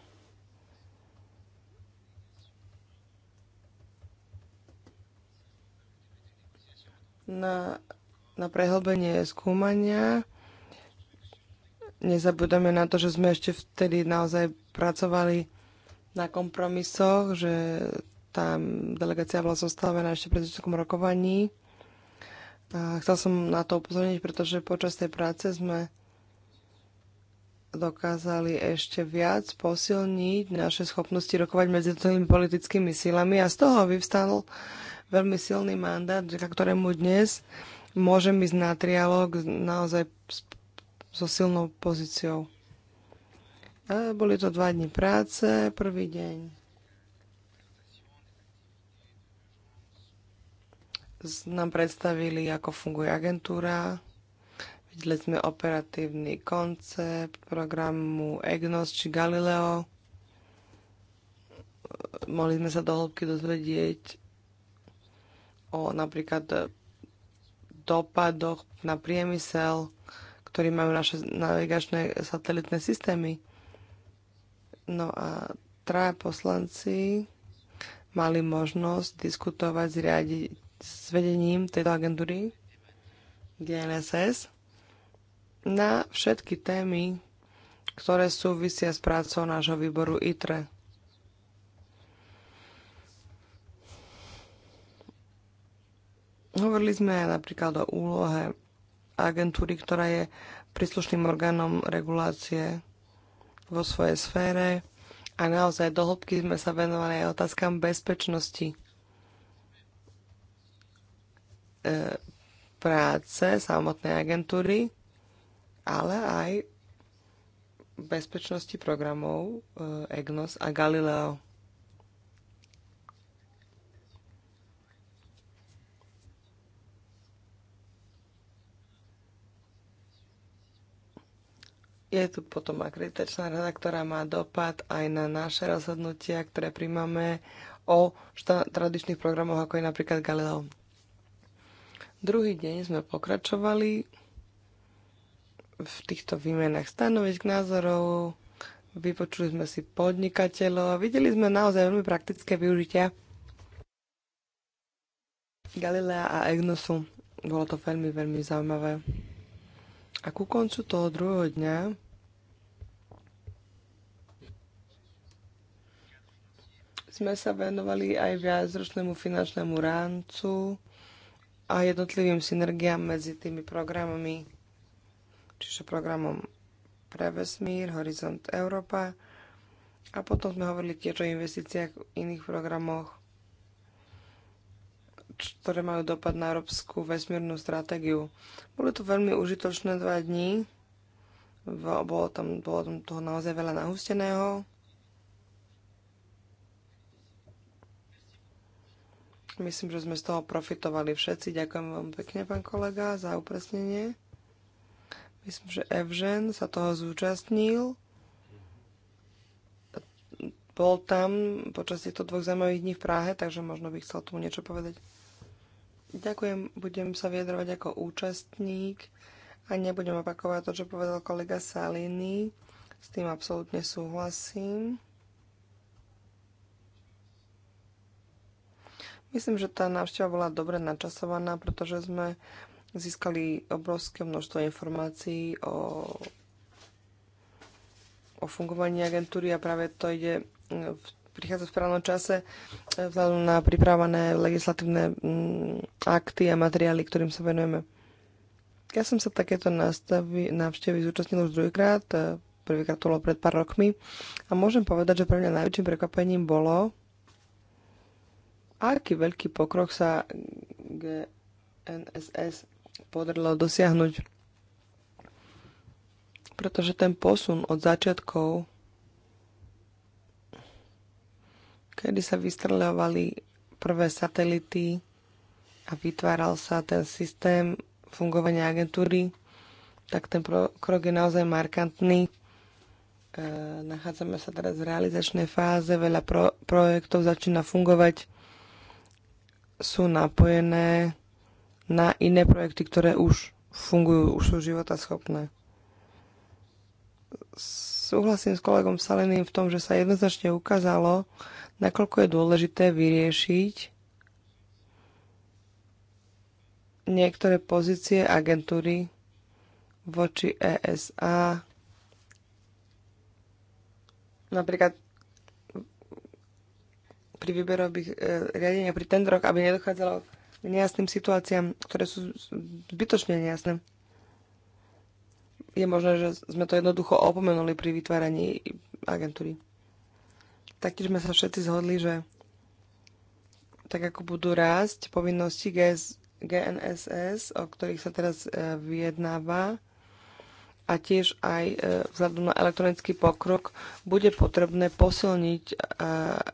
na, na prehlbenie skúmania. Nezabudeme na to, že sme ešte vtedy naozaj pracovali na kompromisoch, že tá delegácia bola zostavená ešte pred začiatkom rokovaní. A chcel som na to upozorniť, pretože počas tej práce sme dokázali ešte viac posilniť naše schopnosti rokovať medzi tými politickými silami a z toho vyvstal veľmi silný mandát, ktorému dnes môžem ísť na trialog naozaj so silnou pozíciou. A boli to dva dni práce, prvý deň nám predstavili, ako funguje agentúra, Videli sme operatívny koncept programu EGNOS či Galileo. Mohli sme sa do hĺbky dozvedieť o napríklad dopadoch na priemysel, ktorý majú naše navigačné satelitné systémy. No a traja poslanci mali možnosť diskutovať s, riadi- s vedením tejto agentúry GNSS na všetky témy, ktoré súvisia s prácou nášho výboru ITRE. Hovorili sme napríklad o úlohe agentúry, ktorá je príslušným orgánom regulácie vo svojej sfére a naozaj do hĺbky sme sa venovali aj otázkam bezpečnosti e, práce samotnej agentúry ale aj bezpečnosti programov e, EGNOS a Galileo. Je tu potom akreditačná rada, ktorá má dopad aj na naše rozhodnutia, ktoré príjmame o tradičných programoch, ako je napríklad Galileo. Druhý deň sme pokračovali v týchto výmenách stanovisk názorov, vypočuli sme si podnikateľov a videli sme naozaj veľmi praktické využitia Galilea a Egnosu. Bolo to veľmi, veľmi zaujímavé. A ku koncu toho druhého dňa sme sa venovali aj viacročnému finančnému rámcu a jednotlivým synergiám medzi tými programami čiže programom pre vesmír, Horizont Európa. A potom sme hovorili tiež o investíciách v iných programoch, ktoré majú dopad na európsku vesmírnu stratégiu. Boli to veľmi užitočné dva dní. Bolo tam, bolo tam toho naozaj veľa nahusteného. Myslím, že sme z toho profitovali všetci. Ďakujem vám pekne, pán kolega, za upresnenie. Myslím, že Evžen sa toho zúčastnil. Bol tam počas týchto dvoch zaujímavých dní v Prahe, takže možno by chcel tomu niečo povedať. Ďakujem, budem sa vyjadrovať ako účastník a nebudem opakovať to, čo povedal kolega Salini. S tým absolútne súhlasím. Myslím, že tá návšteva bola dobre načasovaná, pretože sme získali obrovské množstvo informácií o, o fungovaní agentúry a práve to ide v prichádza v správnom čase e, vzhľadom na pripravené legislatívne mm, akty a materiály, ktorým sa venujeme. Ja som sa takéto návštevy zúčastnil už druhýkrát, e, prvýkrát to bolo pred pár rokmi a môžem povedať, že pre mňa najväčším prekvapením bolo, aký veľký pokrok sa GNSS podarilo dosiahnuť. Pretože ten posun od začiatkov, kedy sa vystreľovali prvé satelity a vytváral sa ten systém fungovania agentúry, tak ten krok je naozaj markantný. E, nachádzame sa teraz v realizačnej fáze, veľa pro- projektov začína fungovať, sú napojené na iné projekty, ktoré už fungujú, už sú schopné. Súhlasím s kolegom Saleným v tom, že sa jednoznačne ukázalo, nakoľko je dôležité vyriešiť niektoré pozície agentúry voči ESA. Napríklad pri výberových e, eh, riadenia, pri tendroch, aby nedochádzalo nejasným situáciám, ktoré sú zbytočne nejasné. Je možné, že sme to jednoducho opomenuli pri vytváraní agentúry. Taktiež sme sa všetci zhodli, že tak ako budú rásť povinnosti GS, GNSS, o ktorých sa teraz e, vyjednáva, a tiež aj e, vzhľadom na elektronický pokrok bude potrebné posilniť e,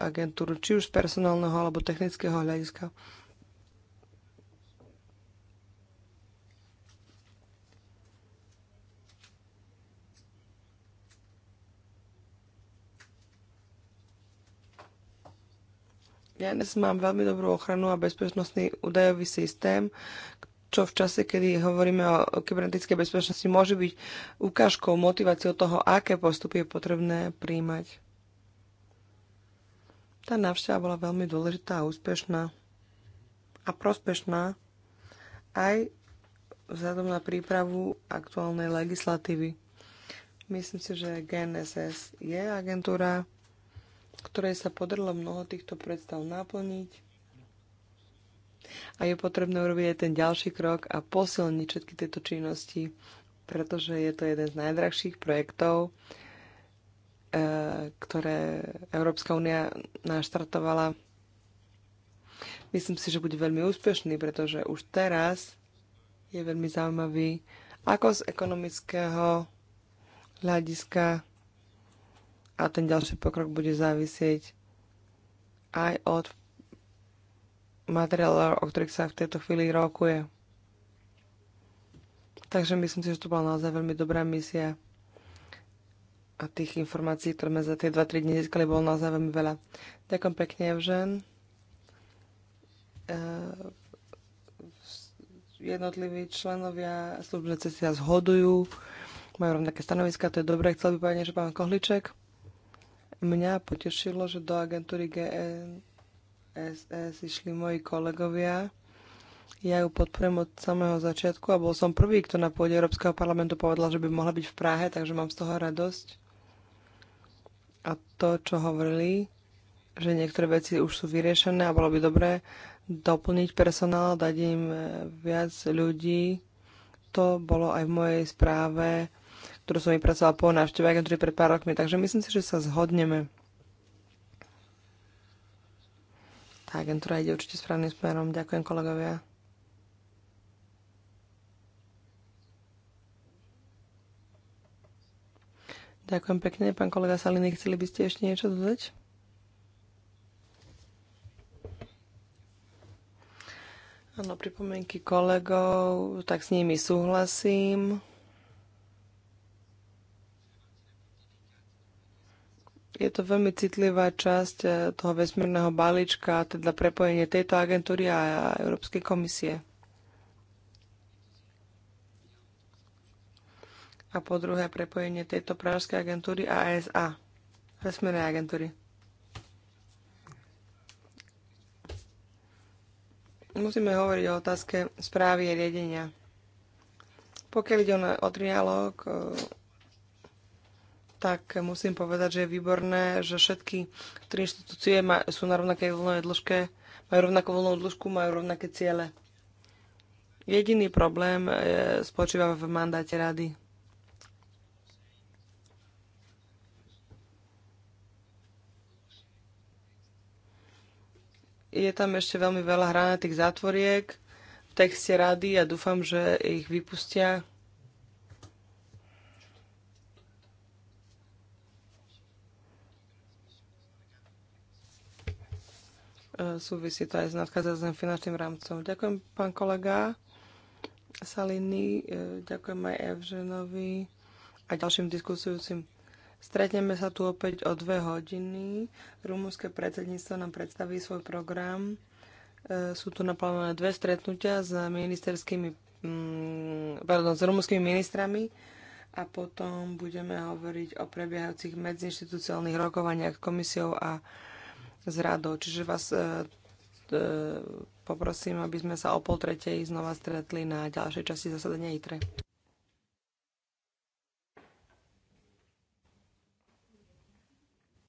agentúru či už z personálneho alebo technického hľadiska. Ja dnes mám veľmi dobrú ochranu a bezpečnostný údajový systém, čo v čase, kedy hovoríme o kybernetickej bezpečnosti, môže byť ukážkou, motiváciou toho, aké postupy je potrebné príjmať. Tá návšteva bola veľmi dôležitá a úspešná a prospešná aj vzhľadom na prípravu aktuálnej legislatívy. Myslím si, že GNSS je agentúra, ktoré sa podarilo mnoho týchto predstav naplniť. A je potrebné urobiť aj ten ďalší krok a posilniť všetky tieto činnosti, pretože je to jeden z najdrahších projektov, e, ktoré Európska únia naštartovala. Myslím si, že bude veľmi úspešný, pretože už teraz je veľmi zaujímavý, ako z ekonomického hľadiska a ten ďalší pokrok bude závisieť aj od materiálov, o ktorých sa v tejto chvíli rokuje. Takže myslím si, že to bola naozaj veľmi dobrá misia a tých informácií, ktoré sme za tie 2-3 dní získali, bolo naozaj veľmi veľa. Ďakujem pekne, Evžen. E, jednotliví členovia služby cestia zhodujú, majú rovnaké stanoviska, to je dobré. Chcel by povedať niečo pán Kohliček? Mňa potešilo, že do agentúry GNSS išli moji kolegovia. Ja ju podporujem od samého začiatku a bol som prvý, kto na pôde Európskeho parlamentu povedal, že by mohla byť v Prahe, takže mám z toho radosť. A to, čo hovorili, že niektoré veci už sú vyriešené a bolo by dobré doplniť personál, dať im viac ľudí, to bolo aj v mojej správe ktorú som vypracovala po návšteve agentúry pred pár rokmi. Takže myslím si, že sa zhodneme. Tá agentúra ide určite správnym smerom. Ďakujem kolegovia. Ďakujem pekne. Pán kolega Saliny, chceli by ste ešte niečo dodať? Áno, pripomienky kolegov, tak s nimi súhlasím. Je to veľmi citlivá časť eh, toho vesmírneho balíčka, teda prepojenie tejto agentúry a Európskej komisie. A po druhé, prepojenie tejto pražskej agentúry a ESA, vesmírnej agentúry. Musíme hovoriť o otázke správy a riadenia. Pokiaľ ide o, o trialóg, eh, tak musím povedať, že je výborné, že všetky tri inštitúcie sú na rovnakej voľnej dĺžke, majú rovnakú voľnú dĺžku, majú rovnaké ciele. Jediný problém e, spočíva v mandáte rady. je tam ešte veľmi veľa hranatých zátvoriek v texte rady a ja dúfam, že ich vypustia. Súvisí to aj s nadchádzajúcim finančným rámcom. Ďakujem, pán kolega Saliny, e, ďakujem aj Evženovi a ďalším diskusujúcim. Stretneme sa tu opäť o dve hodiny. Rumúnske predsedníctvo nám predstaví svoj program. E, sú tu naplánované dve stretnutia s ministerskými, mm, pardon, s rumúnskymi ministrami a potom budeme hovoriť o prebiehajúcich medziinstitucionálnych rokovaniach komisiou a s radou. Čiže vás e, e, poprosím, aby sme sa o pol tretej znova stretli na ďalšej časti zasadania ITRE.